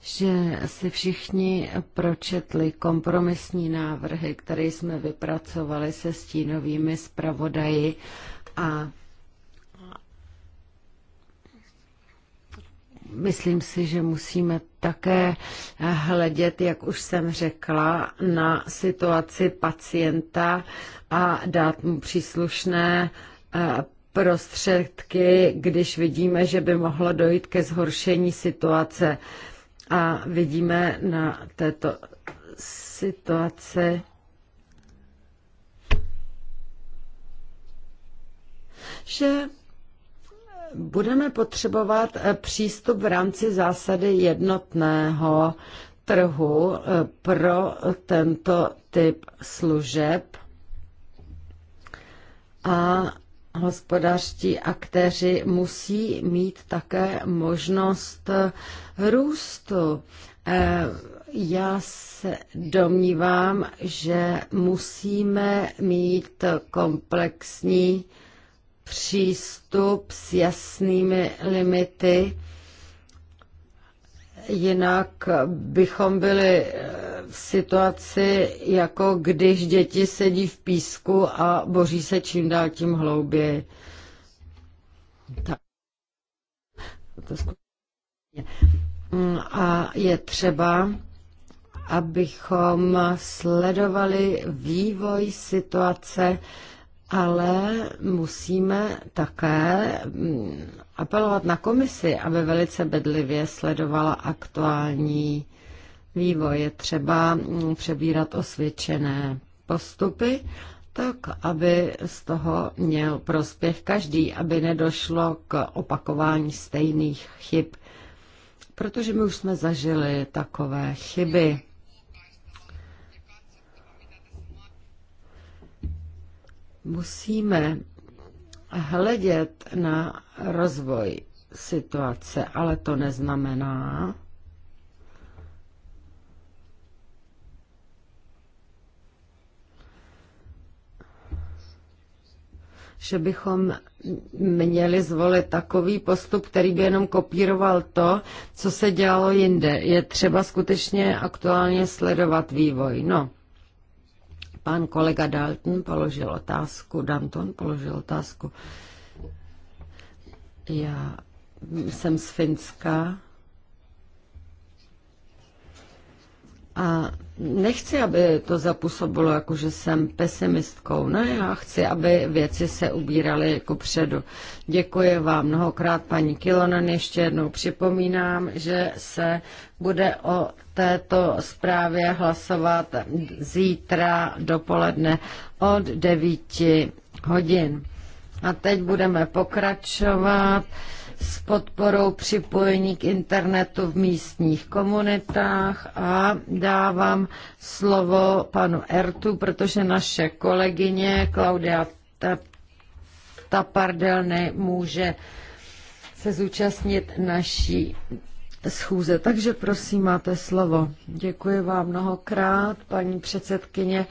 že si všichni pročetli kompromisní návrhy, které jsme vypracovali se stínovými zpravodaji a Myslím si, že musíme také hledět, jak už jsem řekla, na situaci pacienta a dát mu příslušné eh, prostředky, když vidíme, že by mohlo dojít ke zhoršení situace. A vidíme na této situaci, že budeme potřebovat eh, přístup v rámci zásady jednotného trhu eh, pro tento typ služeb a hospodářští aktéři musí mít také možnost růstu. Eh, já se domnívám, že musíme mít komplexní přístup s jasnými limity, jinak bychom byli eh, v situaci, jako když děti sedí v písku a boří se čím dál tím hlouběji. Tak. Mm, a je třeba, abychom sledovali vývoj situace ale musíme také mm, apelovat na komisi, aby velice bedlivě sledovala aktuální vývoj. Je třeba mm, přebírat osvědčené postupy, tak aby z toho měl prospěch každý, aby nedošlo k opakování stejných chyb. Protože my už jsme zažili takové chyby Musíme hledět na rozvoj situace, ale to neznamená, že bychom měli zvolit takový postup, který by jenom kopíroval to, co se dělalo jinde. Je třeba skutečně aktuálně sledovat vývoj. No, Pan kolega Dalton položil otázku, Danton položil otázku. Já jsem z Finska A nechci, aby to zapůsobilo, jako že jsem pesimistkou. Ne, já chci, aby věci se ubíraly jako předu. Děkuji vám mnohokrát, paní Kilonen. Ještě jednou připomínám, že se bude o této zprávě hlasovat zítra dopoledne od 9 hodin. A teď budeme pokračovat s podporou připojení k internetu v místních komunitách a dávám slovo panu Ertu, protože naše kolegyně Klaudia Tapardel nemůže se zúčastnit naší schůze. Takže prosím, máte slovo. Děkuji vám mnohokrát, paní předsedkyně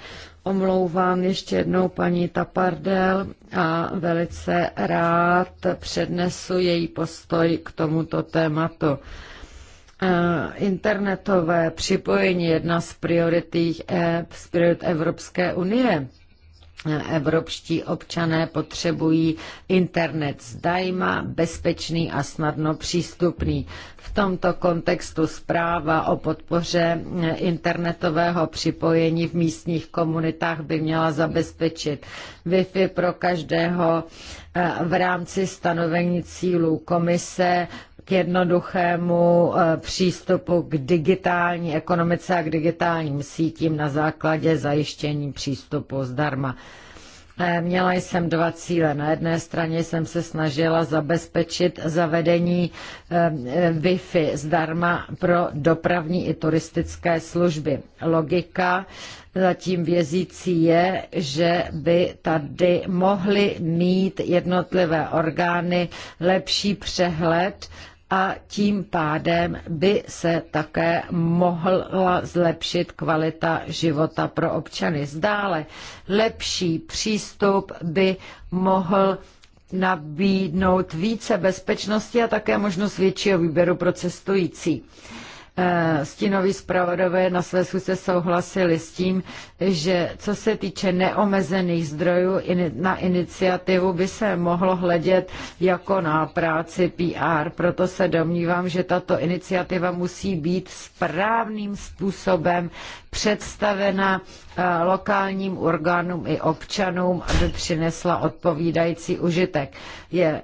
omlouvám ještě jednou paní Tapardel a velice rád přednesu její postoj k tomuto tématu. Eh, internetové připojení jedna z priorit, eh, z priorit Evropské unie Evropští občané potřebují internet zdajma, bezpečný a snadno přístupný. V tomto kontextu zpráva o podpoře internetového připojení v místních komunitách by měla zabezpečit Wi-Fi pro každého eh, v rámci stanovení cílů komise k jednoduchému eh, přístupu k digitální ekonomice a k digitálním sítím na základě zajištění přístupu zdarma. Eh, měla jsem dva cíle. Na jedné straně jsem se snažila zabezpečit zavedení eh, Wi-Fi zdarma pro dopravní i turistické služby. Logika zatím vězící je, že by tady mohly mít jednotlivé orgány lepší přehled a tím pádem by se také mohla zlepšit kvalita života pro občany. Zdále lepší přístup by mohl nabídnout více bezpečnosti a také možnost většího výběru pro cestující. Eh, stínoví zpravodové na své schůzce souhlasili s tím, že co se týče neomezených zdrojů na iniciativu by se mohlo hledět jako na práci PR. Proto se domnívám, že tato iniciativa musí být správným způsobem představena eh, lokálním orgánům i občanům, aby přinesla odpovídající užitek. Je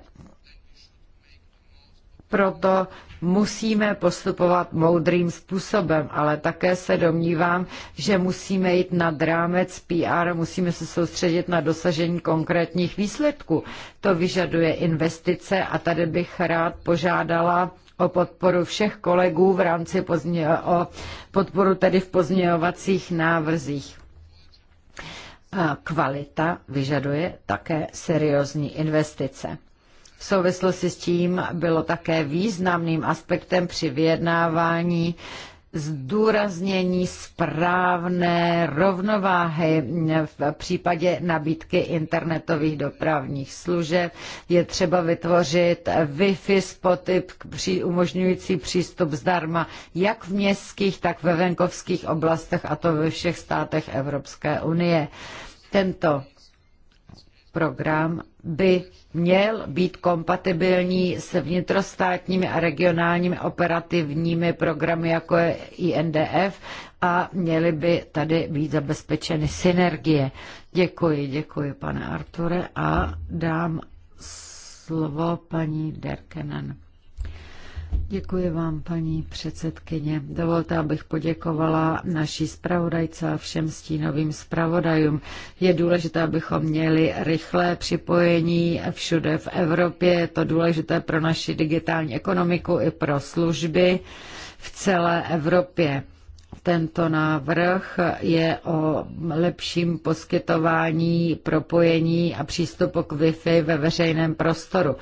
proto Musíme postupovat moudrým způsobem, ale také se domnívám, že musíme jít nad rámec PR, musíme se soustředit na dosažení konkrétních výsledků. To vyžaduje investice a tady bych rád požádala o podporu všech kolegů v rámci pozdě, o podporu tedy v pozměňovacích návrzích. Kvalita vyžaduje také seriózní investice. V souvislosti s tím bylo také významným aspektem při vyjednávání zdůraznění správné rovnováhy v případě nabídky internetových dopravních služeb. Je třeba vytvořit Wi-Fi spoty umožňující přístup zdarma jak v městských, tak ve venkovských oblastech a to ve všech státech Evropské unie. Tento program by měl být kompatibilní s vnitrostátními a regionálními operativními programy, jako je INDF, a měly by tady být zabezpečeny synergie. Děkuji, děkuji, pane Arture, a dám slovo paní Derkenen. Děkuji vám, paní předsedkyně. Dovolte, abych poděkovala naší zpravodajce a všem stínovým zpravodajům. Je důležité, abychom měli rychlé připojení všude v Evropě. Je to důležité pro naši digitální ekonomiku i pro služby v celé Evropě. Tento návrh je o lepším poskytování propojení a přístupu k Wi-Fi ve veřejném prostoru.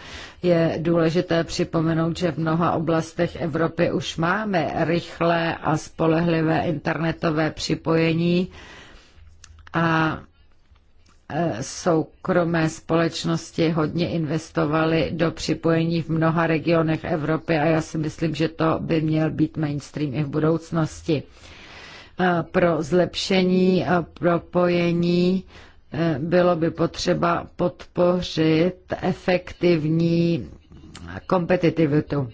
Je důležité připomenout, že v mnoha oblastech Evropy už máme rychlé a spolehlivé internetové připojení a soukromé společnosti hodně investovaly do připojení v mnoha regionech Evropy a já si myslím, že to by měl být mainstream i v budoucnosti. Pro zlepšení a propojení e, bylo by potřeba podpořit efektivní kompetitivitu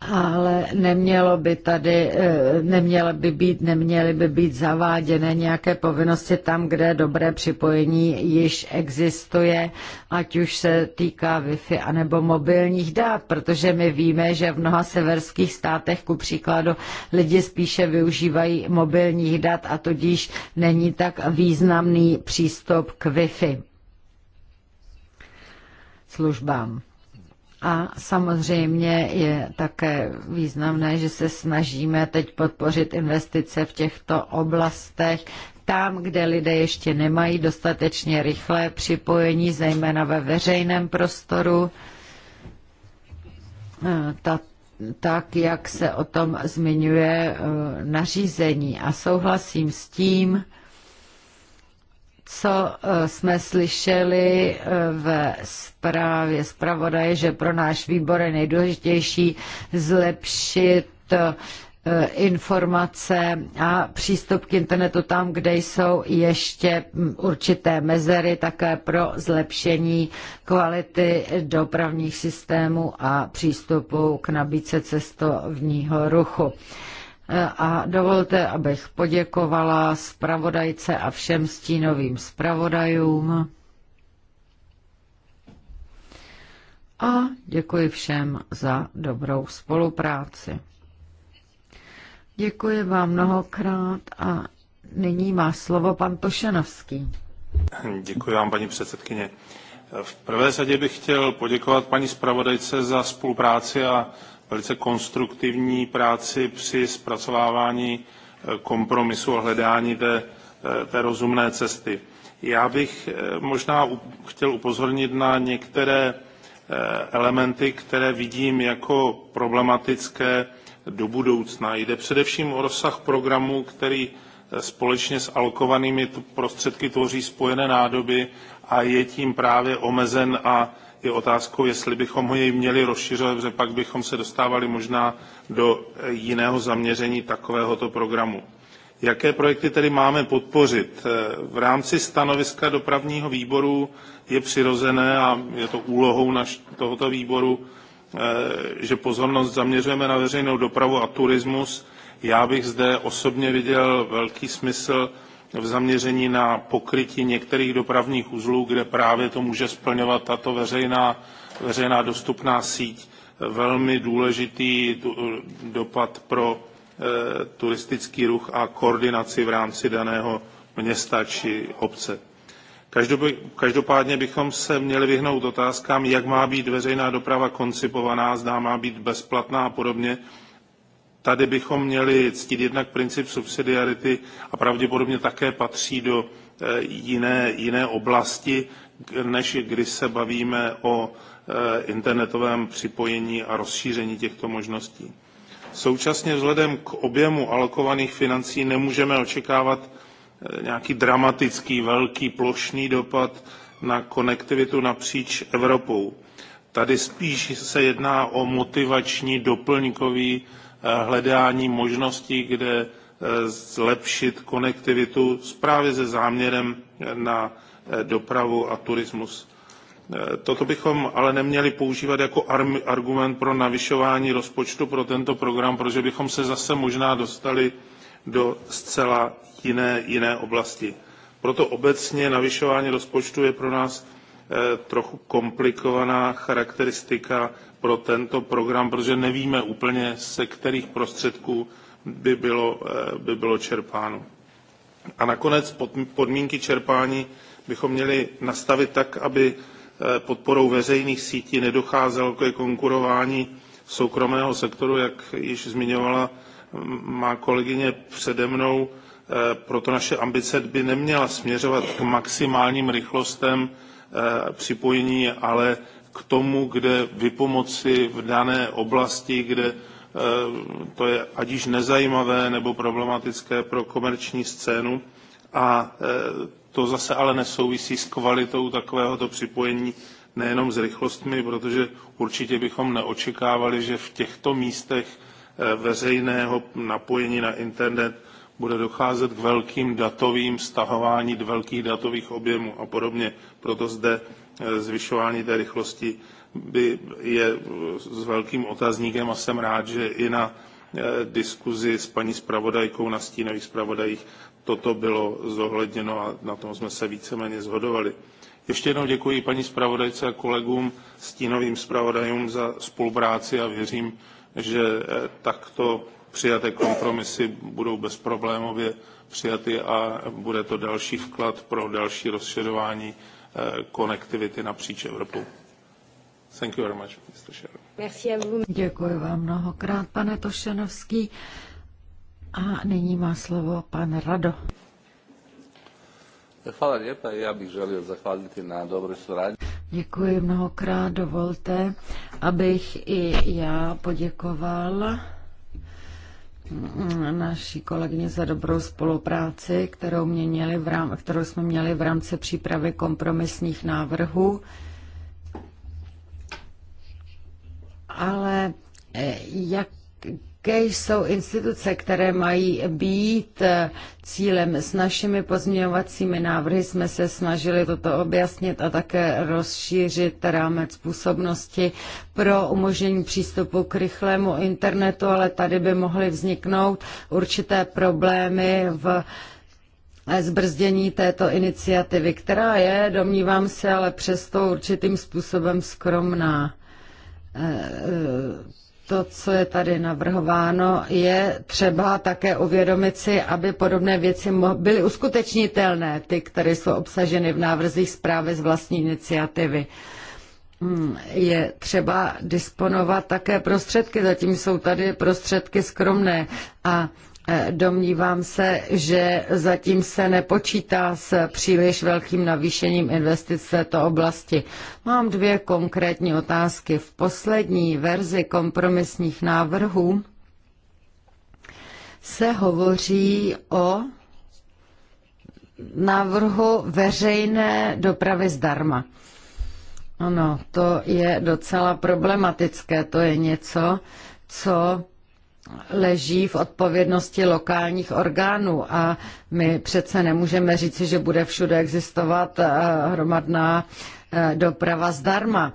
ale nemělo by tady, eh, neměly by být, neměly by být zaváděné nějaké povinnosti tam, kde dobré připojení již existuje, ať už se týká Wi-Fi anebo mobilních dát, protože my víme, že v mnoha severských státech, ku příkladu, lidi spíše využívají mobilních dat a tudíž není tak významný přístup k Wi-Fi službám. A samozřejmě je také významné, že se snažíme teď podpořit investice v těchto oblastech, tam, kde lidé ještě nemají dostatečně rychlé připojení, zejména ve veřejném prostoru, eh, ta, tak, jak se o tom zmiňuje eh, nařízení. A souhlasím s tím, co eh, jsme slyšeli eh, ve zprávě zpravodaje, že pro náš výbor je nejdůležitější zlepšit eh, informace a přístup k internetu tam, kde jsou ještě hm, určité mezery, také pro zlepšení kvality dopravních systémů a přístupu k nabídce cestovního ruchu a dovolte, abych poděkovala zpravodajce a všem stínovým zpravodajům. A děkuji všem za dobrou spolupráci. Děkuji vám mnohokrát a nyní má slovo pan Tošenovský. Děkuji vám, paní předsedkyně. V prvé řadě bych chtěl poděkovat paní zpravodajce za spolupráci a velice konstruktivní práci při zpracovávání e, kompromisu a hledání té, e, té rozumné cesty. Já bych e, možná chtěl upozornit na některé elementy, které vidím jako problematické do budoucna. Jde především o rozsah programu, který společně s alokovanými prostředky tvoří spojené nádoby a je tím právě omezen a je otázkou, jestli bychom ho jej měli rozšiřovat, protože pak bychom se dostávali možná do eh, jiného zaměření takovéhoto programu. Jaké projekty tedy máme podpořit? Eh, v rámci stanoviska dopravního výboru je přirozené a je to úlohou naš, tohoto výboru, eh, že pozornost zaměřujeme na veřejnou dopravu a turismus. Já bych zde osobně viděl velký smysl v zaměření na pokrytí některých dopravních uzlů, kde právě to může splňovat tato veřejná, veřejná dostupná síť. Velmi důležitý dopad pro e, turistický ruch a koordinaci v rámci daného města či obce. Každopádně bychom se měli vyhnout otázkám, jak má být veřejná doprava koncipovaná, zdá má být bezplatná a podobně, Tady bychom měli ctít jednak princip subsidiarity a pravděpodobně také patří do eh, jiné, jiné oblasti, než kdy se bavíme o eh, internetovém připojení a rozšíření těchto možností. Současně vzhledem k objemu alokovaných financí nemůžeme očekávat eh, nějaký dramatický, velký, plošný dopad na konektivitu napříč Evropou. Tady spíš se jedná o motivační doplňkový Eh, hledání možností, kde eh, zlepšit konektivitu právě se záměrem eh, na dopravu a turismus. Toto bychom ale neměli používat jako argument pro navyšování rozpočtu pro tento program, protože bychom se zase možná dostali do zcela jiné, jiné oblasti. Proto obecně navyšování rozpočtu je pro nás trochu komplikovaná charakteristika pro tento program, protože nevíme úplně, se kterých prostředků by bylo, eh, by bylo čerpáno. A nakonec podmínky čerpání bychom měli nastavit tak, aby eh, podporou veřejných sítí nedocházelo ke konkurování soukromého sektoru, jak již zmiňovala má kolegyně přede mnou. Eh, proto naše ambice by neměla směřovat k maximálním rychlostem připojení, ale k tomu, kde vypomoci v dané oblasti, kde eh, to je ať již nezajímavé nebo problematické pro komerční scénu. A eh, to zase ale nesouvisí s kvalitou takovéhoto připojení, nejenom s rychlostmi, protože určitě bychom neočekávali, že v těchto místech eh, veřejného napojení na internet bude docházet k velkým datovým stahování, k velkých datových objemů a podobně. Proto zde zvyšování té rychlosti by je s velkým otazníkem a jsem rád, že i na eh, diskuzi s paní zpravodajkou na stínových zpravodajích toto bylo zohledněno a na tom jsme se víceméně zhodovali. Ještě jednou děkuji paní zpravodajce a kolegům stínovým zpravodajům za spolupráci a věřím, že eh, takto přijaté kompromisy budou bezproblémově přijaty a bude to další vklad pro další rozšiřování Eh, konektivity napříč Evropou. Thank you very much, Mr. Děkuji vám mnohokrát, pane Tošenovský. A nyní má slovo pan Rado. Hvala lijepa i ja bih želio zahvaliti na dobroj suradnji. Děkuji mnohokrát, dovolte, abych i já poděkoval naší kolegyně za dobrou spolupráci, kterou, mě měli v rám, kterou jsme měli v rámci přípravy kompromisních návrhů. Ale eh, jak Kéž jsou instituce, které mají být eh, cílem. S našimi pozměňovacími návrhy jsme se snažili toto objasnit a také rozšířit rámec působnosti pro umožnění přístupu k rychlému internetu, ale tady by mohly vzniknout určité problémy v zbrzdění této iniciativy, která je, domnívám se, ale přesto určitým způsobem skromná eh, eh, to, co je tady navrhováno, je třeba také uvědomit si, aby podobné věci byly uskutečnitelné, ty, které jsou obsaženy v návrzích zprávy z vlastní iniciativy. Hmm, je třeba disponovat také prostředky, zatím jsou tady prostředky skromné a E, domnívám se, že zatím se nepočítá s příliš velkým navýšením investic v této oblasti. Mám dvě konkrétní otázky. V poslední verzi kompromisních návrhů se hovoří o návrhu veřejné dopravy zdarma. Ano, to je docela problematické. To je něco, co leží v odpovědnosti lokálních orgánů a my přece nemůžeme říci, že bude všude existovat eh, hromadná eh, doprava zdarma.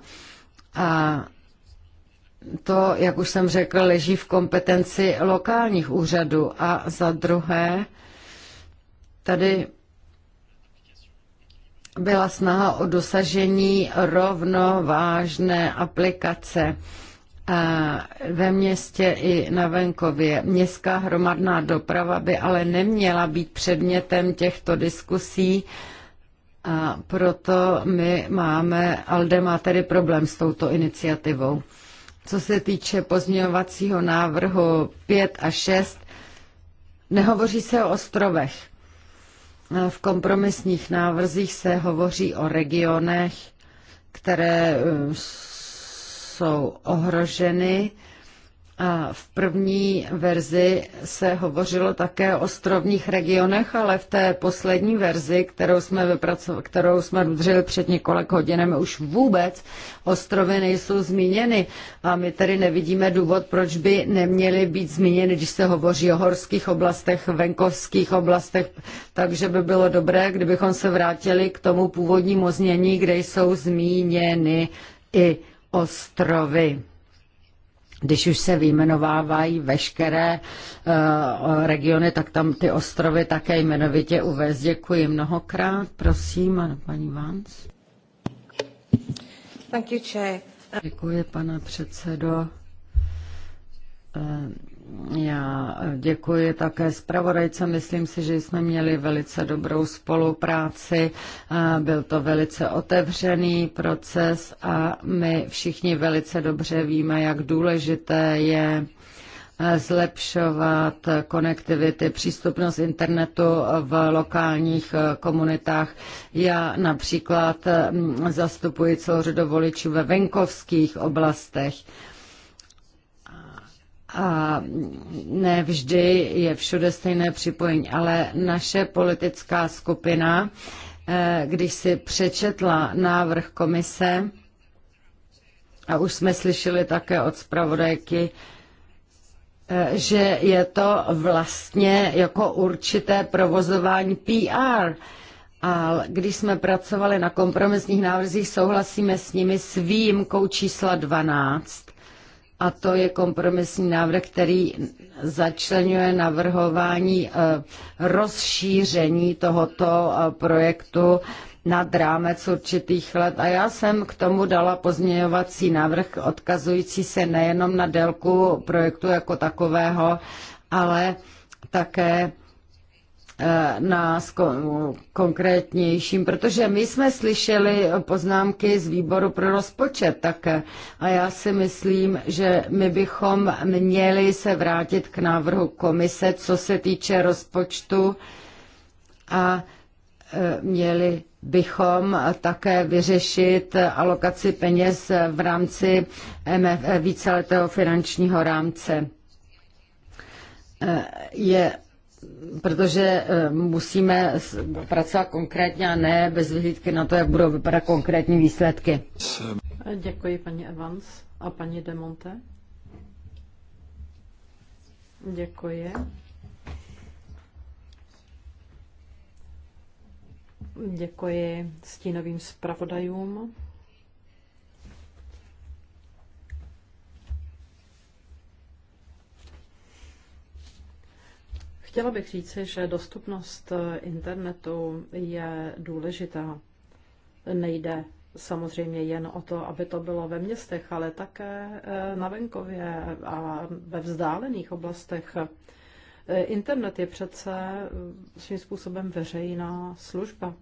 A to, jak už jsem řekl, leží v kompetenci lokálních úřadů. A za druhé, tady byla snaha o dosažení rovnovážné aplikace ve městě i na venkově. Městská hromadná doprava by ale neměla být předmětem těchto diskusí, a proto my máme, Alde má tedy problém s touto iniciativou. Co se týče pozměňovacího návrhu 5 a 6, nehovoří se o ostrovech. V kompromisních návrzích se hovoří o regionech, které eh, jsou ohroženy. A v první verzi se hovořilo také o strovních regionech, ale v té poslední verzi, kterou jsme, kterou jsme udrželi před několik hodinami, už vůbec ostrovy nejsou zmíněny. A my tady nevidíme důvod, proč by neměly být zmíněny, když se hovoří o horských oblastech, venkovských oblastech. Takže by bylo dobré, kdybychom se vrátili k tomu původnímu znění, kde jsou zmíněny i ostrovy když už se vyjmenovávají veškeré uh, regiony, tak tam ty ostrovy také jmenovitě uvést. Děkuji mnohokrát. Prosím, paní Vans. Thank you, Chair. Děkuji, pane předsedo. Uh, já děkuji také zpravodajce. Myslím si, že jsme měli velice dobrou spolupráci. Byl to velice otevřený proces a my všichni velice dobře víme, jak důležité je eh, zlepšovat konektivity, přístupnost internetu v lokálních eh, komunitách. Já například mm, zastupuji celou řadu voličů ve venkovských oblastech a ne vždy je všude stejné připojení, ale naše politická skupina, eh, když si přečetla návrh komise, a už jsme slyšeli také od zpravodajky, eh, že je to vlastně jako určité provozování PR. A když jsme pracovali na kompromisních návrzích, souhlasíme s nimi s výjimkou čísla 12, a to je kompromisní návrh, který začlenuje navrhování e, rozšíření tohoto e, projektu nad rámec určitých let. A já jsem k tomu dala pozměňovací návrh odkazující se nejenom na délku projektu jako takového, ale také Eh, na konkrétnějším, protože my jsme slyšeli poznámky z výboru pro rozpočet také a já si myslím, že my bychom měli se vrátit k návrhu komise, co se týče rozpočtu a eh, měli bychom také vyřešit alokaci peněz v rámci MF, víceletého finančního rámce. Eh, je protože eh, musíme pracovat konkrétně a ne bez vyhlídky na to, jak budou vypadat konkrétní výsledky. Děkuji paní Evans a paní Demonte. Děkuji. Děkuji stínovým zpravodajům. Chtěla bych říci, že dostupnost eh, internetu je důležitá. Nejde samozřejmě jen o to, aby to bylo ve městech, ale také eh, na venkově a ve vzdálených oblastech. Eh, internet je přece svým způsobem veřejná služba.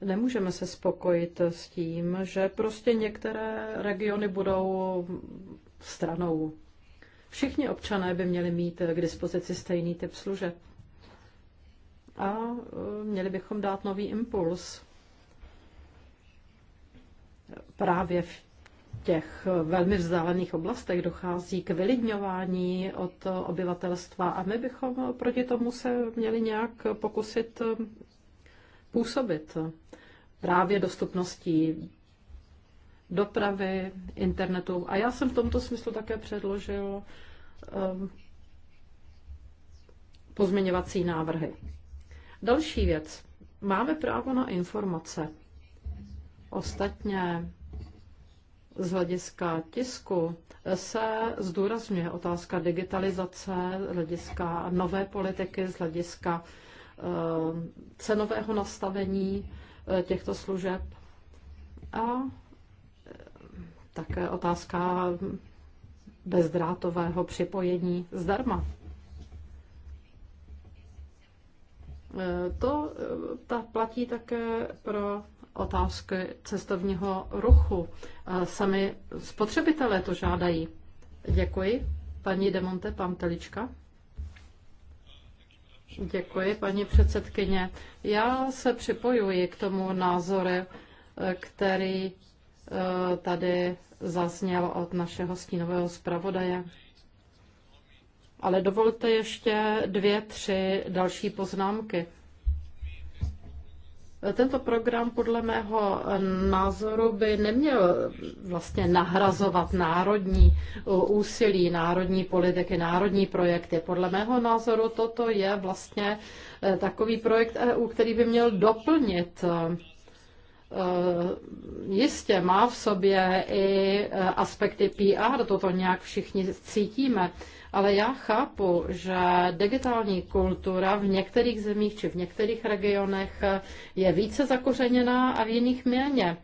Nemůžeme se spokojit s tím, že prostě některé regiony budou stranou Všichni občané by měli mít eh, k dispozici stejný typ služeb. A eh, měli bychom dát nový impuls právě v těch eh, velmi vzdálených oblastech dochází k vylidňování od obyvatelstva a my bychom proti tomu se měli nějak pokusit působit právě dostupností dopravy, internetu. A já jsem v tomto smyslu také předložil um, pozměňovací návrhy. Další věc. Máme právo na informace. Ostatně z hlediska tisku se zdůrazňuje otázka digitalizace, z hlediska nové politiky, z hlediska ehm, cenového nastavení eh, těchto služeb. A také otázka bezdrátového připojení zdarma. E, to e, ta platí také pro otázky cestovního ruchu. E, sami spotřebitelé to žádají. Děkuji. Paní Demonte Pantelička. Děkuji, paní předsedkyně. Já se připojuji k tomu názoru, který tady zazněl od našeho stínového zpravodaje. Ale dovolte ještě dvě, tři další poznámky. Tento program podle mého názoru by neměl vlastně nahrazovat národní úsilí, národní politiky, národní projekty. Podle mého názoru toto je vlastně takový projekt EU, který by měl doplnit Eh, jistě má v sobě i eh, aspekty PR, toto nějak všichni cítíme, ale já chápu, že digitální kultura v některých zemích či v některých regionech eh, je více zakořeněná a v jiných méně.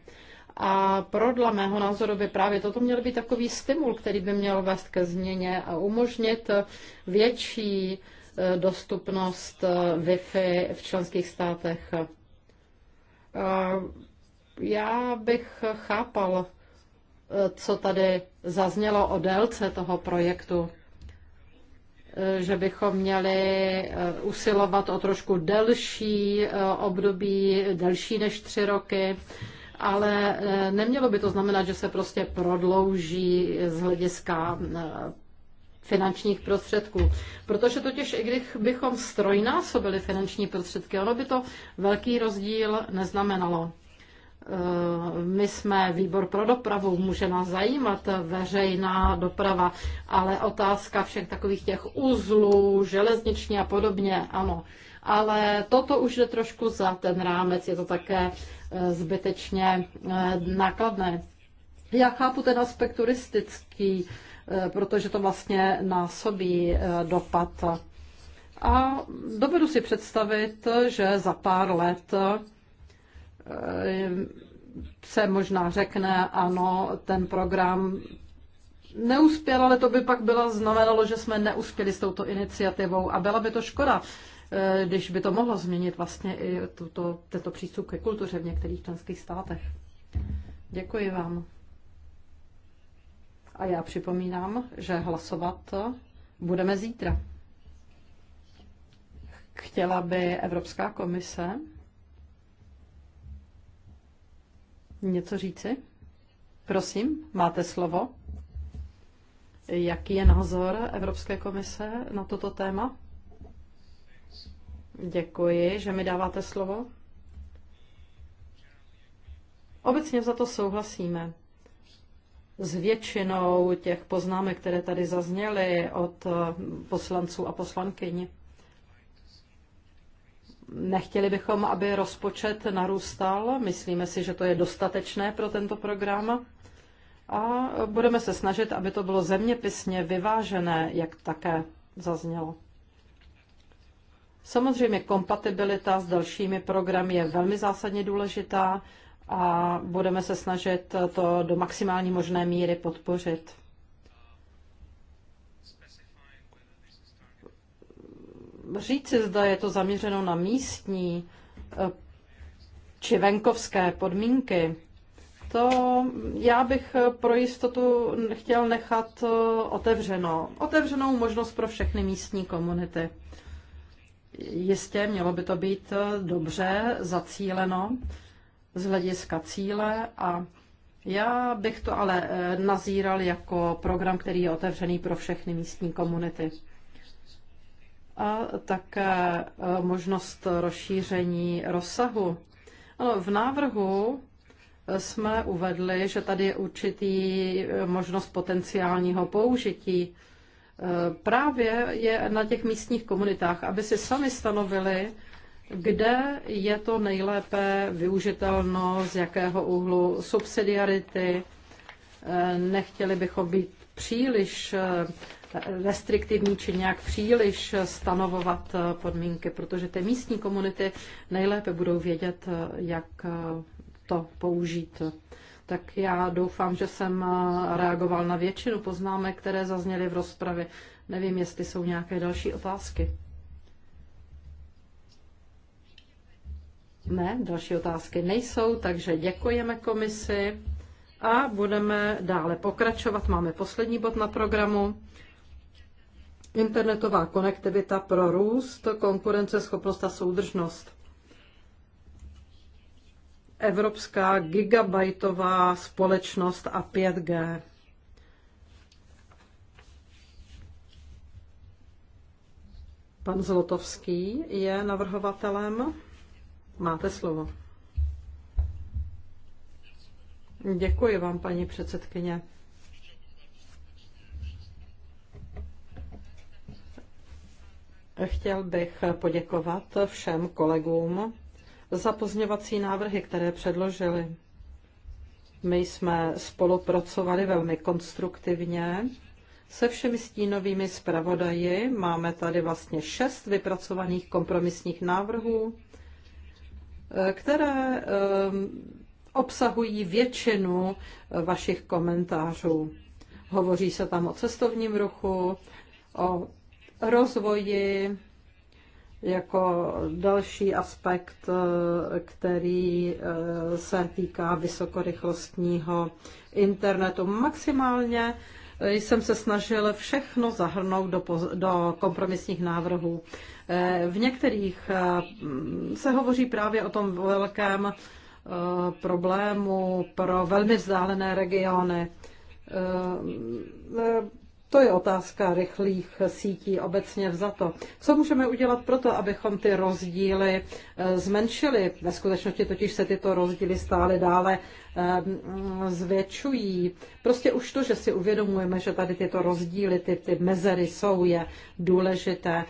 A pro dle mého názoru by právě toto měl být takový stimul, který by měl vést ke změně a umožnit větší dostupnost Wi-Fi v členských státech já bych chápal, eh, co tady zaznělo o délce toho projektu, eh, že bychom měli eh, usilovat o trošku delší období, delší než tři roky, ale nemělo by to znamenat, že se prostě prodlouží z hlediska finančních prostředků. Protože totiž, i když bychom strojnásobili finanční prostředky, ono by to velký rozdíl neznamenalo. Eh, my jsme výbor pro dopravu, může nás zajímat veřejná doprava, ale otázka všech takových těch uzlů, železniční a podobně, ano. Ale toto už jde trošku za ten rámec, je to také eh, zbytečně eh, nákladné. Já chápu ten aspekt turistický, protože to vlastně násobí dopad. A dovedu si představit, že za pár let Eh, se možná řekne, ano, ten program neuspěl, ale to by pak bylo znamenalo, že jsme neuspěli s touto iniciativou a byla by to škoda, eh, když by to mohlo změnit vlastně i tuto, tento přístup ke kultuře v některých členských státech. Děkuji vám. A já připomínám, že hlasovat budeme zítra. Chtěla by Evropská komise něco říci? Prosím, máte slovo. Jaký je názor Evropské komise na toto téma? Děkuji, že mi dáváte slovo. Obecně za to souhlasíme. S většinou těch poznámek, které tady zazněly od poslanců a poslankyní. Nechtěli bychom, aby rozpočet narůstal. Myslíme si, že to je dostatečné pro tento program. A budeme se snažit, aby to bylo zeměpisně vyvážené, jak také zaznělo. Samozřejmě kompatibilita s dalšími programy je velmi zásadně důležitá a budeme se snažit to do maximální možné míry podpořit. říci, zda je to zaměřeno na místní eh, či venkovské podmínky, to já bych eh, pro jistotu chtěl nechat eh, otevřeno. Otevřenou možnost pro všechny místní komunity. Jistě mělo by to být dobře zacíleno z hlediska cíle a já bych to ale nazíral jako program, který je otevřený pro všechny místní komunity a také e, možnost rozšíření rozsahu. v návrhu e, jsme uvedli, že tady je určitý e, možnost potenciálního použití. Právě je na těch místních komunitách, aby si sami stanovili, kde je to nejlépe využitelno, z jakého úhlu subsidiarity. Nechtěli bychom být příliš restriktivní či nějak příliš stanovovat eh, podmínky, protože ty místní komunity nejlépe budou vědět, eh, jak eh, to použít. Tak já doufám, že jsem reagoval na většinu poznámek, které zazněly v rozpravě. Nevím, jestli jsou nějaké další otázky. Ne, další otázky nejsou, takže děkujeme komisi a budeme dále pokračovat. Máme poslední bod na programu Internetová konektivita pro růst, konkurenceschopnost a soudržnost. Evropská gigabajtová společnost a 5G. Pan Zlotovský je navrhovatelem. Máte slovo. Děkuji vám, paní předsedkyně. Chtěl bych poděkovat všem kolegům za pozměvací návrhy, které předložili. My jsme spolupracovali velmi konstruktivně se všemi stínovými zpravodaji. Máme tady vlastně šest vypracovaných kompromisních návrhů, které ehm, obsahují většinu vašich komentářů. Hovoří se tam o cestovním ruchu, o rozvoji jako další aspekt, eh, který eh, se týká vysokorychlostního internetu. Maximálně eh, jsem se snažil všechno zahrnout do, do kompromisních návrhů. V některých mm, se hovoří právě o tom velkém problému pro velmi vzdálené regiony to je otázka rychlých sítí obecně vzato. Co můžeme udělat pro to, abychom ty rozdíly eh, zmenšili? Ve skutečnosti totiž se tyto rozdíly stále dále eh, zvětšují. Prostě už to, že si uvědomujeme, že tady tyto rozdíly, ty, ty mezery jsou, je důležité.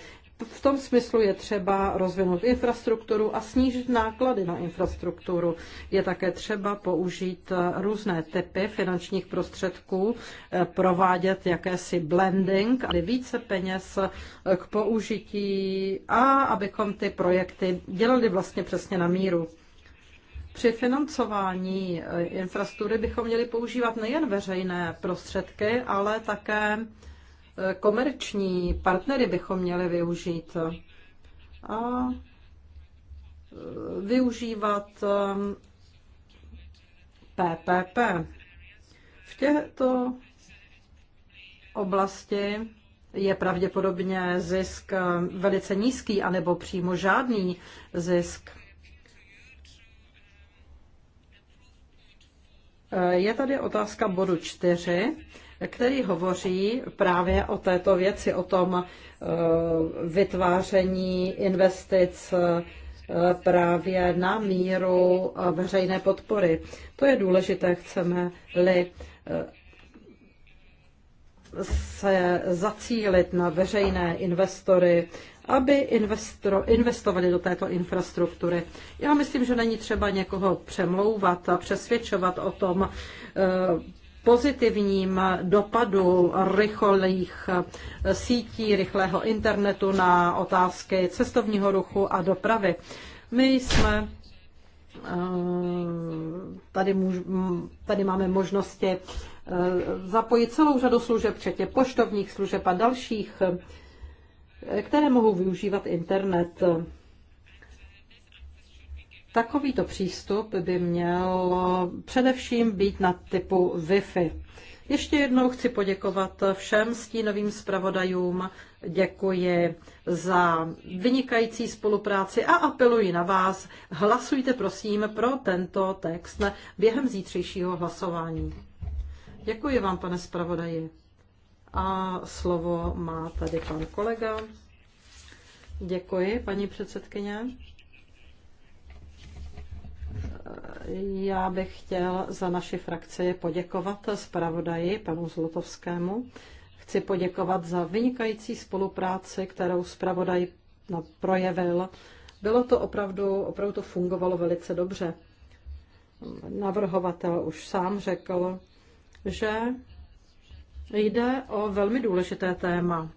V tom smyslu je třeba rozvinout infrastrukturu a snížit náklady na infrastrukturu. Je také třeba použít různé typy finančních prostředků, eh, provádět jakési blending, aby více peněz eh, k použití a abychom ty projekty dělali vlastně přesně na míru. Při financování eh, infrastruktury bychom měli používat nejen veřejné prostředky, ale také komerční partnery bychom měli využít a e, využívat PPP. E, v těchto oblasti je pravděpodobně zisk velice nízký, anebo přímo žádný zisk. E, je tady otázka bodu čtyři který hovoří právě o této věci, o tom eh, vytváření investic eh, právě na míru veřejné podpory. To je důležité, chceme-li eh, se zacílit na veřejné investory, aby investovali do této infrastruktury. Já myslím, že není třeba někoho přemlouvat a přesvědčovat o tom, pozitivním dopadu rychlých sítí, rychlého internetu na otázky cestovního ruchu a dopravy. My jsme eh, tady, můž, tady máme možnosti eh, zapojit celou řadu služeb, včetně poštovních služeb a dalších, eh, které mohou využívat internet. Takovýto přístup by měl především být na typu Wi-Fi. Ještě jednou chci poděkovat všem stínovým zpravodajům, děkuji za vynikající spolupráci a apeluji na vás, hlasujte prosím pro tento text během zítřejšího hlasování. Děkuji vám, pane zpravodaji. A slovo má tady pan kolega. Děkuji, paní předsedkyně. Já bych chtěl za naši frakci poděkovat zpravodaji panu Zlotovskému. Chci poděkovat za vynikající spolupráci, kterou zpravodaj projevil. Bylo to opravdu, opravdu to fungovalo velice dobře. Navrhovatel už sám řekl, že jde o velmi důležité téma.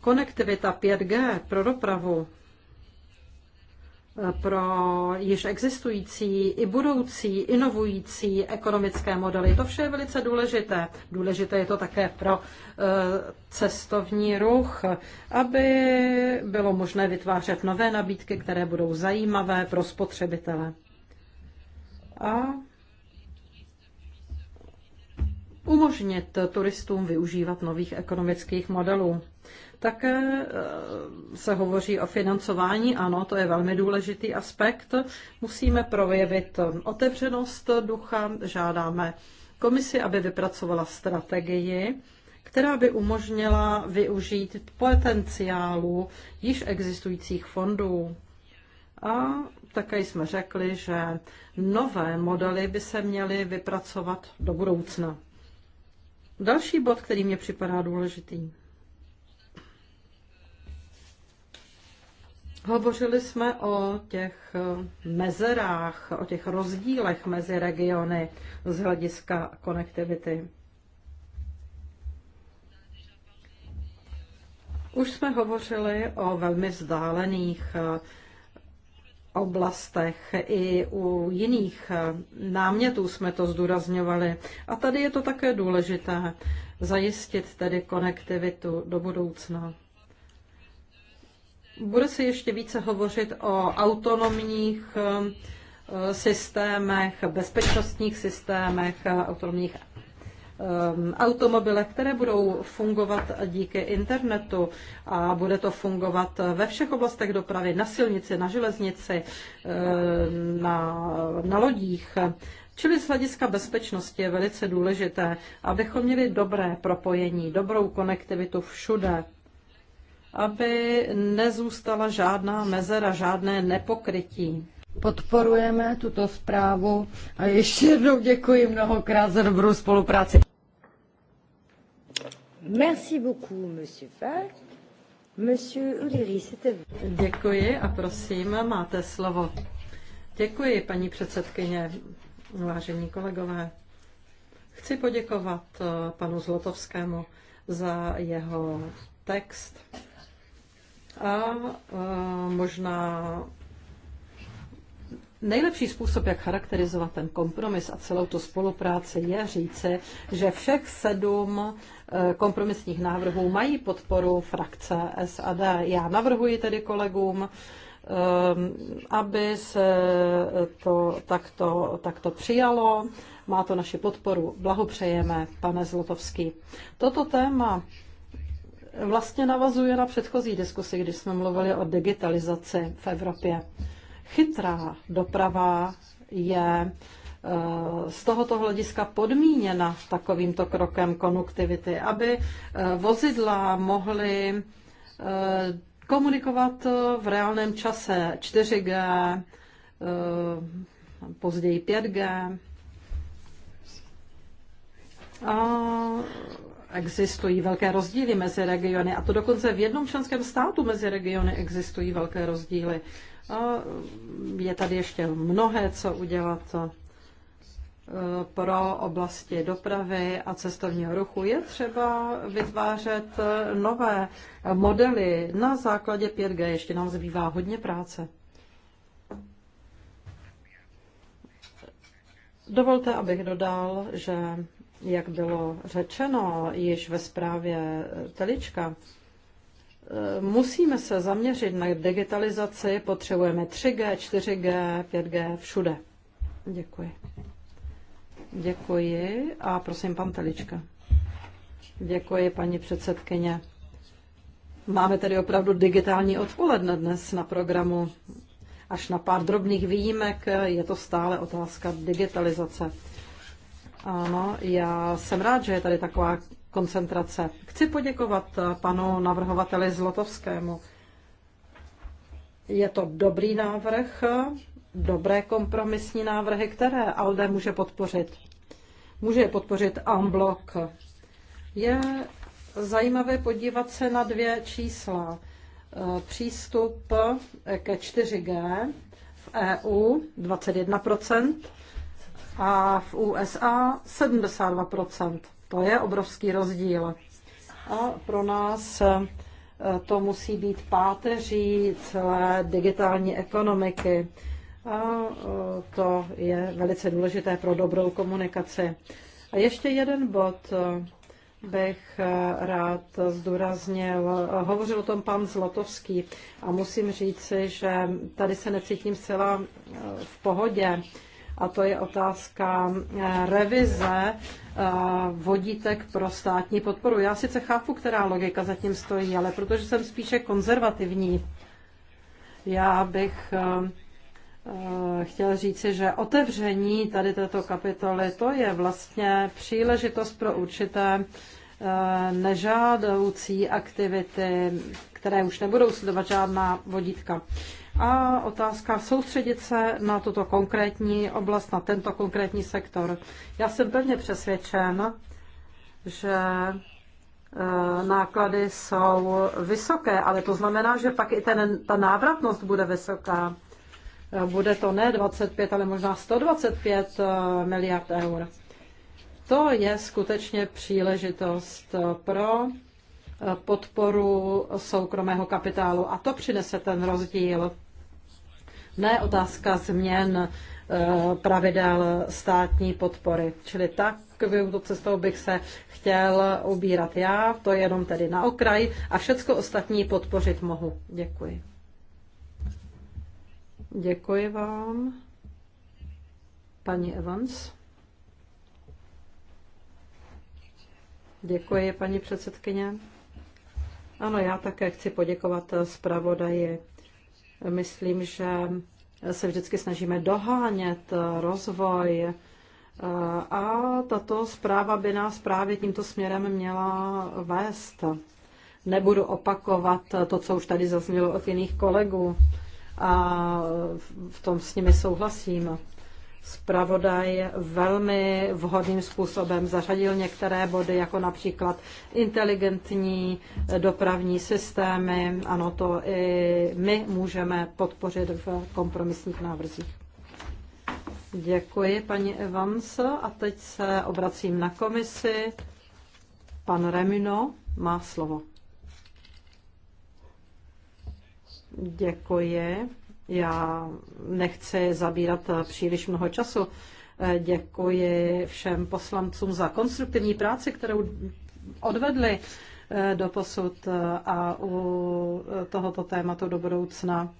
Konektivita 5G pro dopravu pro již existující i budoucí inovující ekonomické modely. To vše je velice důležité. Důležité je to také pro eh, cestovní ruch, aby bylo možné vytvářet nové nabídky, které budou zajímavé pro spotřebitele. A umožnit turistům využívat nových ekonomických modelů. Také eh, se hovoří o financování, ano, to je velmi důležitý aspekt. Musíme projevit otevřenost ducha, žádáme komisi, aby vypracovala strategii, která by umožnila využít potenciálu již existujících fondů. A také jsme řekli, že nové modely by se měly vypracovat do budoucna. Další bod, který mě připadá důležitý. Hovořili jsme o těch eh, mezerách, o těch rozdílech mezi regiony z hlediska konektivity. Už jsme hovořili o velmi vzdálených eh, oblastech i u jiných eh, námětů jsme to zdůrazňovali. A tady je to také důležité zajistit tedy konektivitu do budoucna. Bude se ještě více hovořit o autonomních eh, systémech, bezpečnostních systémech, autonomních eh, automobilech, které budou fungovat díky internetu a bude to fungovat ve všech oblastech dopravy, na silnici, na železnici, eh, na, na lodích. Čili z hlediska bezpečnosti je velice důležité, abychom měli dobré propojení, dobrou konektivitu všude aby nezůstala žádná mezera, žádné nepokrytí. Podporujeme tuto zprávu a ještě jednou děkuji mnohokrát za dobrou spolupráci. Merci beaucoup, monsieur Falk. Monsieur Uliri, Děkuji a prosím, máte slovo. Děkuji, paní předsedkyně, vážení kolegové. Chci poděkovat eh, panu Zlotovskému za jeho text a možná Nejlepší způsob, jak charakterizovat ten kompromis a celou tu spolupráci, je říci, že všech sedm e, kompromisních návrhů mají podporu frakce SAD. Já navrhuji tedy kolegům, e, aby se to takto, takto přijalo. Má to naši podporu. Blahopřejeme, pane Zlotovský. Toto téma vlastně navazuje na předchozí diskusi, když jsme mluvili o digitalizaci v Evropě. Chytrá doprava je e, z tohoto hlediska podmíněna takovýmto krokem konuktivity, aby e, vozidla mohly e, komunikovat v reálném čase 4G, později 5G. A existují velké rozdíly mezi regiony, a to dokonce v jednom členském státu mezi regiony existují velké rozdíly. A je tady ještě mnohé, co udělat eh, pro oblasti dopravy a cestovního ruchu. Je třeba vytvářet eh, nové modely na základě 5G. Ještě nám zbývá hodně práce. Dovolte, abych dodal, že jak bylo řečeno již ve zprávě Telička, eh, musíme se zaměřit na digitalizaci, potřebujeme 3G, 4G, 5G všude. Děkuji. Děkuji a prosím pan Telička. Děkuji, paní předsedkyně. Máme tady opravdu digitální odpoledne dnes na programu. Až na pár drobných výjimek je to stále otázka digitalizace. Ano, já jsem rád, že je tady taková koncentrace. Chci poděkovat panu navrhovateli Zlotovskému. Je to dobrý návrh, dobré kompromisní návrhy, které ALDE může podpořit. Může je podpořit en Je zajímavé podívat se na dvě čísla. Eh, přístup ke 4G v EU 21 a v USA 72%. To je obrovský rozdíl. A pro nás eh, to musí být páteří celé digitální ekonomiky. A eh, to je velice důležité pro dobrou komunikaci. A ještě jeden bod eh, bych rád zdůraznil. Hovořil o tom pan Zlatovský a musím říci, že tady se necítím zcela v pohodě a to je otázka eh, revize eh, vodítek pro státní podporu. Já sice chápu, která logika zatím stojí, ale protože jsem spíše konzervativní, já bych eh, chtěl říci, že otevření tady této kapitoly, to je vlastně příležitost pro určité nežádoucí aktivity, které už nebudou sledovat žádná vodítka. A otázka soustředit se na tuto konkrétní oblast, na tento konkrétní sektor. Já jsem pevně přesvědčen, že e, náklady jsou vysoké, ale to znamená, že pak i ten, ta návratnost bude vysoká. E, bude to ne 25, ale možná 125 e, miliard eur. To je skutečně příležitost pro podporu soukromého kapitálu a to přinese ten rozdíl ne otázka změn eh, pravidel státní podpory. Čili tak to cestou bych se chtěl ubírat já, to jenom tedy na okraj a všecko ostatní podpořit mohu. Děkuji. Děkuji vám. Paní Evans. Děkuji, paní předsedkyně. Ano, já také chci poděkovat zpravodaji Myslím, že se vždycky snažíme dohánět rozvoj eh, a tato zpráva by nás právě tímto směrem měla vést. Nebudu opakovat to, co už tady zaznělo od jiných kolegů a v tom s nimi souhlasím. Spravodaj velmi vhodným způsobem zařadil některé body, jako například inteligentní dopravní systémy. Ano, to i my můžeme podpořit v kompromisních návrzích. Děkuji, paní Evans. A teď se obracím na komisi. Pan Remino má slovo. Děkuji. Já nechci zabírat příliš mnoho času. Děkuji všem poslancům za konstruktivní práci, kterou odvedli eh, do posud eh, a u tohoto tématu do budoucna.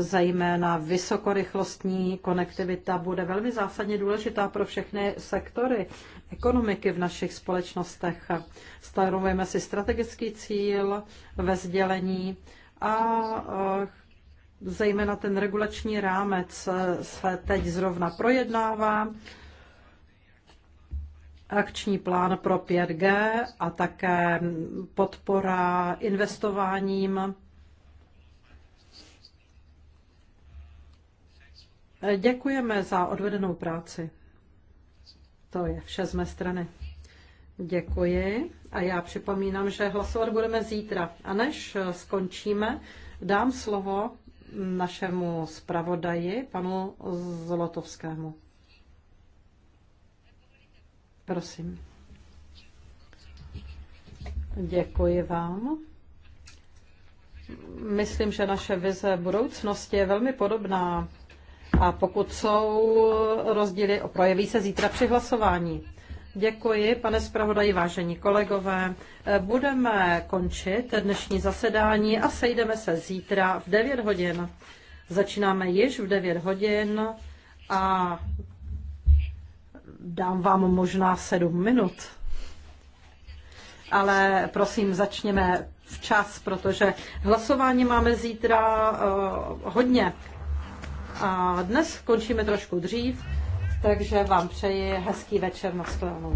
Zejména vysokorychlostní konektivita bude velmi zásadně důležitá pro všechny sektory ekonomiky v našich společnostech. Stanovujeme si strategický cíl ve sdělení a eh, zejména ten regulační rámec eh, se teď zrovna projednává. Akční plán pro 5G a také podpora investováním. Děkujeme za odvedenou práci. To je vše z mé strany. Děkuji. A já připomínám, že hlasovat budeme zítra. A než skončíme, dám slovo našemu zpravodaji, panu Zlotovskému. Prosím. Děkuji vám. Myslím, že naše vize budoucnosti je velmi podobná. A pokud jsou rozdíly, projeví se zítra při hlasování. Děkuji, pane zpravodaji, vážení kolegové. Budeme končit dnešní zasedání a sejdeme se zítra v 9 hodin. Začínáme již v 9 hodin a dám vám možná 7 minut. Ale prosím, začněme včas, protože hlasování máme zítra uh, hodně. A dnes končíme trošku dřív. Takže vám přeji hezký večer na shledanou.